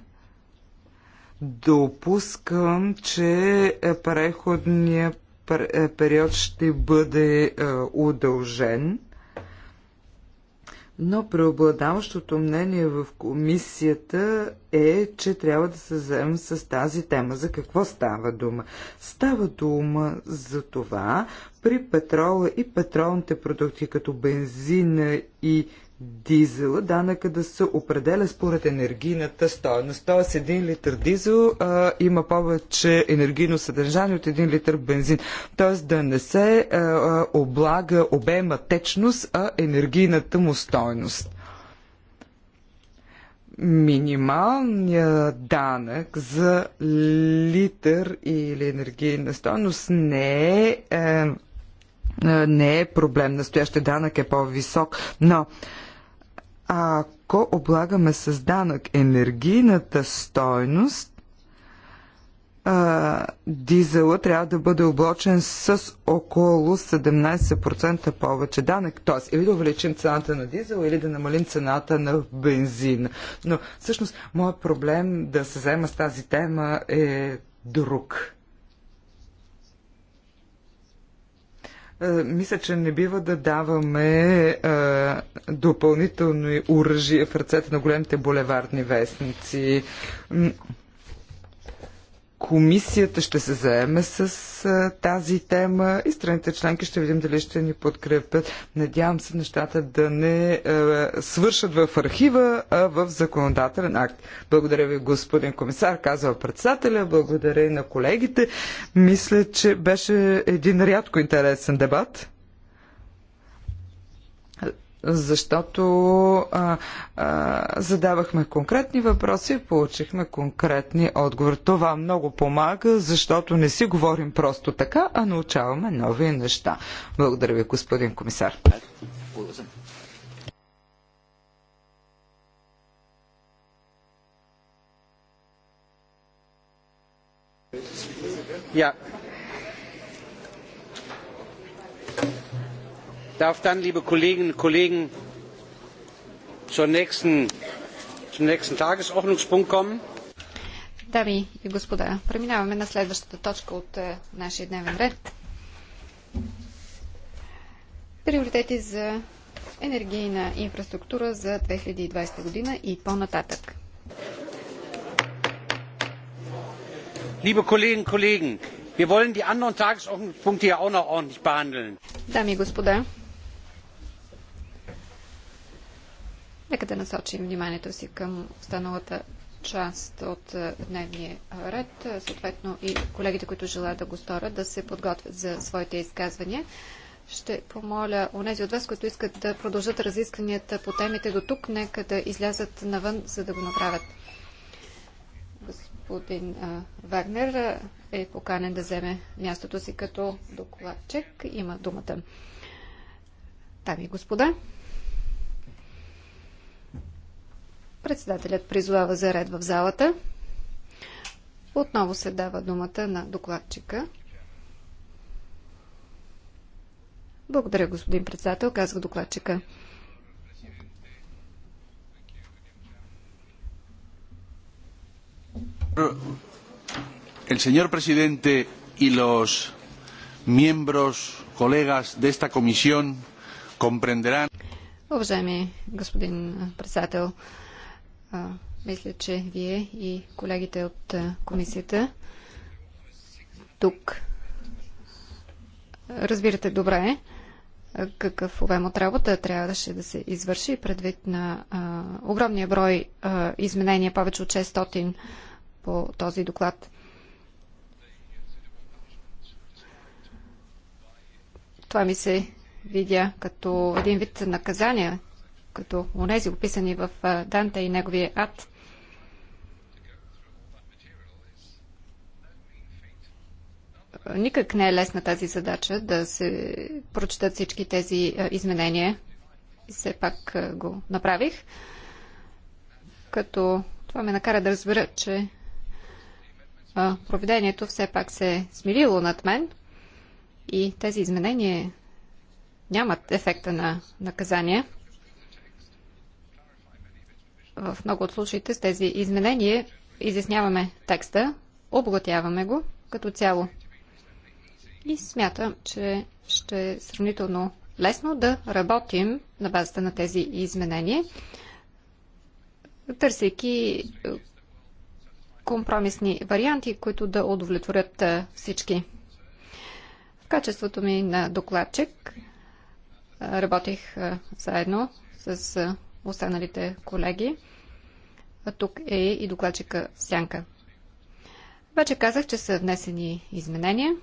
Допускам, че е, преходният е, период ще бъде е, удължен. Но преобладаващото мнение в комисията е, че трябва да се вземем с тази тема. За какво става дума? Става дума за това при петрола и петролните продукти, като бензина и дизела, данъка да се определя според енергийната стоеност. Тоест един литър дизел а, има повече енергийно съдържание от един литър бензин. Тоест да не се а, облага обема течност, а енергийната му стоеност. Минималният данък за литър или енергийна стоеност не е, е, е не е проблем. Настоящия данък е по-висок, но ако облагаме с данък енергийната стойност, а, дизела трябва да бъде облочен с около 17% повече данък. Т.е. или да увеличим цената на дизел, или да намалим цената на бензина. Но всъщност моят проблем да се заема с тази тема е друг. Е, мисля, че не бива да даваме а, е, допълнителни оръжия в ръцете на големите булевардни вестници. Комисията ще се заеме с тази тема и страните членки ще видим дали ще ни подкрепят. Надявам се нещата да не свършат в архива, а в законодателен акт. Благодаря ви, господин комисар, казва председателя. Благодаря и на колегите. Мисля, че беше един рядко интересен дебат защото а, а, задавахме конкретни въпроси и получихме конкретни отговори. Това много помага, защото не си говорим просто така, а научаваме нови неща. Благодаря ви, господин комисар. Yeah. darf dann liebe kolleginnen und kollegen zum nächsten tagesordnungspunkt kommen. Дами и господа, преминаваме на следващата точка от нашия дневен ред. Приоритети за енергийна инфраструктура за 2020 година и по-нататък. Liebe Kolleginnen und Kollegen, wir wollen die anderen Tagesordnungspunkte ja auch noch ordentlich behandeln. Дами и господа, Нека да насочим вниманието си към останалата част от дневния ред. Съответно и колегите, които желаят да го сторят, да се подготвят за своите изказвания. Ще помоля онези от вас, които искат да продължат разискванията по темите до тук, нека да излязат навън, за да го направят. Господин Вагнер е поканен да вземе мястото си като докладчик. Има думата. Дами и господа, Председателят призовава за ред в залата. Отново се дава думата на докладчика. Благодаря, господин председател, казва докладчика. El señor presidente y los miembros, colegas de esta comisión comprenderán. Уважаеми господин председател, мисля, че вие и колегите от комисията тук разбирате добре какъв обем от работа трябваше да се извърши предвид на а, огромния брой а, изменения, повече от 600 по този доклад. Това ми се видя като един вид наказания като онези описани в Данте и неговия ад. Никак не е лесна тази задача да се прочитат всички тези изменения. И все пак го направих. Като това ме накара да разбера, че проведението все пак се е смирило над мен и тези изменения нямат ефекта на наказание в много от случаите с тези изменения изясняваме текста, обогатяваме го като цяло. И смятам, че ще е сравнително лесно да работим на базата на тези изменения, търсейки е, компромисни варианти, които да удовлетворят е, всички. В качеството ми на докладчик е, работих заедно с останалите колеги. А тук е и докладчика Сянка. Вече казах, че са внесени изменения.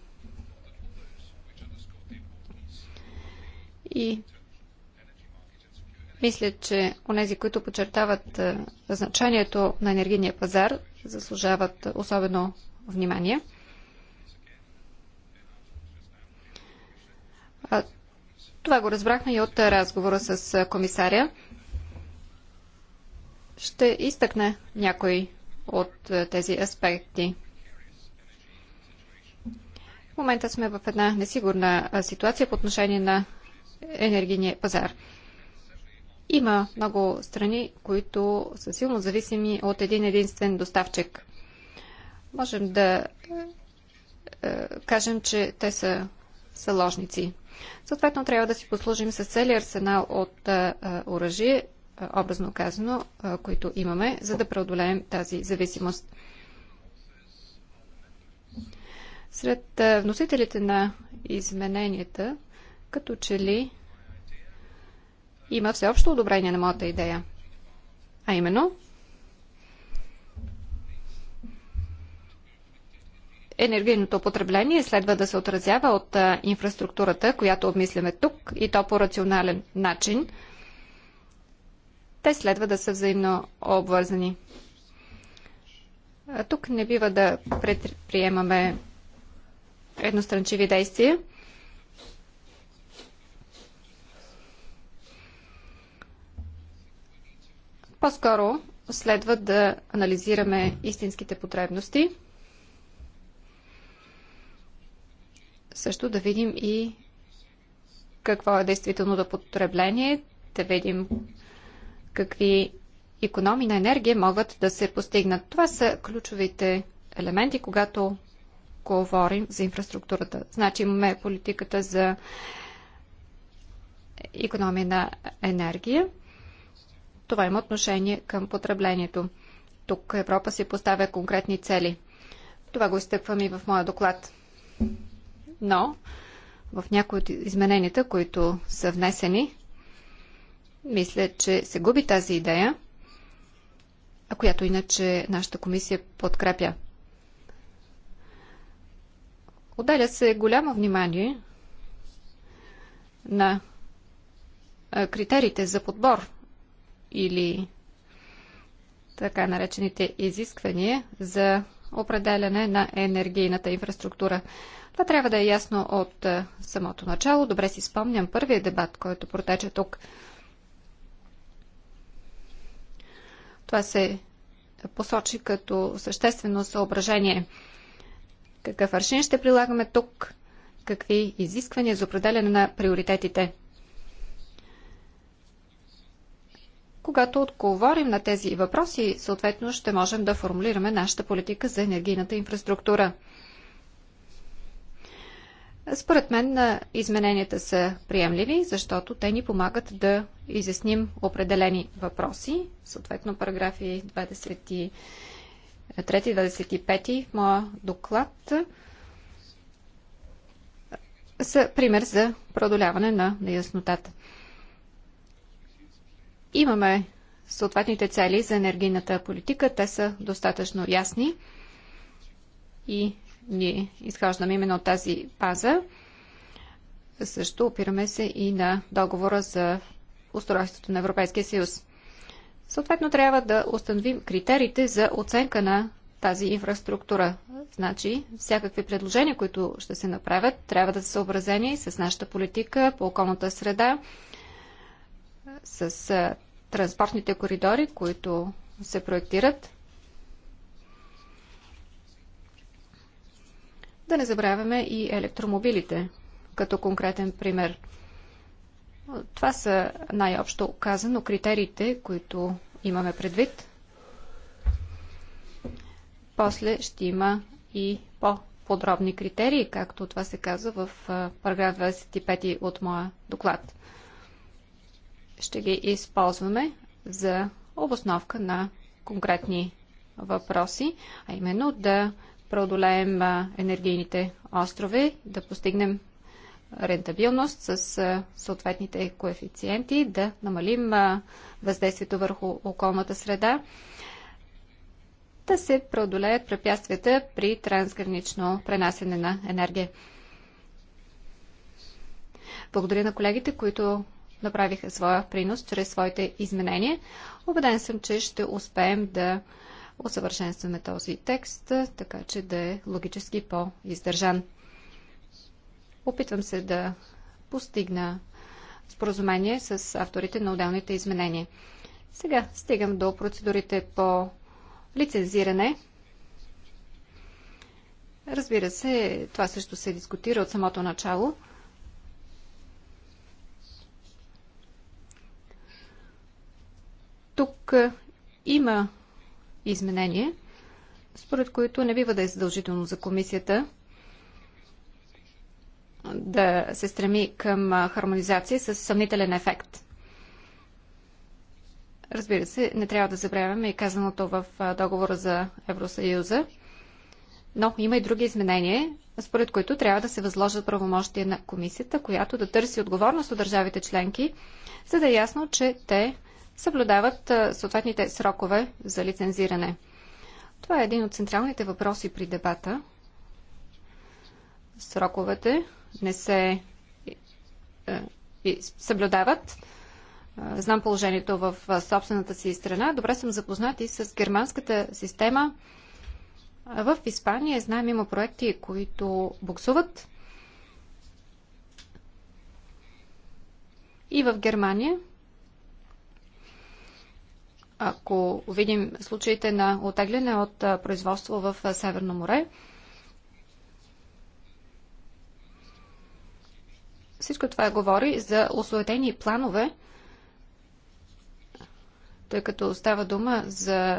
И мисля, че онези, които подчертават значението на енергийния пазар, заслужават особено внимание. Това го разбрахме и от разговора с комисаря. Ще изтъкне някои от е, тези аспекти. В момента сме в една несигурна е, ситуация по отношение на енергийния пазар. Има много страни, които са силно зависими от един единствен доставчик. Можем да е, е кажем, че те са съложници. Съответно, трябва да си послужим с целият арсенал от оръжие, образно казано, които имаме, за да преодолеем тази зависимост. Сред вносителите на измененията, като че ли има всеобщо одобрение на моята идея. А именно, енергийното потребление следва да се отразява от инфраструктурата, която обмисляме тук, и то по рационален начин – те следва да са взаимно обвързани. Тук не бива да предприемаме едностранчиви действия. По-скоро следва да анализираме истинските потребности. Също да видим и какво е действително да потребление, да видим какви економии на енергия могат да се постигнат. Това са ключовите елементи, когато говорим за инфраструктурата. Значи имаме политиката за економия на енергия. Това има отношение към потреблението. Тук Европа си поставя конкретни цели. Това го изтъквам и в моя доклад. Но в някои от измененията, които са внесени, мисля, че се губи тази идея, а която иначе нашата комисия подкрепя. Отделя се голямо внимание на критериите за подбор или така наречените изисквания за определяне на енергийната инфраструктура. Това трябва да е ясно от самото начало. Добре си спомням първия дебат, който протече тук – Това се посочи като съществено съображение. Какъв аршин ще прилагаме тук? Какви изисквания за определяне на приоритетите? Когато отговорим на тези въпроси, съответно ще можем да формулираме нашата политика за енергийната инфраструктура – според мен измененията са приемливи, защото те ни помагат да изясним определени въпроси, съответно параграфи 23-25 в моя доклад са пример за продоляване на неяснотата. Имаме съответните цели за енергийната политика. Те са достатъчно ясни и ние изхождаме именно от тази база. Също опираме се и на договора за устройството на Европейския съюз. Съответно, трябва да установим критериите за оценка на тази инфраструктура. Значи, всякакви предложения, които ще се направят, трябва да са съобразени с нашата политика по околната среда, с транспортните коридори, които се проектират. Да не забравяме и електромобилите, като конкретен пример. Това са най-общо казано критериите, които имаме предвид. После ще има и по-подробни критерии, както това се казва в параграф 25 от моя доклад. Ще ги използваме за обосновка на конкретни въпроси, а именно да преодолеем енергийните острови, да постигнем рентабилност с съответните коефициенти, да намалим въздействието върху околната среда, да се преодолеят препятствията при трансгранично пренасене на енергия. Благодаря на колегите, които направиха своя принос чрез своите изменения. Обеден съм, че ще успеем да усъвършенстваме този текст, така че да е логически по-издържан. Опитвам се да постигна споразумение с авторите на отделните изменения. Сега стигам до процедурите по лицензиране. Разбира се, това също се дискутира от самото начало. Тук има изменения, според които не бива да е задължително за комисията да се стреми към хармонизация с съмнителен ефект. Разбира се, не трябва да забравяме и казаното в договора за Евросъюза, но има и други изменения, според които трябва да се възложат правомощия на комисията, която да търси отговорност от държавите членки, за да е ясно, че те съблюдават съответните срокове за лицензиране. Това е един от централните въпроси при дебата. Сроковете не се е, е, съблюдават. Знам положението в собствената си страна. Добре съм запознат и с германската система. В Испания, знаем, има проекти, които буксуват. И в Германия ако видим случаите на отегляне от производство в Северно море, Всичко това говори за осуетени планове, тъй като става дума за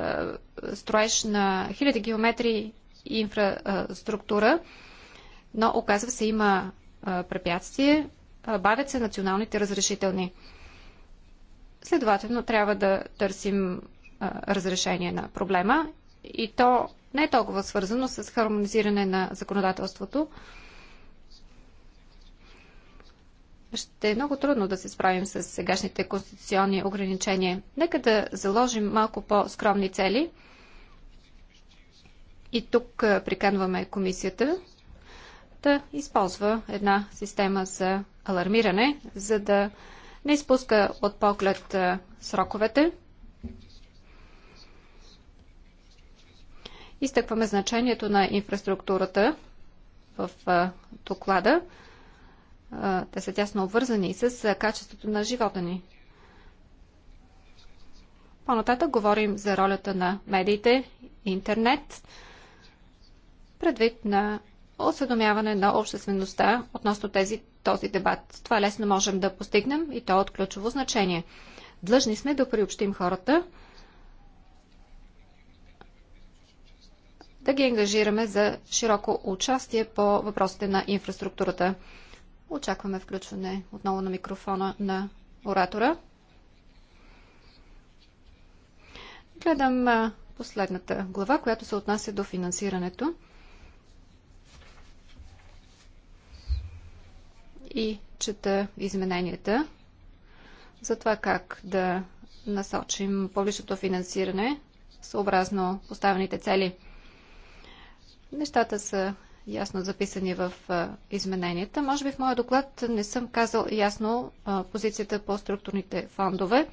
строеж на хиляди километри инфраструктура, но оказва се има препятствие, бавят се националните разрешителни. Следователно трябва да търсим а, разрешение на проблема и то не е толкова свързано с хармонизиране на законодателството. Ще е много трудно да се справим с сегашните конституционни ограничения. Нека да заложим малко по-скромни цели. И тук приканваме комисията да използва една система за алармиране, за да не изпуска от поглед сроковете. Изтъкваме значението на инфраструктурата в доклада. Те са тясно обвързани с качеството на живота ни. По-нататък говорим за ролята на медиите, интернет, предвид на осведомяване на обществеността относно тези, този дебат. Това лесно можем да постигнем и то е от ключово значение. Длъжни сме да приобщим хората, да ги ангажираме за широко участие по въпросите на инфраструктурата. Очакваме включване отново на микрофона на оратора. Гледам последната глава, която се отнася до финансирането. и чета измененията за това как да насочим публичното финансиране съобразно поставените цели. Нещата са ясно записани в измененията. Може би в моя доклад не съм казал ясно позицията по структурните фондове.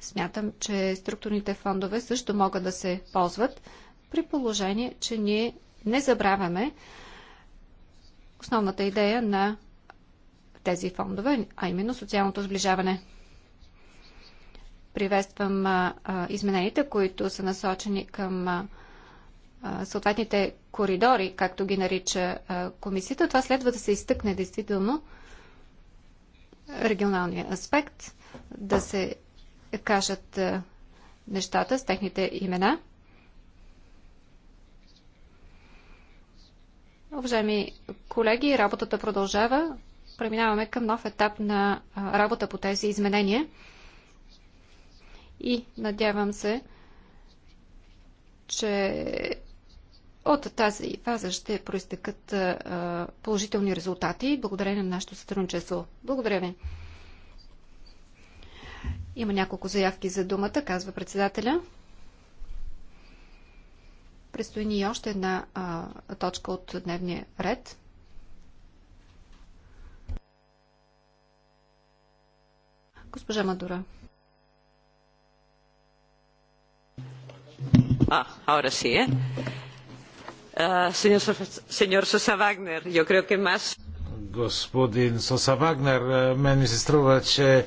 Смятам, че структурните фондове също могат да се ползват при положение, че ние не забравяме, основната идея на тези фондове, а именно социалното сближаване. Приветствам а, измененията, които са насочени към а, съответните коридори, както ги нарича а, комисията. Това следва да се изтъкне действително регионалния аспект, да се кажат нещата с техните имена – Уважаеми колеги, работата продължава. Преминаваме към нов етап на работа по тези изменения. И надявам се, че от тази фаза ще проистекат положителни резултати благодарение на нашето сътрудничество. Благодаря ви. Има няколко заявки за думата, казва председателя. Предстои ни още една а, точка от дневния ред. Госпожа Мадура. А, ahora sí, ¿eh? Uh, señor, señor Sosa Wagner, yo creo que más... Господин Соса Вагнер, мен ми се струва, че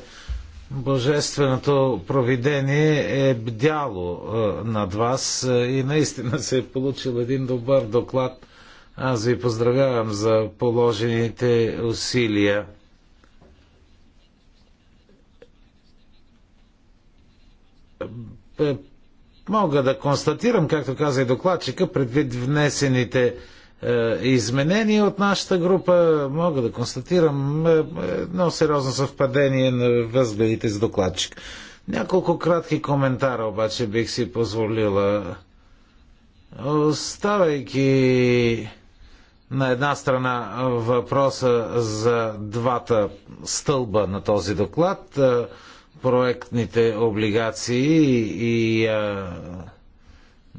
Божественото провидение е бдяло е, над вас е, и наистина се е получил един добър доклад. Аз ви поздравявам за положените усилия. Е, мога да констатирам, както каза и докладчика, предвид внесените е, изменения от нашата група, мога да констатирам е, едно сериозно съвпадение на възгледите с докладчик. Няколко кратки коментара обаче бих си позволила. Оставайки на една страна въпроса за двата стълба на този доклад, е, проектните облигации и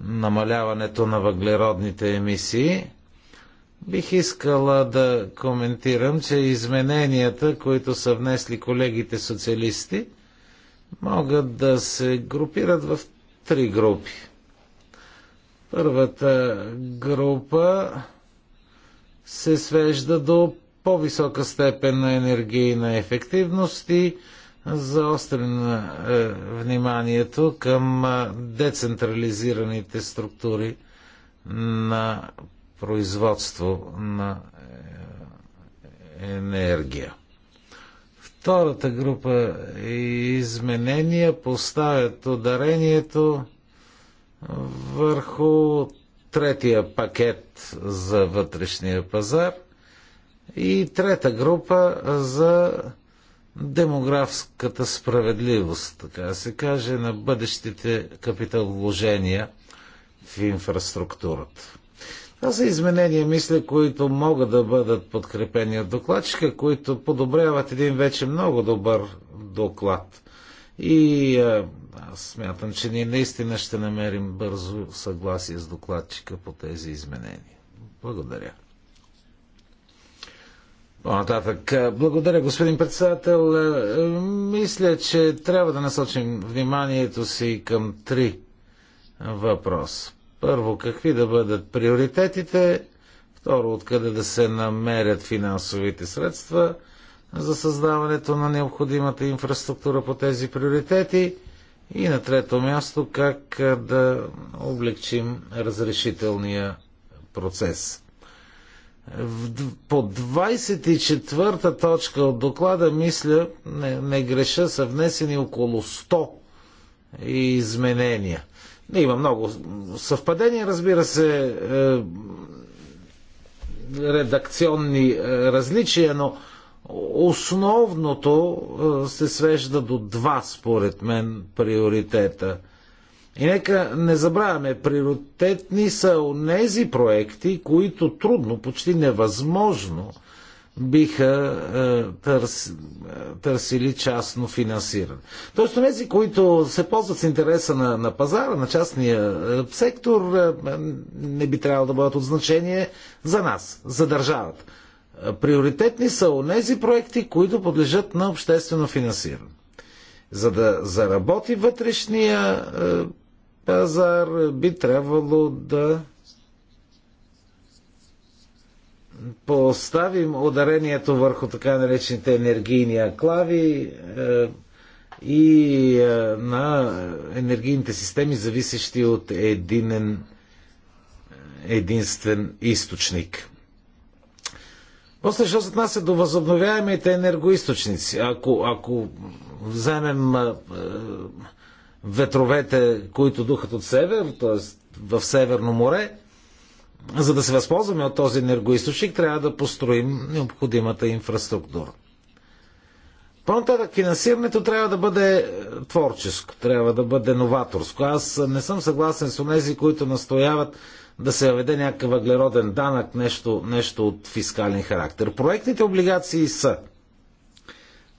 намаляването на въглеродните емисии, Бих искала да коментирам, че измененията, които са внесли колегите социалисти, могат да се групират в три групи. Първата група се свежда до по-висока степен на енергийна ефективност и заострен е, вниманието към е, децентрализираните структури на производство на е, енергия. Втората група изменения поставят ударението върху третия пакет за вътрешния пазар и трета група за демографската справедливост, така се каже, на бъдещите капиталовложения в инфраструктурата. Това са изменения, мисля, които могат да бъдат подкрепени от докладчика, които подобряват един вече много добър доклад. И а, аз смятам, че ние наистина ще намерим бързо съгласие с докладчика по тези изменения. Благодаря. нататък Благодаря, господин председател. Мисля, че трябва да насочим вниманието си към три въпроса. Първо, какви да бъдат приоритетите, второ, откъде да се намерят финансовите средства за създаването на необходимата инфраструктура по тези приоритети и на трето място, как да облегчим разрешителния процес. По 24-та точка от доклада, мисля, не, не греша, са внесени около 100 изменения. Не Има много съвпадения, разбира се, е, редакционни е, различия, но основното е, се свежда до два, според мен, приоритета. И нека не забравяме, приоритетни са онези проекти, които трудно, почти невъзможно – биха е, търс, е, търсили частно финансиране. Тоест, тези, които се ползват с интереса на, на пазара, на частния е, сектор, е, не би трябвало да бъдат от значение за нас, за държавата. Е, приоритетни са онези проекти, които подлежат на обществено финансиране. За да заработи вътрешния е, пазар, би трябвало да поставим ударението върху така наречените енергийни аклави е, и е, на енергийните системи, зависещи от единен, единствен източник. После, що се отнася до възобновяемите енергоисточници, ако, ако вземем е, е ветровете, които духат от север, т.е. в Северно море, за да се възползваме от този енергоисточник, трябва да построим необходимата инфраструктура. По-нататък финансирането трябва да бъде творческо, трябва да бъде новаторско. Аз не съм съгласен с тези, които настояват да се въведе някакъв въглероден данък, нещо, нещо от фискален характер. Проектните облигации са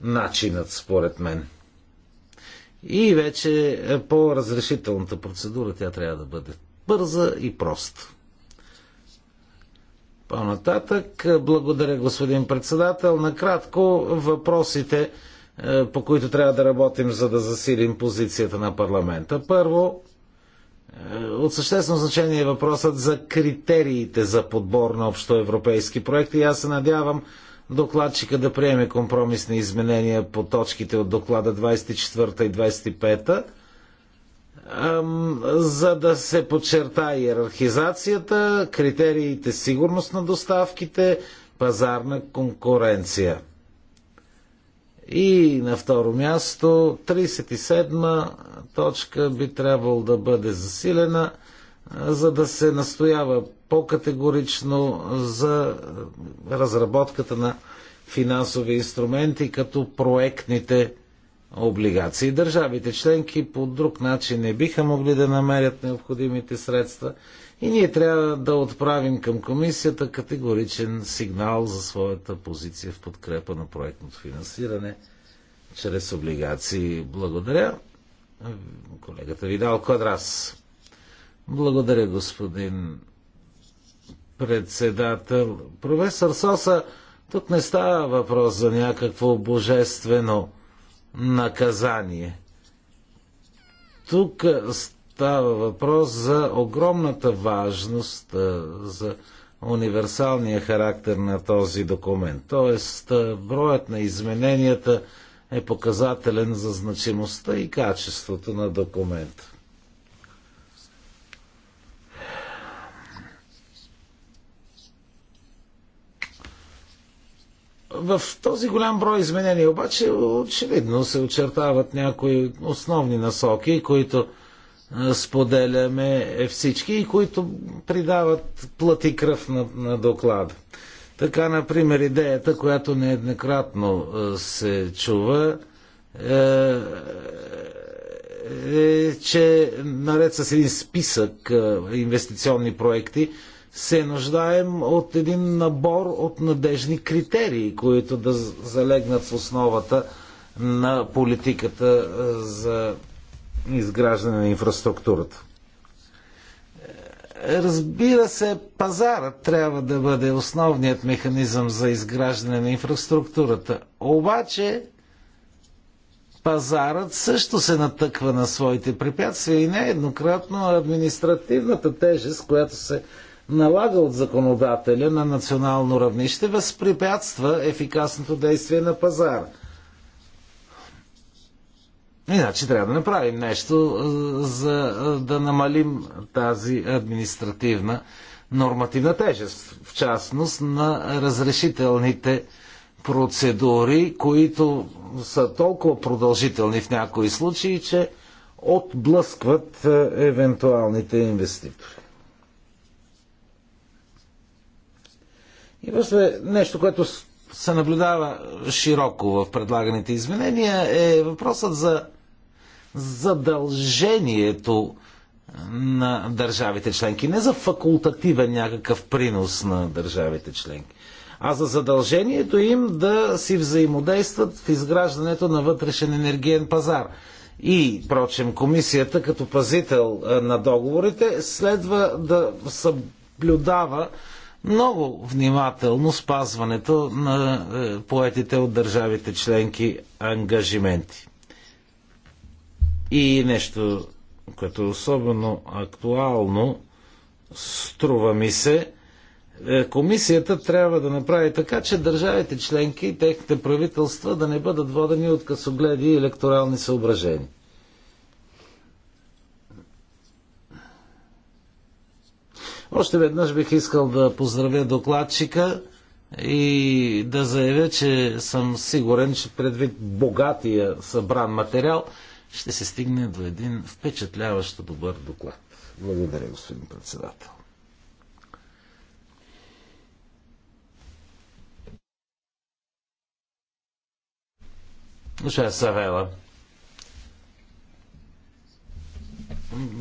начинът, според мен. И вече е по разрешителната процедура тя трябва да бъде бърза и проста. По-нататък, благодаря господин председател. Накратко въпросите, е, по които трябва да работим, за да засилим позицията на парламента. Първо, е, от съществено значение е въпросът за критериите за подбор на общоевропейски проекти. Аз се надявам докладчика да приеме компромисни изменения по точките от доклада 24 и 25 за да се подчерта иерархизацията, критериите сигурност на доставките, пазарна конкуренция. И на второ място, 37-ма точка би трябвало да бъде засилена, за да се настоява по-категорично за разработката на финансови инструменти, като проектните облигации. Държавите членки по друг начин не биха могли да намерят необходимите средства и ние трябва да отправим към комисията категоричен сигнал за своята позиция в подкрепа на проектното финансиране чрез облигации. Благодаря. Колегата Видал Квадрас. Благодаря, господин председател. Професор Соса, тук не става въпрос за някакво божествено наказание. Тук става въпрос за огромната важност, за универсалния характер на този документ. Тоест, броят на измененията е показателен за значимостта и качеството на документа. В този голям брой изменения обаче очевидно се очертават някои основни насоки, които споделяме е всички и които придават плът и кръв на, на доклада. Така, например, идеята, която нееднократно се чува, е, е, че наред с един списък инвестиционни проекти, се нуждаем от един набор от надежни критерии, които да залегнат в основата на политиката е, за изграждане на инфраструктурата. Е, разбира се, пазарът трябва да бъде основният механизъм за изграждане на инфраструктурата. Обаче, пазарът също се натъква на своите препятствия и нееднократно административната тежест, която се налага от законодателя на национално равнище, възпрепятства ефикасното действие на пазара. Иначе трябва да направим нещо, е, за е, да намалим тази административна нормативна тежест, в частност на разрешителните процедури, които са толкова продължителни в някои случаи, че отблъскват е, евентуалните инвеститори. И после нещо, което се наблюдава широко в предлаганите изменения, е въпросът за задължението на държавите членки. Не за факултативен някакъв принос на държавите членки, а за задължението им да си взаимодействат в изграждането на вътрешен енергиен пазар. И, прочем, комисията като пазител на договорите следва да съблюдава много внимателно спазването на е, поетите от държавите членки ангажименти. И нещо, което е особено актуално, струва ми се, е, комисията трябва да направи така, че държавите членки и техните правителства да не бъдат водени от късогледи и електорални съображения. Още веднъж бих искал да поздравя докладчика и да заявя, че съм сигурен, че предвид богатия събран материал ще се стигне до един впечатляващо добър доклад. Благодаря, господин председател. Слушай, Савела.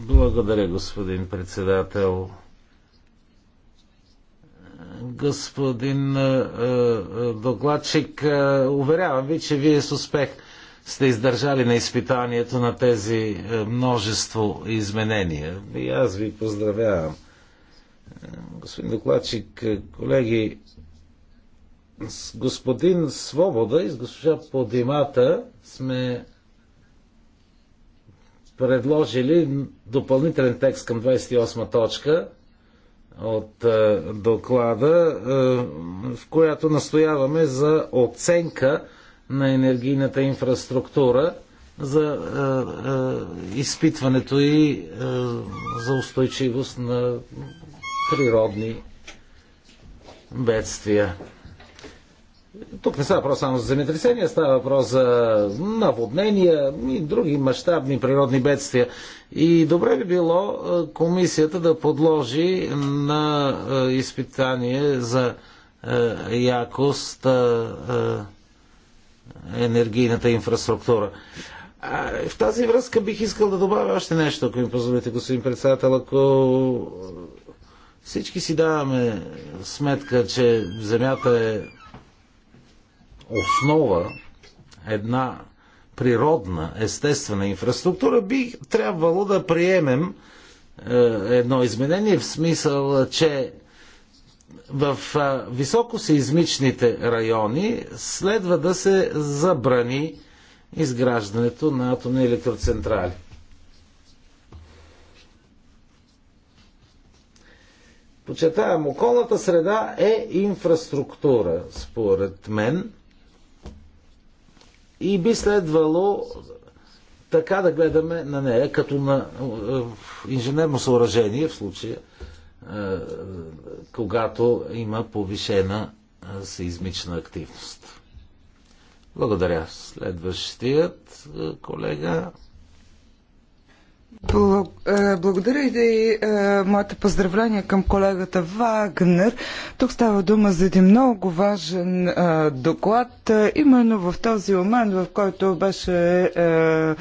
Благодаря, господин председател господин е, е, докладчик. Е, уверявам ви, че вие с успех сте издържали на изпитанието на тези множество изменения. И аз ви поздравявам. Господин докладчик, колеги, с господин Свобода и с госпожа Подимата сме предложили допълнителен текст към 28 точка, от е, доклада, в е, която настояваме за оценка на енергийната инфраструктура за е, изпитването и за устойчивост на природни бедствия. Тук не става въпрос само за земетресения, става въпрос за наводнения и други мащабни природни бедствия. И добре би било е, комисията да подложи на е, изпитание за е, якост енергийната инфраструктура. В тази връзка бих искал да добавя още нещо, ако ми позволите, господин председател. Ако всички си даваме сметка, че Земята е основа, една природна, естествена инфраструктура, би трябвало да приемем е, едно изменение в смисъл, че в е, високосеизмичните райони следва да се забрани изграждането на атомни електроцентрали. Почетаем, околната среда е инфраструктура, според мен, и би следвало така да гледаме на нея, като на е, инженерно съоръжение в случая, е, когато има повишена е, сейзмична активност. Благодаря. Следващият колега. Е, благодаря и да и е, моите поздравления към колегата Вагнер. Тук става дума за един много важен а, е, доклад, а, именно в този момент, в който беше а,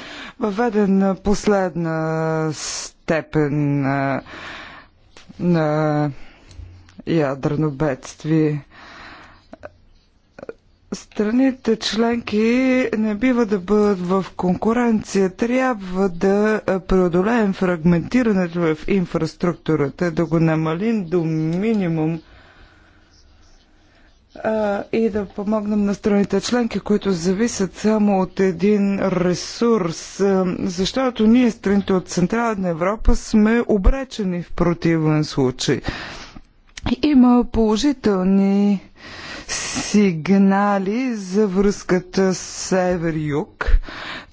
последна степен на ядрено бедствие. Страните членки не бива да бъдат в конкуренция. Трябва да преодолеем фрагментирането в инфраструктурата, да го намалим до минимум и да помогнем на страните членки, които зависят само от един ресурс, защото ние, страните от Централна Европа, сме обречени в противен случай. Има положителни сигнали за връзката север-юг.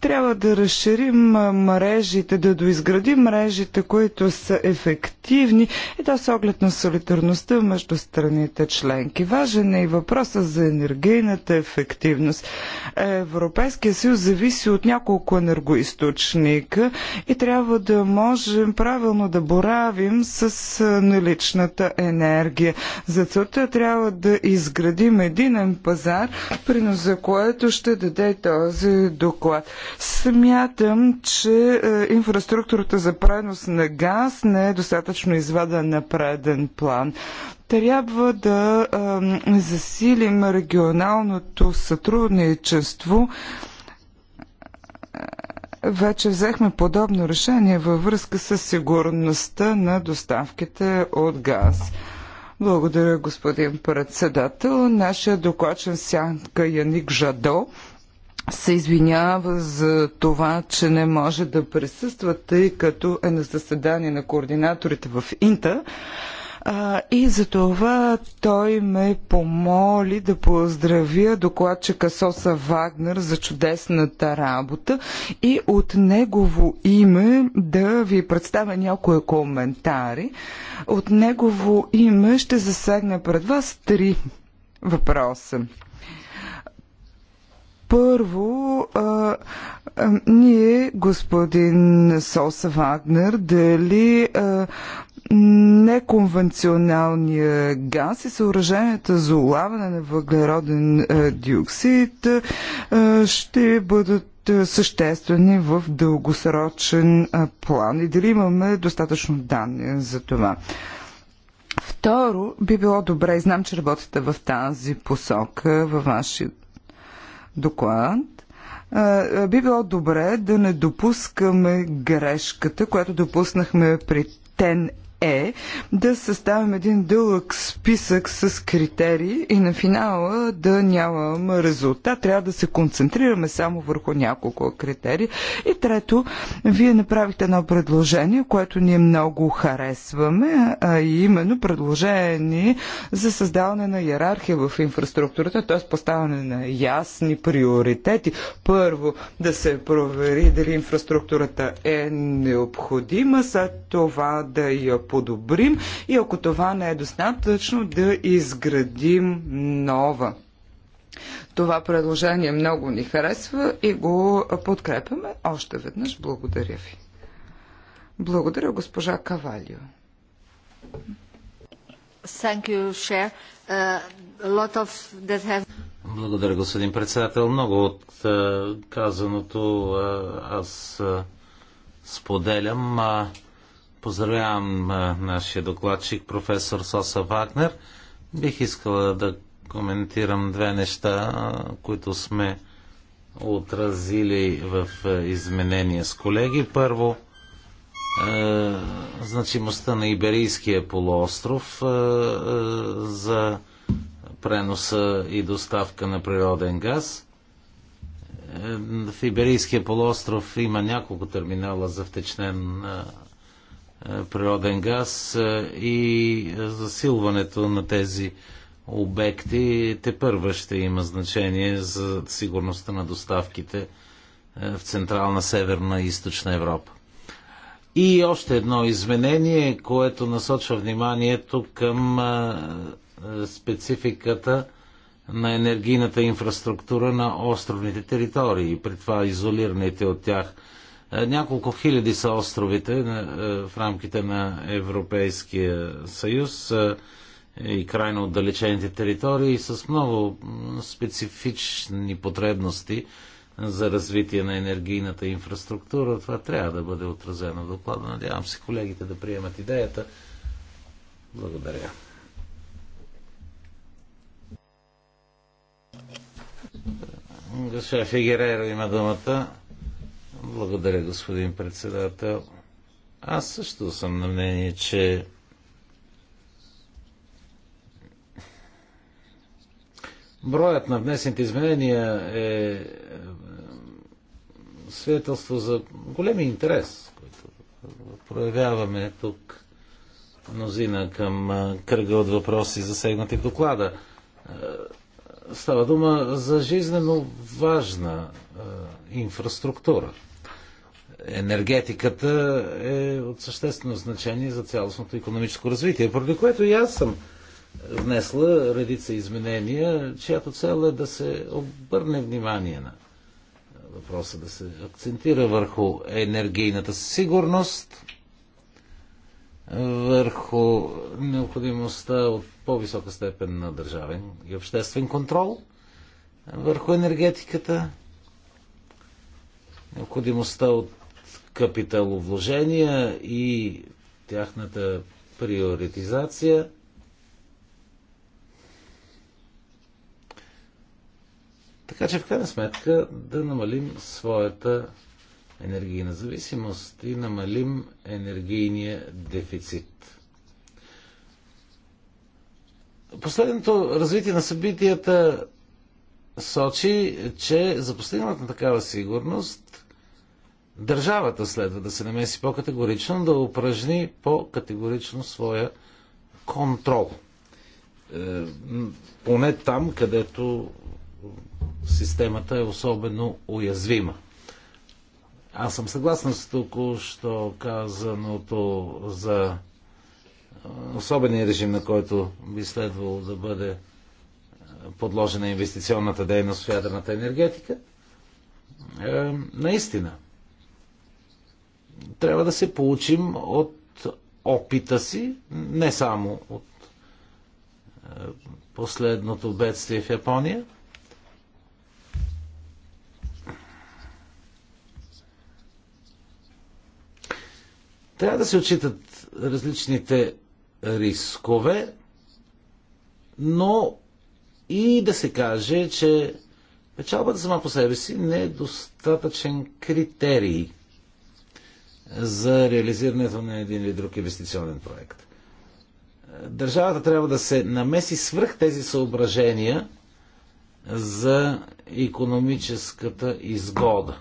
Трябва да разширим мрежите, да доизградим мрежите, които са ефективни и да с оглед на солидарността между страните членки. Важен е и въпросът за енергийната ефективност. Европейския съюз зависи от няколко енергоисточника и трябва да можем правилно да боравим с наличната енергия. За целта трябва да изградим изградим единен пазар, принос за което ще даде този доклад. Смятам, че е, инфраструктурата за пренос на газ не е достатъчно извадена на преден план трябва да е, засилим регионалното сътрудничество. Вече взехме подобно решение във връзка с сигурността на доставките от газ. Благодаря, господин председател. Нашия докладчен сянка Яник Жадо се извинява за това, че не може да присъства, тъй като е на заседание на координаторите в Инта. А, и за това той ме помоли да поздравя докладчика Соса Вагнер за чудесната работа и от негово име да ви представя някои коментари. От негово име ще засегна пред вас три въпроса първо, а, а, ние, господин Соса Вагнер, дали а, неконвенционалния газ и съоръженията за улавяне на въглероден е, диоксид е, ще бъдат е, съществени в дългосрочен план и дали имаме достатъчно данни за това. Второ, би било добре, и знам, че работите в тази посока, във вашия доклад, би било добре да не допускаме грешката, която допуснахме при Тен е да съставим един дълъг списък с критерии и на финала да нямам резултат. Трябва да се концентрираме само върху няколко критерии. И трето, вие направихте едно предложение, което ние много харесваме, а именно предложение за създаване на иерархия в инфраструктурата, т.е. поставяне на ясни приоритети. Първо да се провери дали инфраструктурата е необходима, след това да я подобрим и ако това не е достатъчно, да изградим нова. Това предложение много ни харесва и го подкрепяме. Още веднъж благодаря ви. Благодаря, госпожа Кавалио. You, uh, have... Благодаря, господин председател. Много от е, казаното е, аз е, споделям. Поздравявам нашия докладчик, професор Соса Вагнер. Бих искала да коментирам две неща, които сме отразили в изменения с колеги. Първо, е, значимостта на Иберийския полуостров е, е, за преноса и доставка на природен газ. Е, в Иберийския полуостров има няколко терминала за втечнен е, природен газ е, и е, засилването на тези обекти те първа ще има значение за сигурността на доставките в Централна, Северна и Източна Европа. И още едно изменение, което насочва вниманието към спецификата на енергийната инфраструктура на островните територии, при това изолираните от тях е, няколко хиляди са островите е, в рамките на Европейския съюз е, и крайно отдалечените територии с много специфични потребности за развитие на енергийната инфраструктура. Това трябва да бъде отразено в доклада. Надявам се колегите да приемат идеята. Благодаря. Госпожа Фигереро има думата. Благодаря, господин председател. Аз също съм на мнение, че броят на внесените изменения е, е свидетелство за големи интерес, който проявяваме тук мнозина към кръга от въпроси, засегнати в доклада. Става дума за жизнено важна инфраструктура енергетиката е от съществено значение за цялостното економическо развитие, поради което и аз съм внесла редица изменения, чиято цел е да се обърне внимание на въпроса, да се акцентира върху енергийната сигурност, върху необходимостта от по-висока степен на държавен и обществен контрол върху енергетиката, необходимостта от капиталовложения и тяхната приоритизация. Така че в крайна сметка да намалим своята енергийна зависимост и намалим енергийния дефицит. Последното развитие на събитията сочи, че за постигната такава сигурност Държавата следва да се намеси по-категорично, да упражни по-категорично своя контрол. Е, поне там, където системата е особено уязвима. Аз съм съгласен с тук, що казаното за е, особения режим, на който би следвало да бъде е, подложена инвестиционната дейност в ядрената енергетика. Е, наистина, трябва да се получим от опита си, не само от е, последното бедствие в Япония. Трябва да се отчитат различните рискове, но и да се каже, че печалбата сама по себе си не е достатъчен критерий – за реализирането на един или друг инвестиционен проект. Държавата трябва да се намеси свръх тези съображения за економическата изгода.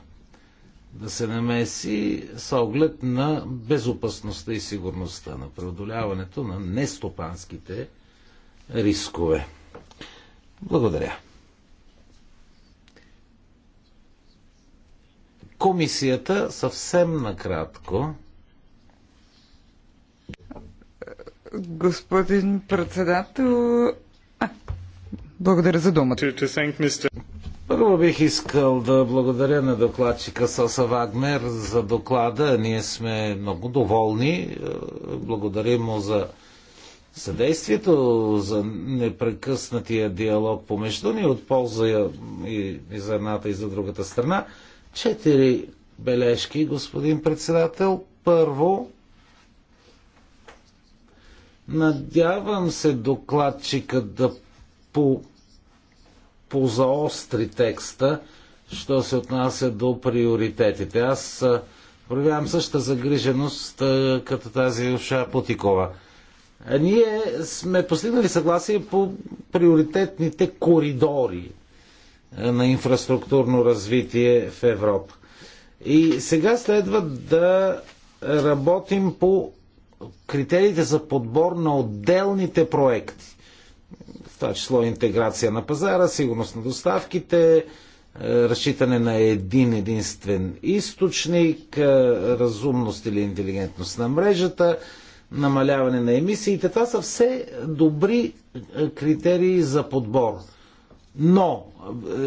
Да се намеси с оглед на безопасността и сигурността, на преодоляването на нестопанските рискове. Благодаря. Комисията съвсем накратко. Господин председател, а, благодаря за думата. Първо бих искал да благодаря на докладчика Соса Вагнер за доклада. Ние сме много доволни. Благодарим му за съдействието, за непрекъснатия диалог помежду ни от полза и, и за едната и за другата страна. Четири бележки, господин председател. Първо, надявам се докладчика да по, позаостри текста, що се отнася до приоритетите. Аз проявявам същата загриженост като тази Оша Путикова. Ние сме постигнали съгласие по приоритетните коридори, е, на инфраструктурно развитие в Европа. И сега следва да работим по критериите за подбор на отделните проекти. В това число интеграция на пазара, сигурност на доставките, е, разчитане на един единствен източник, е, разумност или интелигентност на мрежата, намаляване на емисиите. Това са все добри критерии за подбор. Но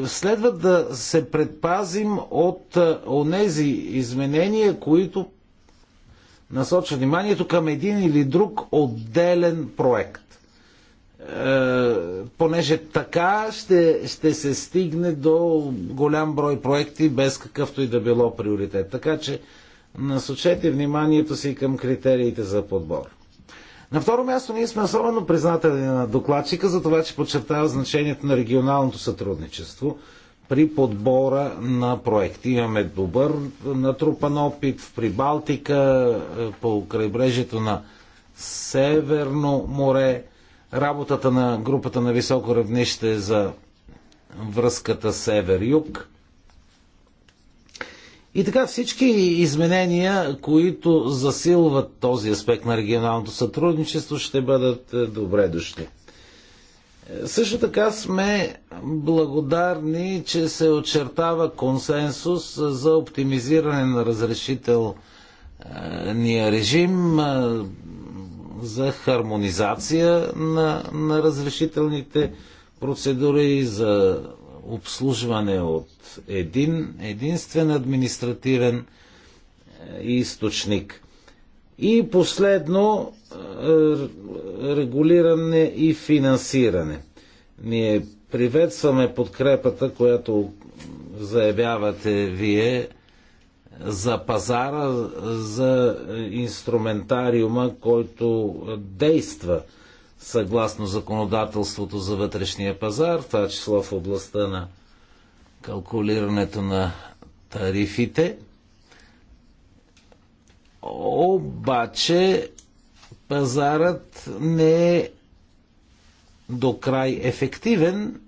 следва да се предпазим от е, онези изменения, които насочат вниманието към един или друг отделен проект. Е, понеже така ще, ще се стигне до голям брой проекти без какъвто и да било приоритет. Така че насочете вниманието си към критериите за подбор. На второ място ние сме особено признателни на докладчика за това, че подчертава значението на регионалното сътрудничество при подбора на проекти. Имаме добър натрупан опит в Прибалтика, е, по крайбрежието на Северно море, работата на групата на високо равнище за връзката север-юг. И така всички изменения, които засилват този аспект на регионалното сътрудничество, ще бъдат е, добре дошли. Е, също така сме благодарни, че се очертава консенсус за оптимизиране на разрешителния режим, е, за хармонизация на, на разрешителните процедури, за обслужване от един единствен административен е, източник. И последно, е, регулиране и финансиране. Ние приветстваме подкрепата, която заявявате вие е, за пазара, за инструментариума, който действа – съгласно законодателството за вътрешния пазар, това число в областта на калкулирането на тарифите. Обаче пазарът не е до край ефективен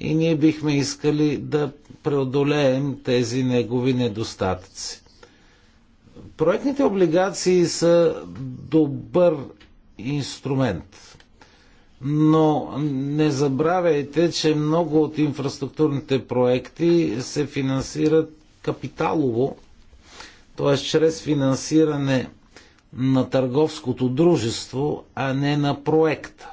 и ние бихме искали да преодолеем тези негови недостатъци. Проектните облигации са добър инструмент. Но не забравяйте, че много от инфраструктурните проекти се финансират капиталово, т.е. чрез финансиране на търговското дружество, а не на проекта.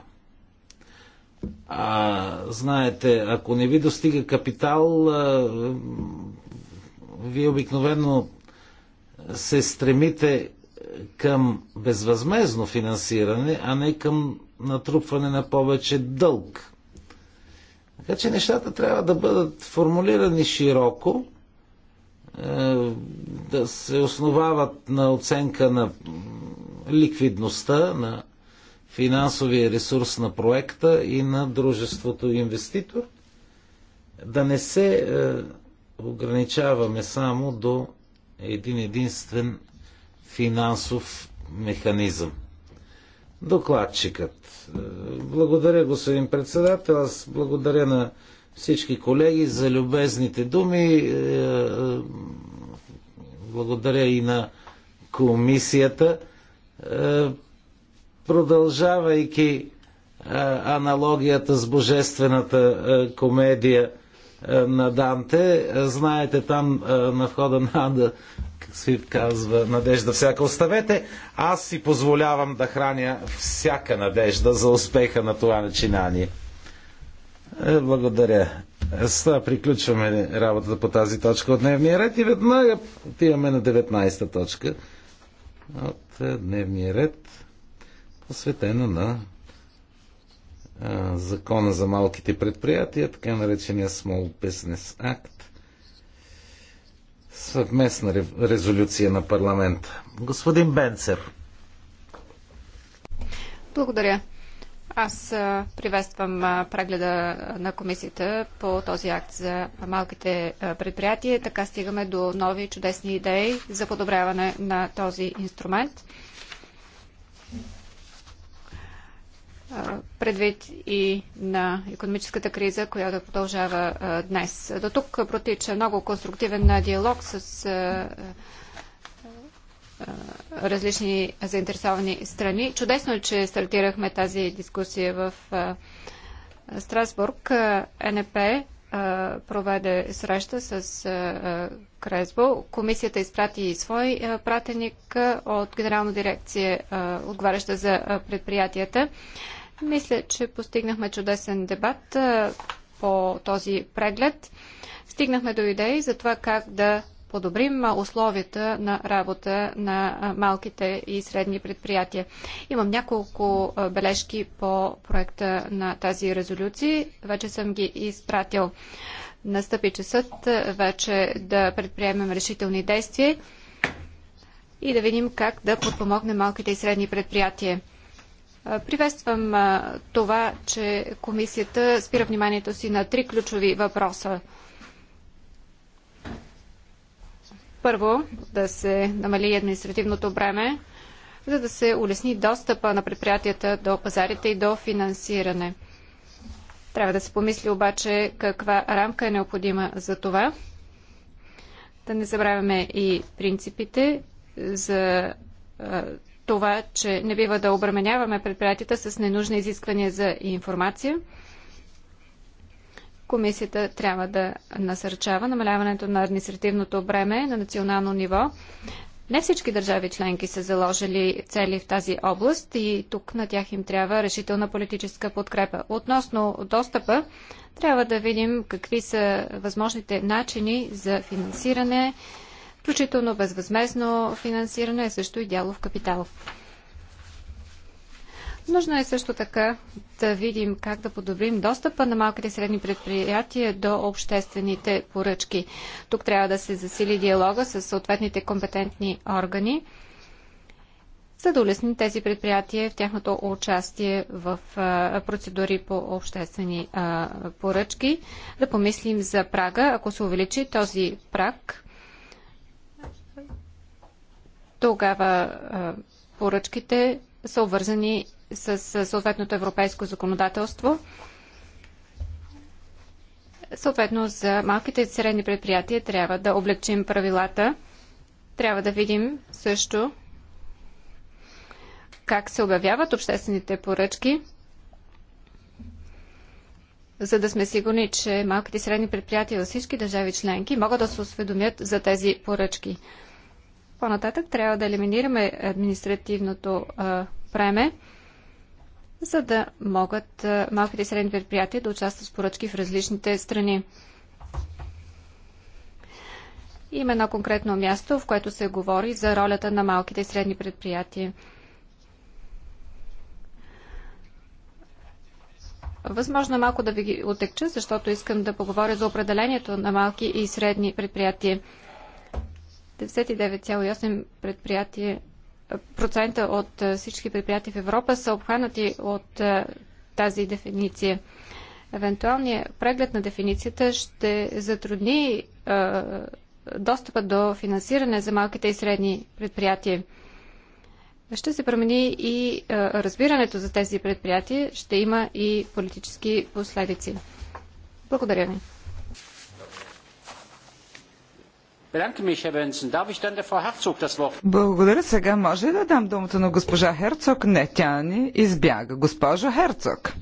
А, знаете, ако не ви достига капитал, а, вие обикновено се стремите към безвъзмезно финансиране, а не към натрупване на повече дълг. Така че нещата трябва да бъдат формулирани широко, е, да се основават на оценка на ликвидността, на финансовия ресурс на проекта и на дружеството инвеститор, да не се е, ограничаваме само до един единствен финансов механизъм. Докладчикът. Благодаря, господин председател. Аз благодаря на всички колеги за любезните думи. Е, е, благодаря и на комисията. Е, продължавайки аналогията с божествената комедия на Данте, знаете там на входа на Анда си казва надежда всяка оставете. Аз си позволявам да храня всяка надежда за успеха на това начинание. Е, благодаря. С това приключваме работата по тази точка от дневния ред и веднага отиваме на 19-та точка от е, дневния ред, посветена на е, закона за малките предприятия, така наречения Small Business Act съвместна резолюция на парламента. Господин Бенцер. Благодаря. Аз приветствам прегледа на комисията по този акт за малките предприятия. Така стигаме до нови чудесни идеи за подобряване на този инструмент. предвид и на економическата криза, която продължава днес. До тук протича много конструктивен диалог с различни заинтересовани страни. Чудесно е, че стартирахме тази дискусия в Страсбург. Е, НП е проведе среща с Кресбо. Комисията изпрати свой пратеник от Генерална дирекция, отговаряща за предприятията. Мисля, че постигнахме чудесен дебат по този преглед. Стигнахме до идеи за това как да подобрим условията на работа на малките и средни предприятия. Имам няколко бележки по проекта на тази резолюция. Вече съм ги изпратил. Настъпи часът вече да предприемем решителни действия и да видим как да подпомогнем малките и средни предприятия. Приветствам това, че комисията спира вниманието си на три ключови въпроса. Първо, да се намали административното бреме, за да се улесни достъпа на предприятията до пазарите и до финансиране. Трябва да се помисли обаче каква рамка е необходима за това. Да не забравяме и принципите за това, че не бива да обременяваме предприятията с ненужни изисквания за информация. Комисията трябва да насърчава намаляването на административното бреме на национално ниво. Не всички държави членки са заложили цели в тази област и тук на тях им трябва решителна политическа подкрепа. Относно достъпа, трябва да видим какви са възможните начини за финансиране, включително безвъзмезно финансиране, също и дялов капитал. Нужно е също така да видим как да подобрим достъпа на малките и средни предприятия до обществените поръчки. Тук трябва да се засили диалога с съответните компетентни органи, за да улесни тези предприятия в тяхното участие в процедури по обществени поръчки. Да помислим за прага. Ако се увеличи този праг, тогава поръчките са обвързани с съответното европейско законодателство. Съответно, за малките и средни предприятия трябва да облегчим правилата. Трябва да видим също как се обявяват обществените поръчки, за да сме сигурни, че малките и средни предприятия във всички държави членки могат да се осведомят за тези поръчки. По-нататък трябва да елиминираме административното време, за да могат малките и средни предприятия да участват в поръчки в различните страни. Има едно конкретно място, в което се говори за ролята на малките и средни предприятия. Възможно е малко да ви ги отекча, защото искам да поговоря за определението на малки и средни предприятия. 99,8 предприятия процента от всички предприятия в Европа са обхванати от тази дефиниция. Евентуалният преглед на дефиницията ще затрудни достъпа до финансиране за малките и средни предприятия. Ще се промени и разбирането за тези предприятия, ще има и политически последици. Благодаря ви. Благодаря. Сега може да дам думата на госпожа Херцог? Не, тя ни избяга. Госпожо Херцог,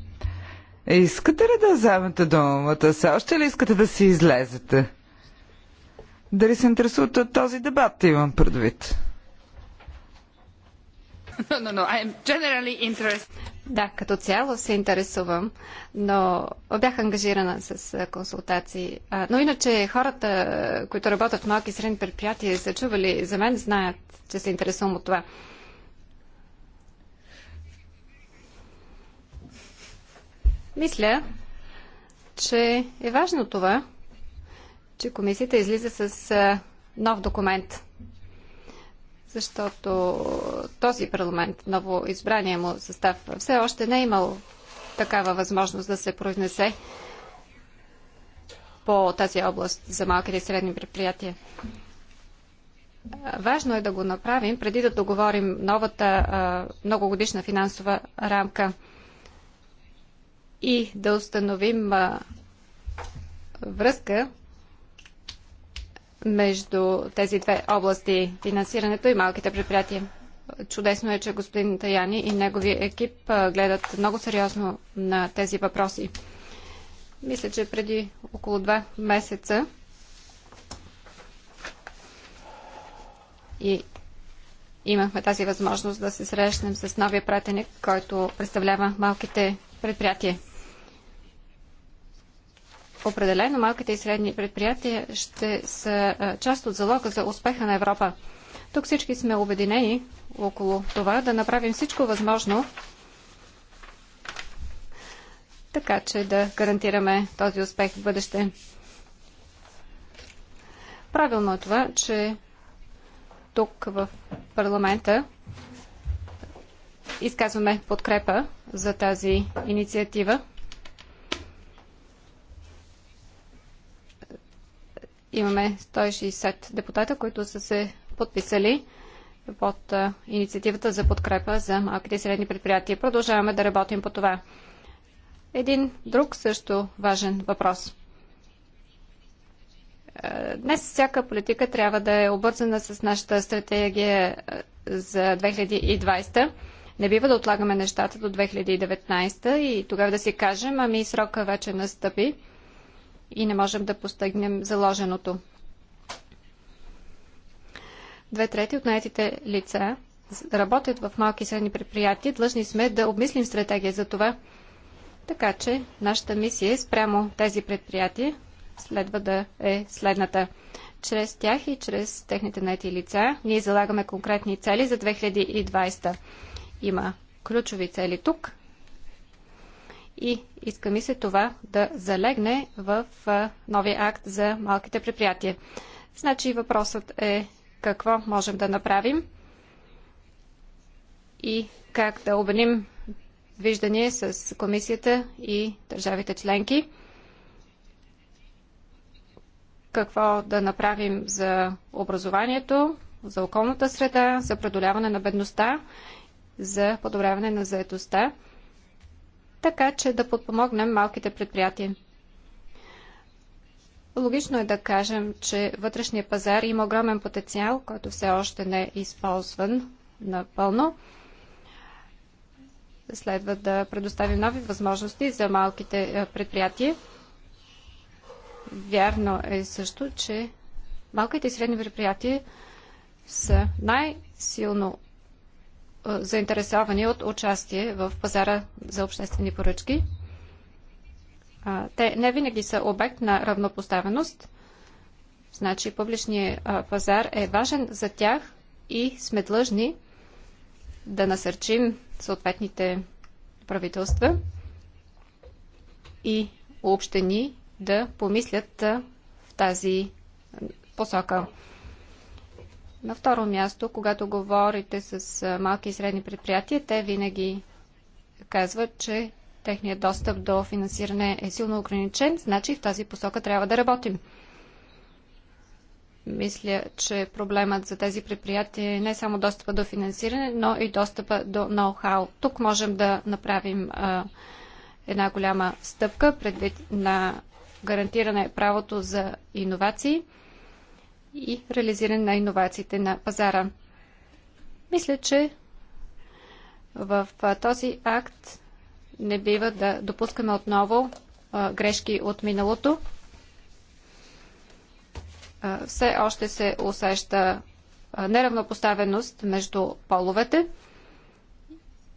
искате ли да вземете думата? Се още ли искате да си излезете? Дали се интересувате от този дебат, имам предвид? No, no, no. Да, като цяло се интересувам, но бях ангажирана с консултации. Но иначе хората, които работят в малки и средни предприятия, са чували за мен, знаят, че се интересувам от това. Мисля, че е важно това, че комисията излиза с нов документ – защото този парламент, ново избрание му състав, все още не е имал такава възможност да се произнесе по тази област за малките и средни предприятия. Важно е да го направим преди да договорим новата многогодишна финансова рамка и да установим връзка между тези две области финансирането и малките предприятия. Чудесно е, че господин Таяни и негови екип гледат много сериозно на тези въпроси. Мисля, че преди около два месеца и имахме тази възможност да се срещнем с новия пратеник, който представлява малките предприятия. Определено малките и средни предприятия ще са част от залога за успеха на Европа. Тук всички сме обединени около това да направим всичко възможно, така че да гарантираме този успех в бъдеще. Правилно е това, че тук в парламента изказваме подкрепа за тази инициатива. Имаме 160 депутата, които са се подписали под инициативата за подкрепа за малките и средни предприятия. Продължаваме да работим по това. Един друг също важен въпрос. Днес всяка политика трябва да е обързана с нашата стратегия за 2020. Не бива да отлагаме нещата до 2019 и тогава да си кажем, ами срока вече настъпи и не можем да постигнем заложеното. Две трети от наетите лица работят в малки и средни предприятия. Длъжни сме да обмислим стратегия за това. Така че нашата мисия спрямо тези предприятия следва да е следната. Чрез тях и чрез техните наети лица ние залагаме конкретни цели за 2020. Има ключови цели тук, и иска ми се това да залегне в новия акт за малките предприятия. Значи въпросът е какво можем да направим и как да обеним виждане с комисията и държавите членки. Какво да направим за образованието, за околната среда, за преодоляване на бедността, за подобряване на заетостта така че да подпомогнем малките предприятия. Логично е да кажем, че вътрешния пазар има огромен потенциал, който все още не е използван напълно. Следва да предоставим нови възможности за малките е, предприятия. Вярно е също, че малките и средни предприятия са най-силно заинтересовани от участие в пазара за обществени поръчки. Те не винаги са обект на равнопоставеност. Значи публичният пазар е важен за тях и сме длъжни да насърчим съответните правителства и общини да помислят в тази посока. На второ място, когато говорите с малки и средни предприятия, те винаги казват, че техният достъп до финансиране е силно ограничен, значи в тази посока трябва да работим. Мисля, че проблемът за тези предприятия е не само достъпа до финансиране, но и достъпа до ноу-хау. Тук можем да направим а, една голяма стъпка предвид на гарантиране правото за иновации – и реализиране на иновациите на пазара. Мисля, че в този акт не бива да допускаме отново грешки от миналото. Все още се усеща неравнопоставеност между половете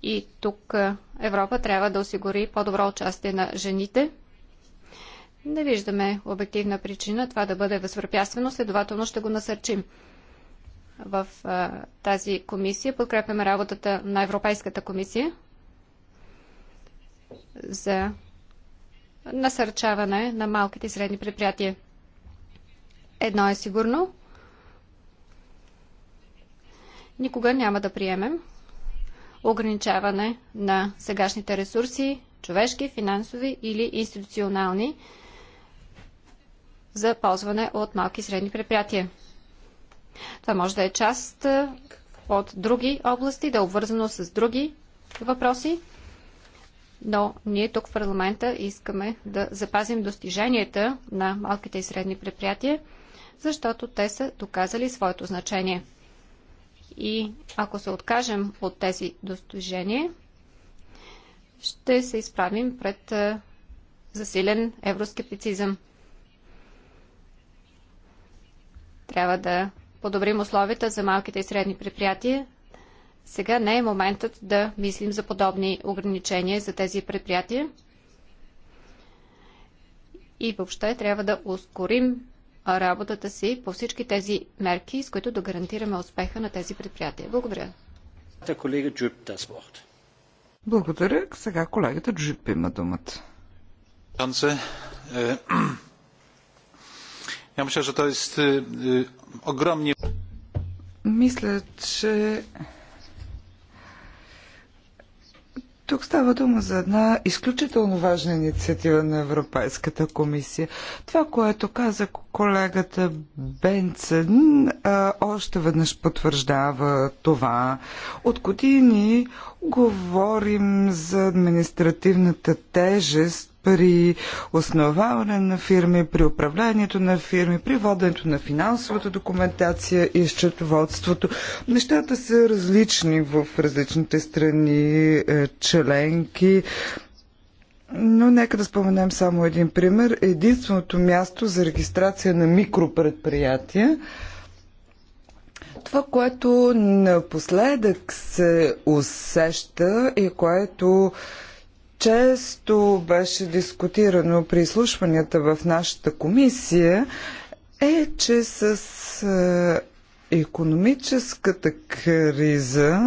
и тук Европа трябва да осигури по-добро участие на жените – не виждаме обективна причина това да бъде възпрепятствено, следователно ще го насърчим. В а, тази комисия подкрепяме работата на Европейската комисия за насърчаване на малките и средни предприятия. Едно е сигурно. Никога няма да приемем ограничаване на сегашните ресурси, човешки, финансови или институционални, за ползване от малки и средни предприятия. Това може да е част е, от други области, да е обвързано с други въпроси, но ние тук в парламента искаме да запазим достиженията на малките и средни предприятия, защото те са доказали своето значение. И ако се откажем от тези достижения, ще се изправим пред е, засилен евроскептицизъм. Трябва да подобрим условията за малките и средни предприятия. Сега не е моментът да мислим за подобни ограничения за тези предприятия. И въобще трябва да ускорим работата си по всички тези мерки, с които да гарантираме успеха на тези предприятия. Благодаря. Благодаря. Сега колегата Джип има думата. Е, Ja myślę, że to jest ogromnie. Мисля, че тук става дума за една изключително важна инициатива на Европейската комисия. Това, което каза колегата Бенцен, още веднъж потвърждава това. От години говорим за административната тежест при основаване на фирми, при управлението на фирми, при воденето на финансовата документация и счетоводството. Нещата са различни в различните страни, е, членки. Но нека да споменем само един пример. Единственото място за регистрация на микропредприятия това, което напоследък се усеща и което често беше дискутирано при изслушванията в нашата комисия, е, че с економическата криза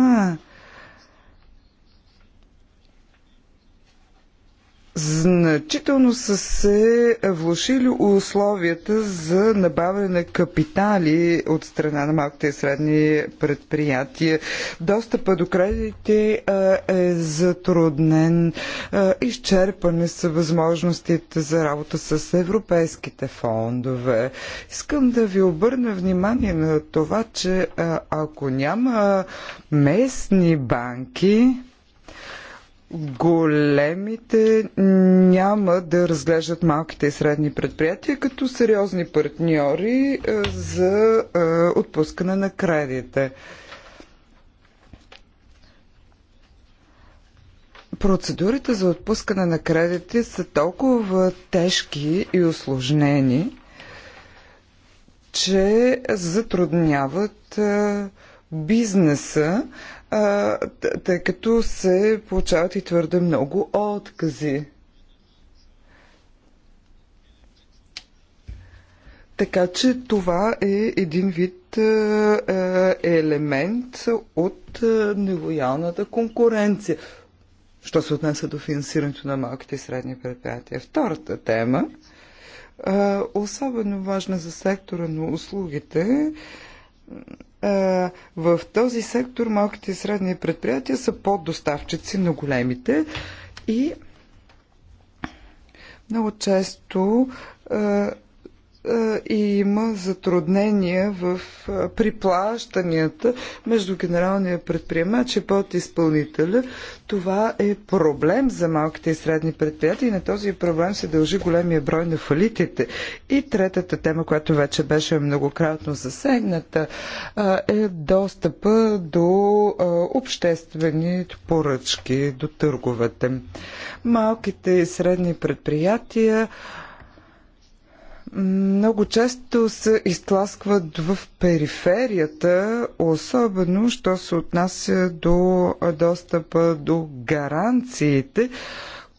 Значително са се влушили условията за набавяне на капитали от страна на малките и средни предприятия. Достъпа до кредити е затруднен. Изчерпани са възможностите за работа с европейските фондове. Искам да ви обърна внимание на това, че ако няма местни банки, големите няма да разглеждат малките и средни предприятия като сериозни партньори е, за е, отпускане на кредите. Процедурите за отпускане на кредити са толкова тежки и осложнени, че затрудняват е, бизнеса тъй като се получават и твърде много откази. Така че това е един вид елемент от нелоялната конкуренция, що се отнася до финансирането на малките и средни предприятия. Втората тема, особено важна за сектора на услугите, в този сектор малките и средни предприятия са поддоставчици на големите и много често е, и има затруднения в е, приплащанията между генералния предприемач и подизпълнителя. Това е проблем за малките и средни предприятия и на този проблем се дължи големия брой на фалитите. И третата тема, която вече беше многократно засегната, е, е достъпа до обществени поръчки, до търговете. Малките и средни предприятия много често се изтласкват в периферията, особено що се отнася до достъпа до гаранциите,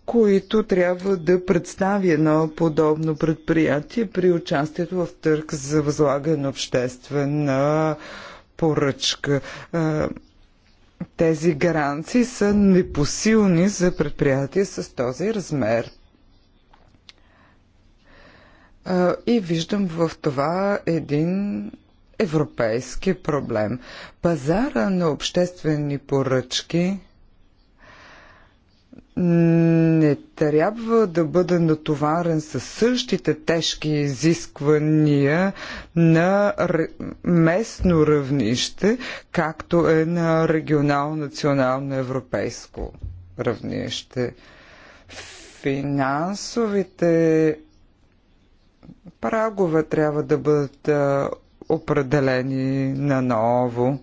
които трябва да представи едно подобно предприятие при участието в търг за възлагане на обществена поръчка. Тези гаранции са непосилни за предприятия с този размер. И виждам в това един европейски проблем. Пазара на обществени поръчки не трябва да бъде натоварен със същите тежки изисквания на местно равнище, както е на регионално, национално, европейско равнище. Финансовите прагове трябва да бъдат определени наново.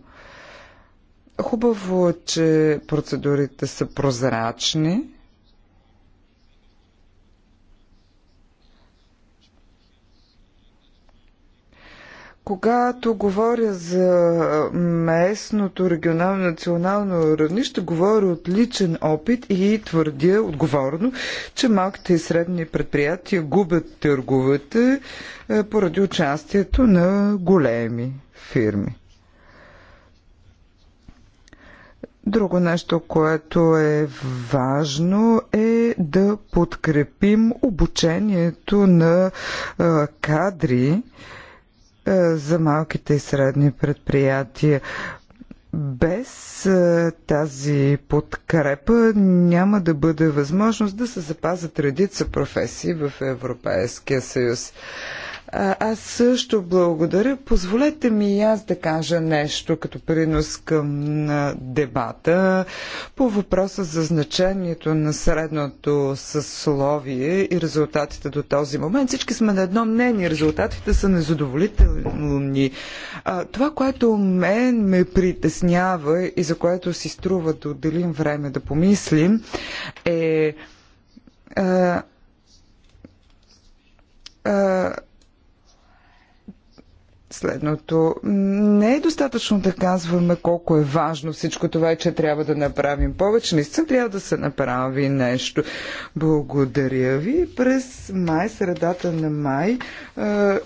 Хубаво е, че процедурите са прозрачни Когато говоря за местното, регионално, национално равнище, говоря от личен опит и твърдя отговорно, че малките и средни предприятия губят търговете е, поради участието на големи фирми. Друго нещо, което е важно е да подкрепим обучението на е, кадри, е, за малките и средни предприятия. Без е, тази подкрепа няма да бъде възможност да се запазят редица професии в Европейския съюз. Аз също благодаря. Позволете ми и аз да кажа нещо като принос към дебата по въпроса за значението на средното съсловие и резултатите до този момент. Всички сме на едно мнение. Резултатите са незадоволителни. Това, което мен ме притеснява и за което си струва да отделим време да помислим, е следното. Не е достатъчно да казваме колко е важно всичко това и че трябва да направим повече. Наистина трябва да се направи нещо. Благодаря ви. През май, средата на май,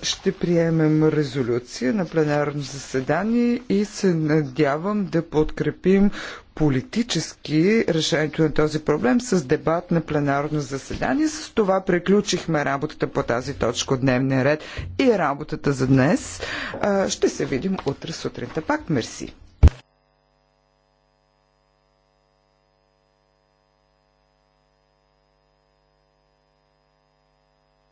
ще приемем резолюция на пленарно заседание и се надявам да подкрепим политически решението на този проблем с дебат на пленарно заседание. С това приключихме работата по тази точка от дневния ред и работата за днес. Ще се видим утре сутринта пак. Мерси.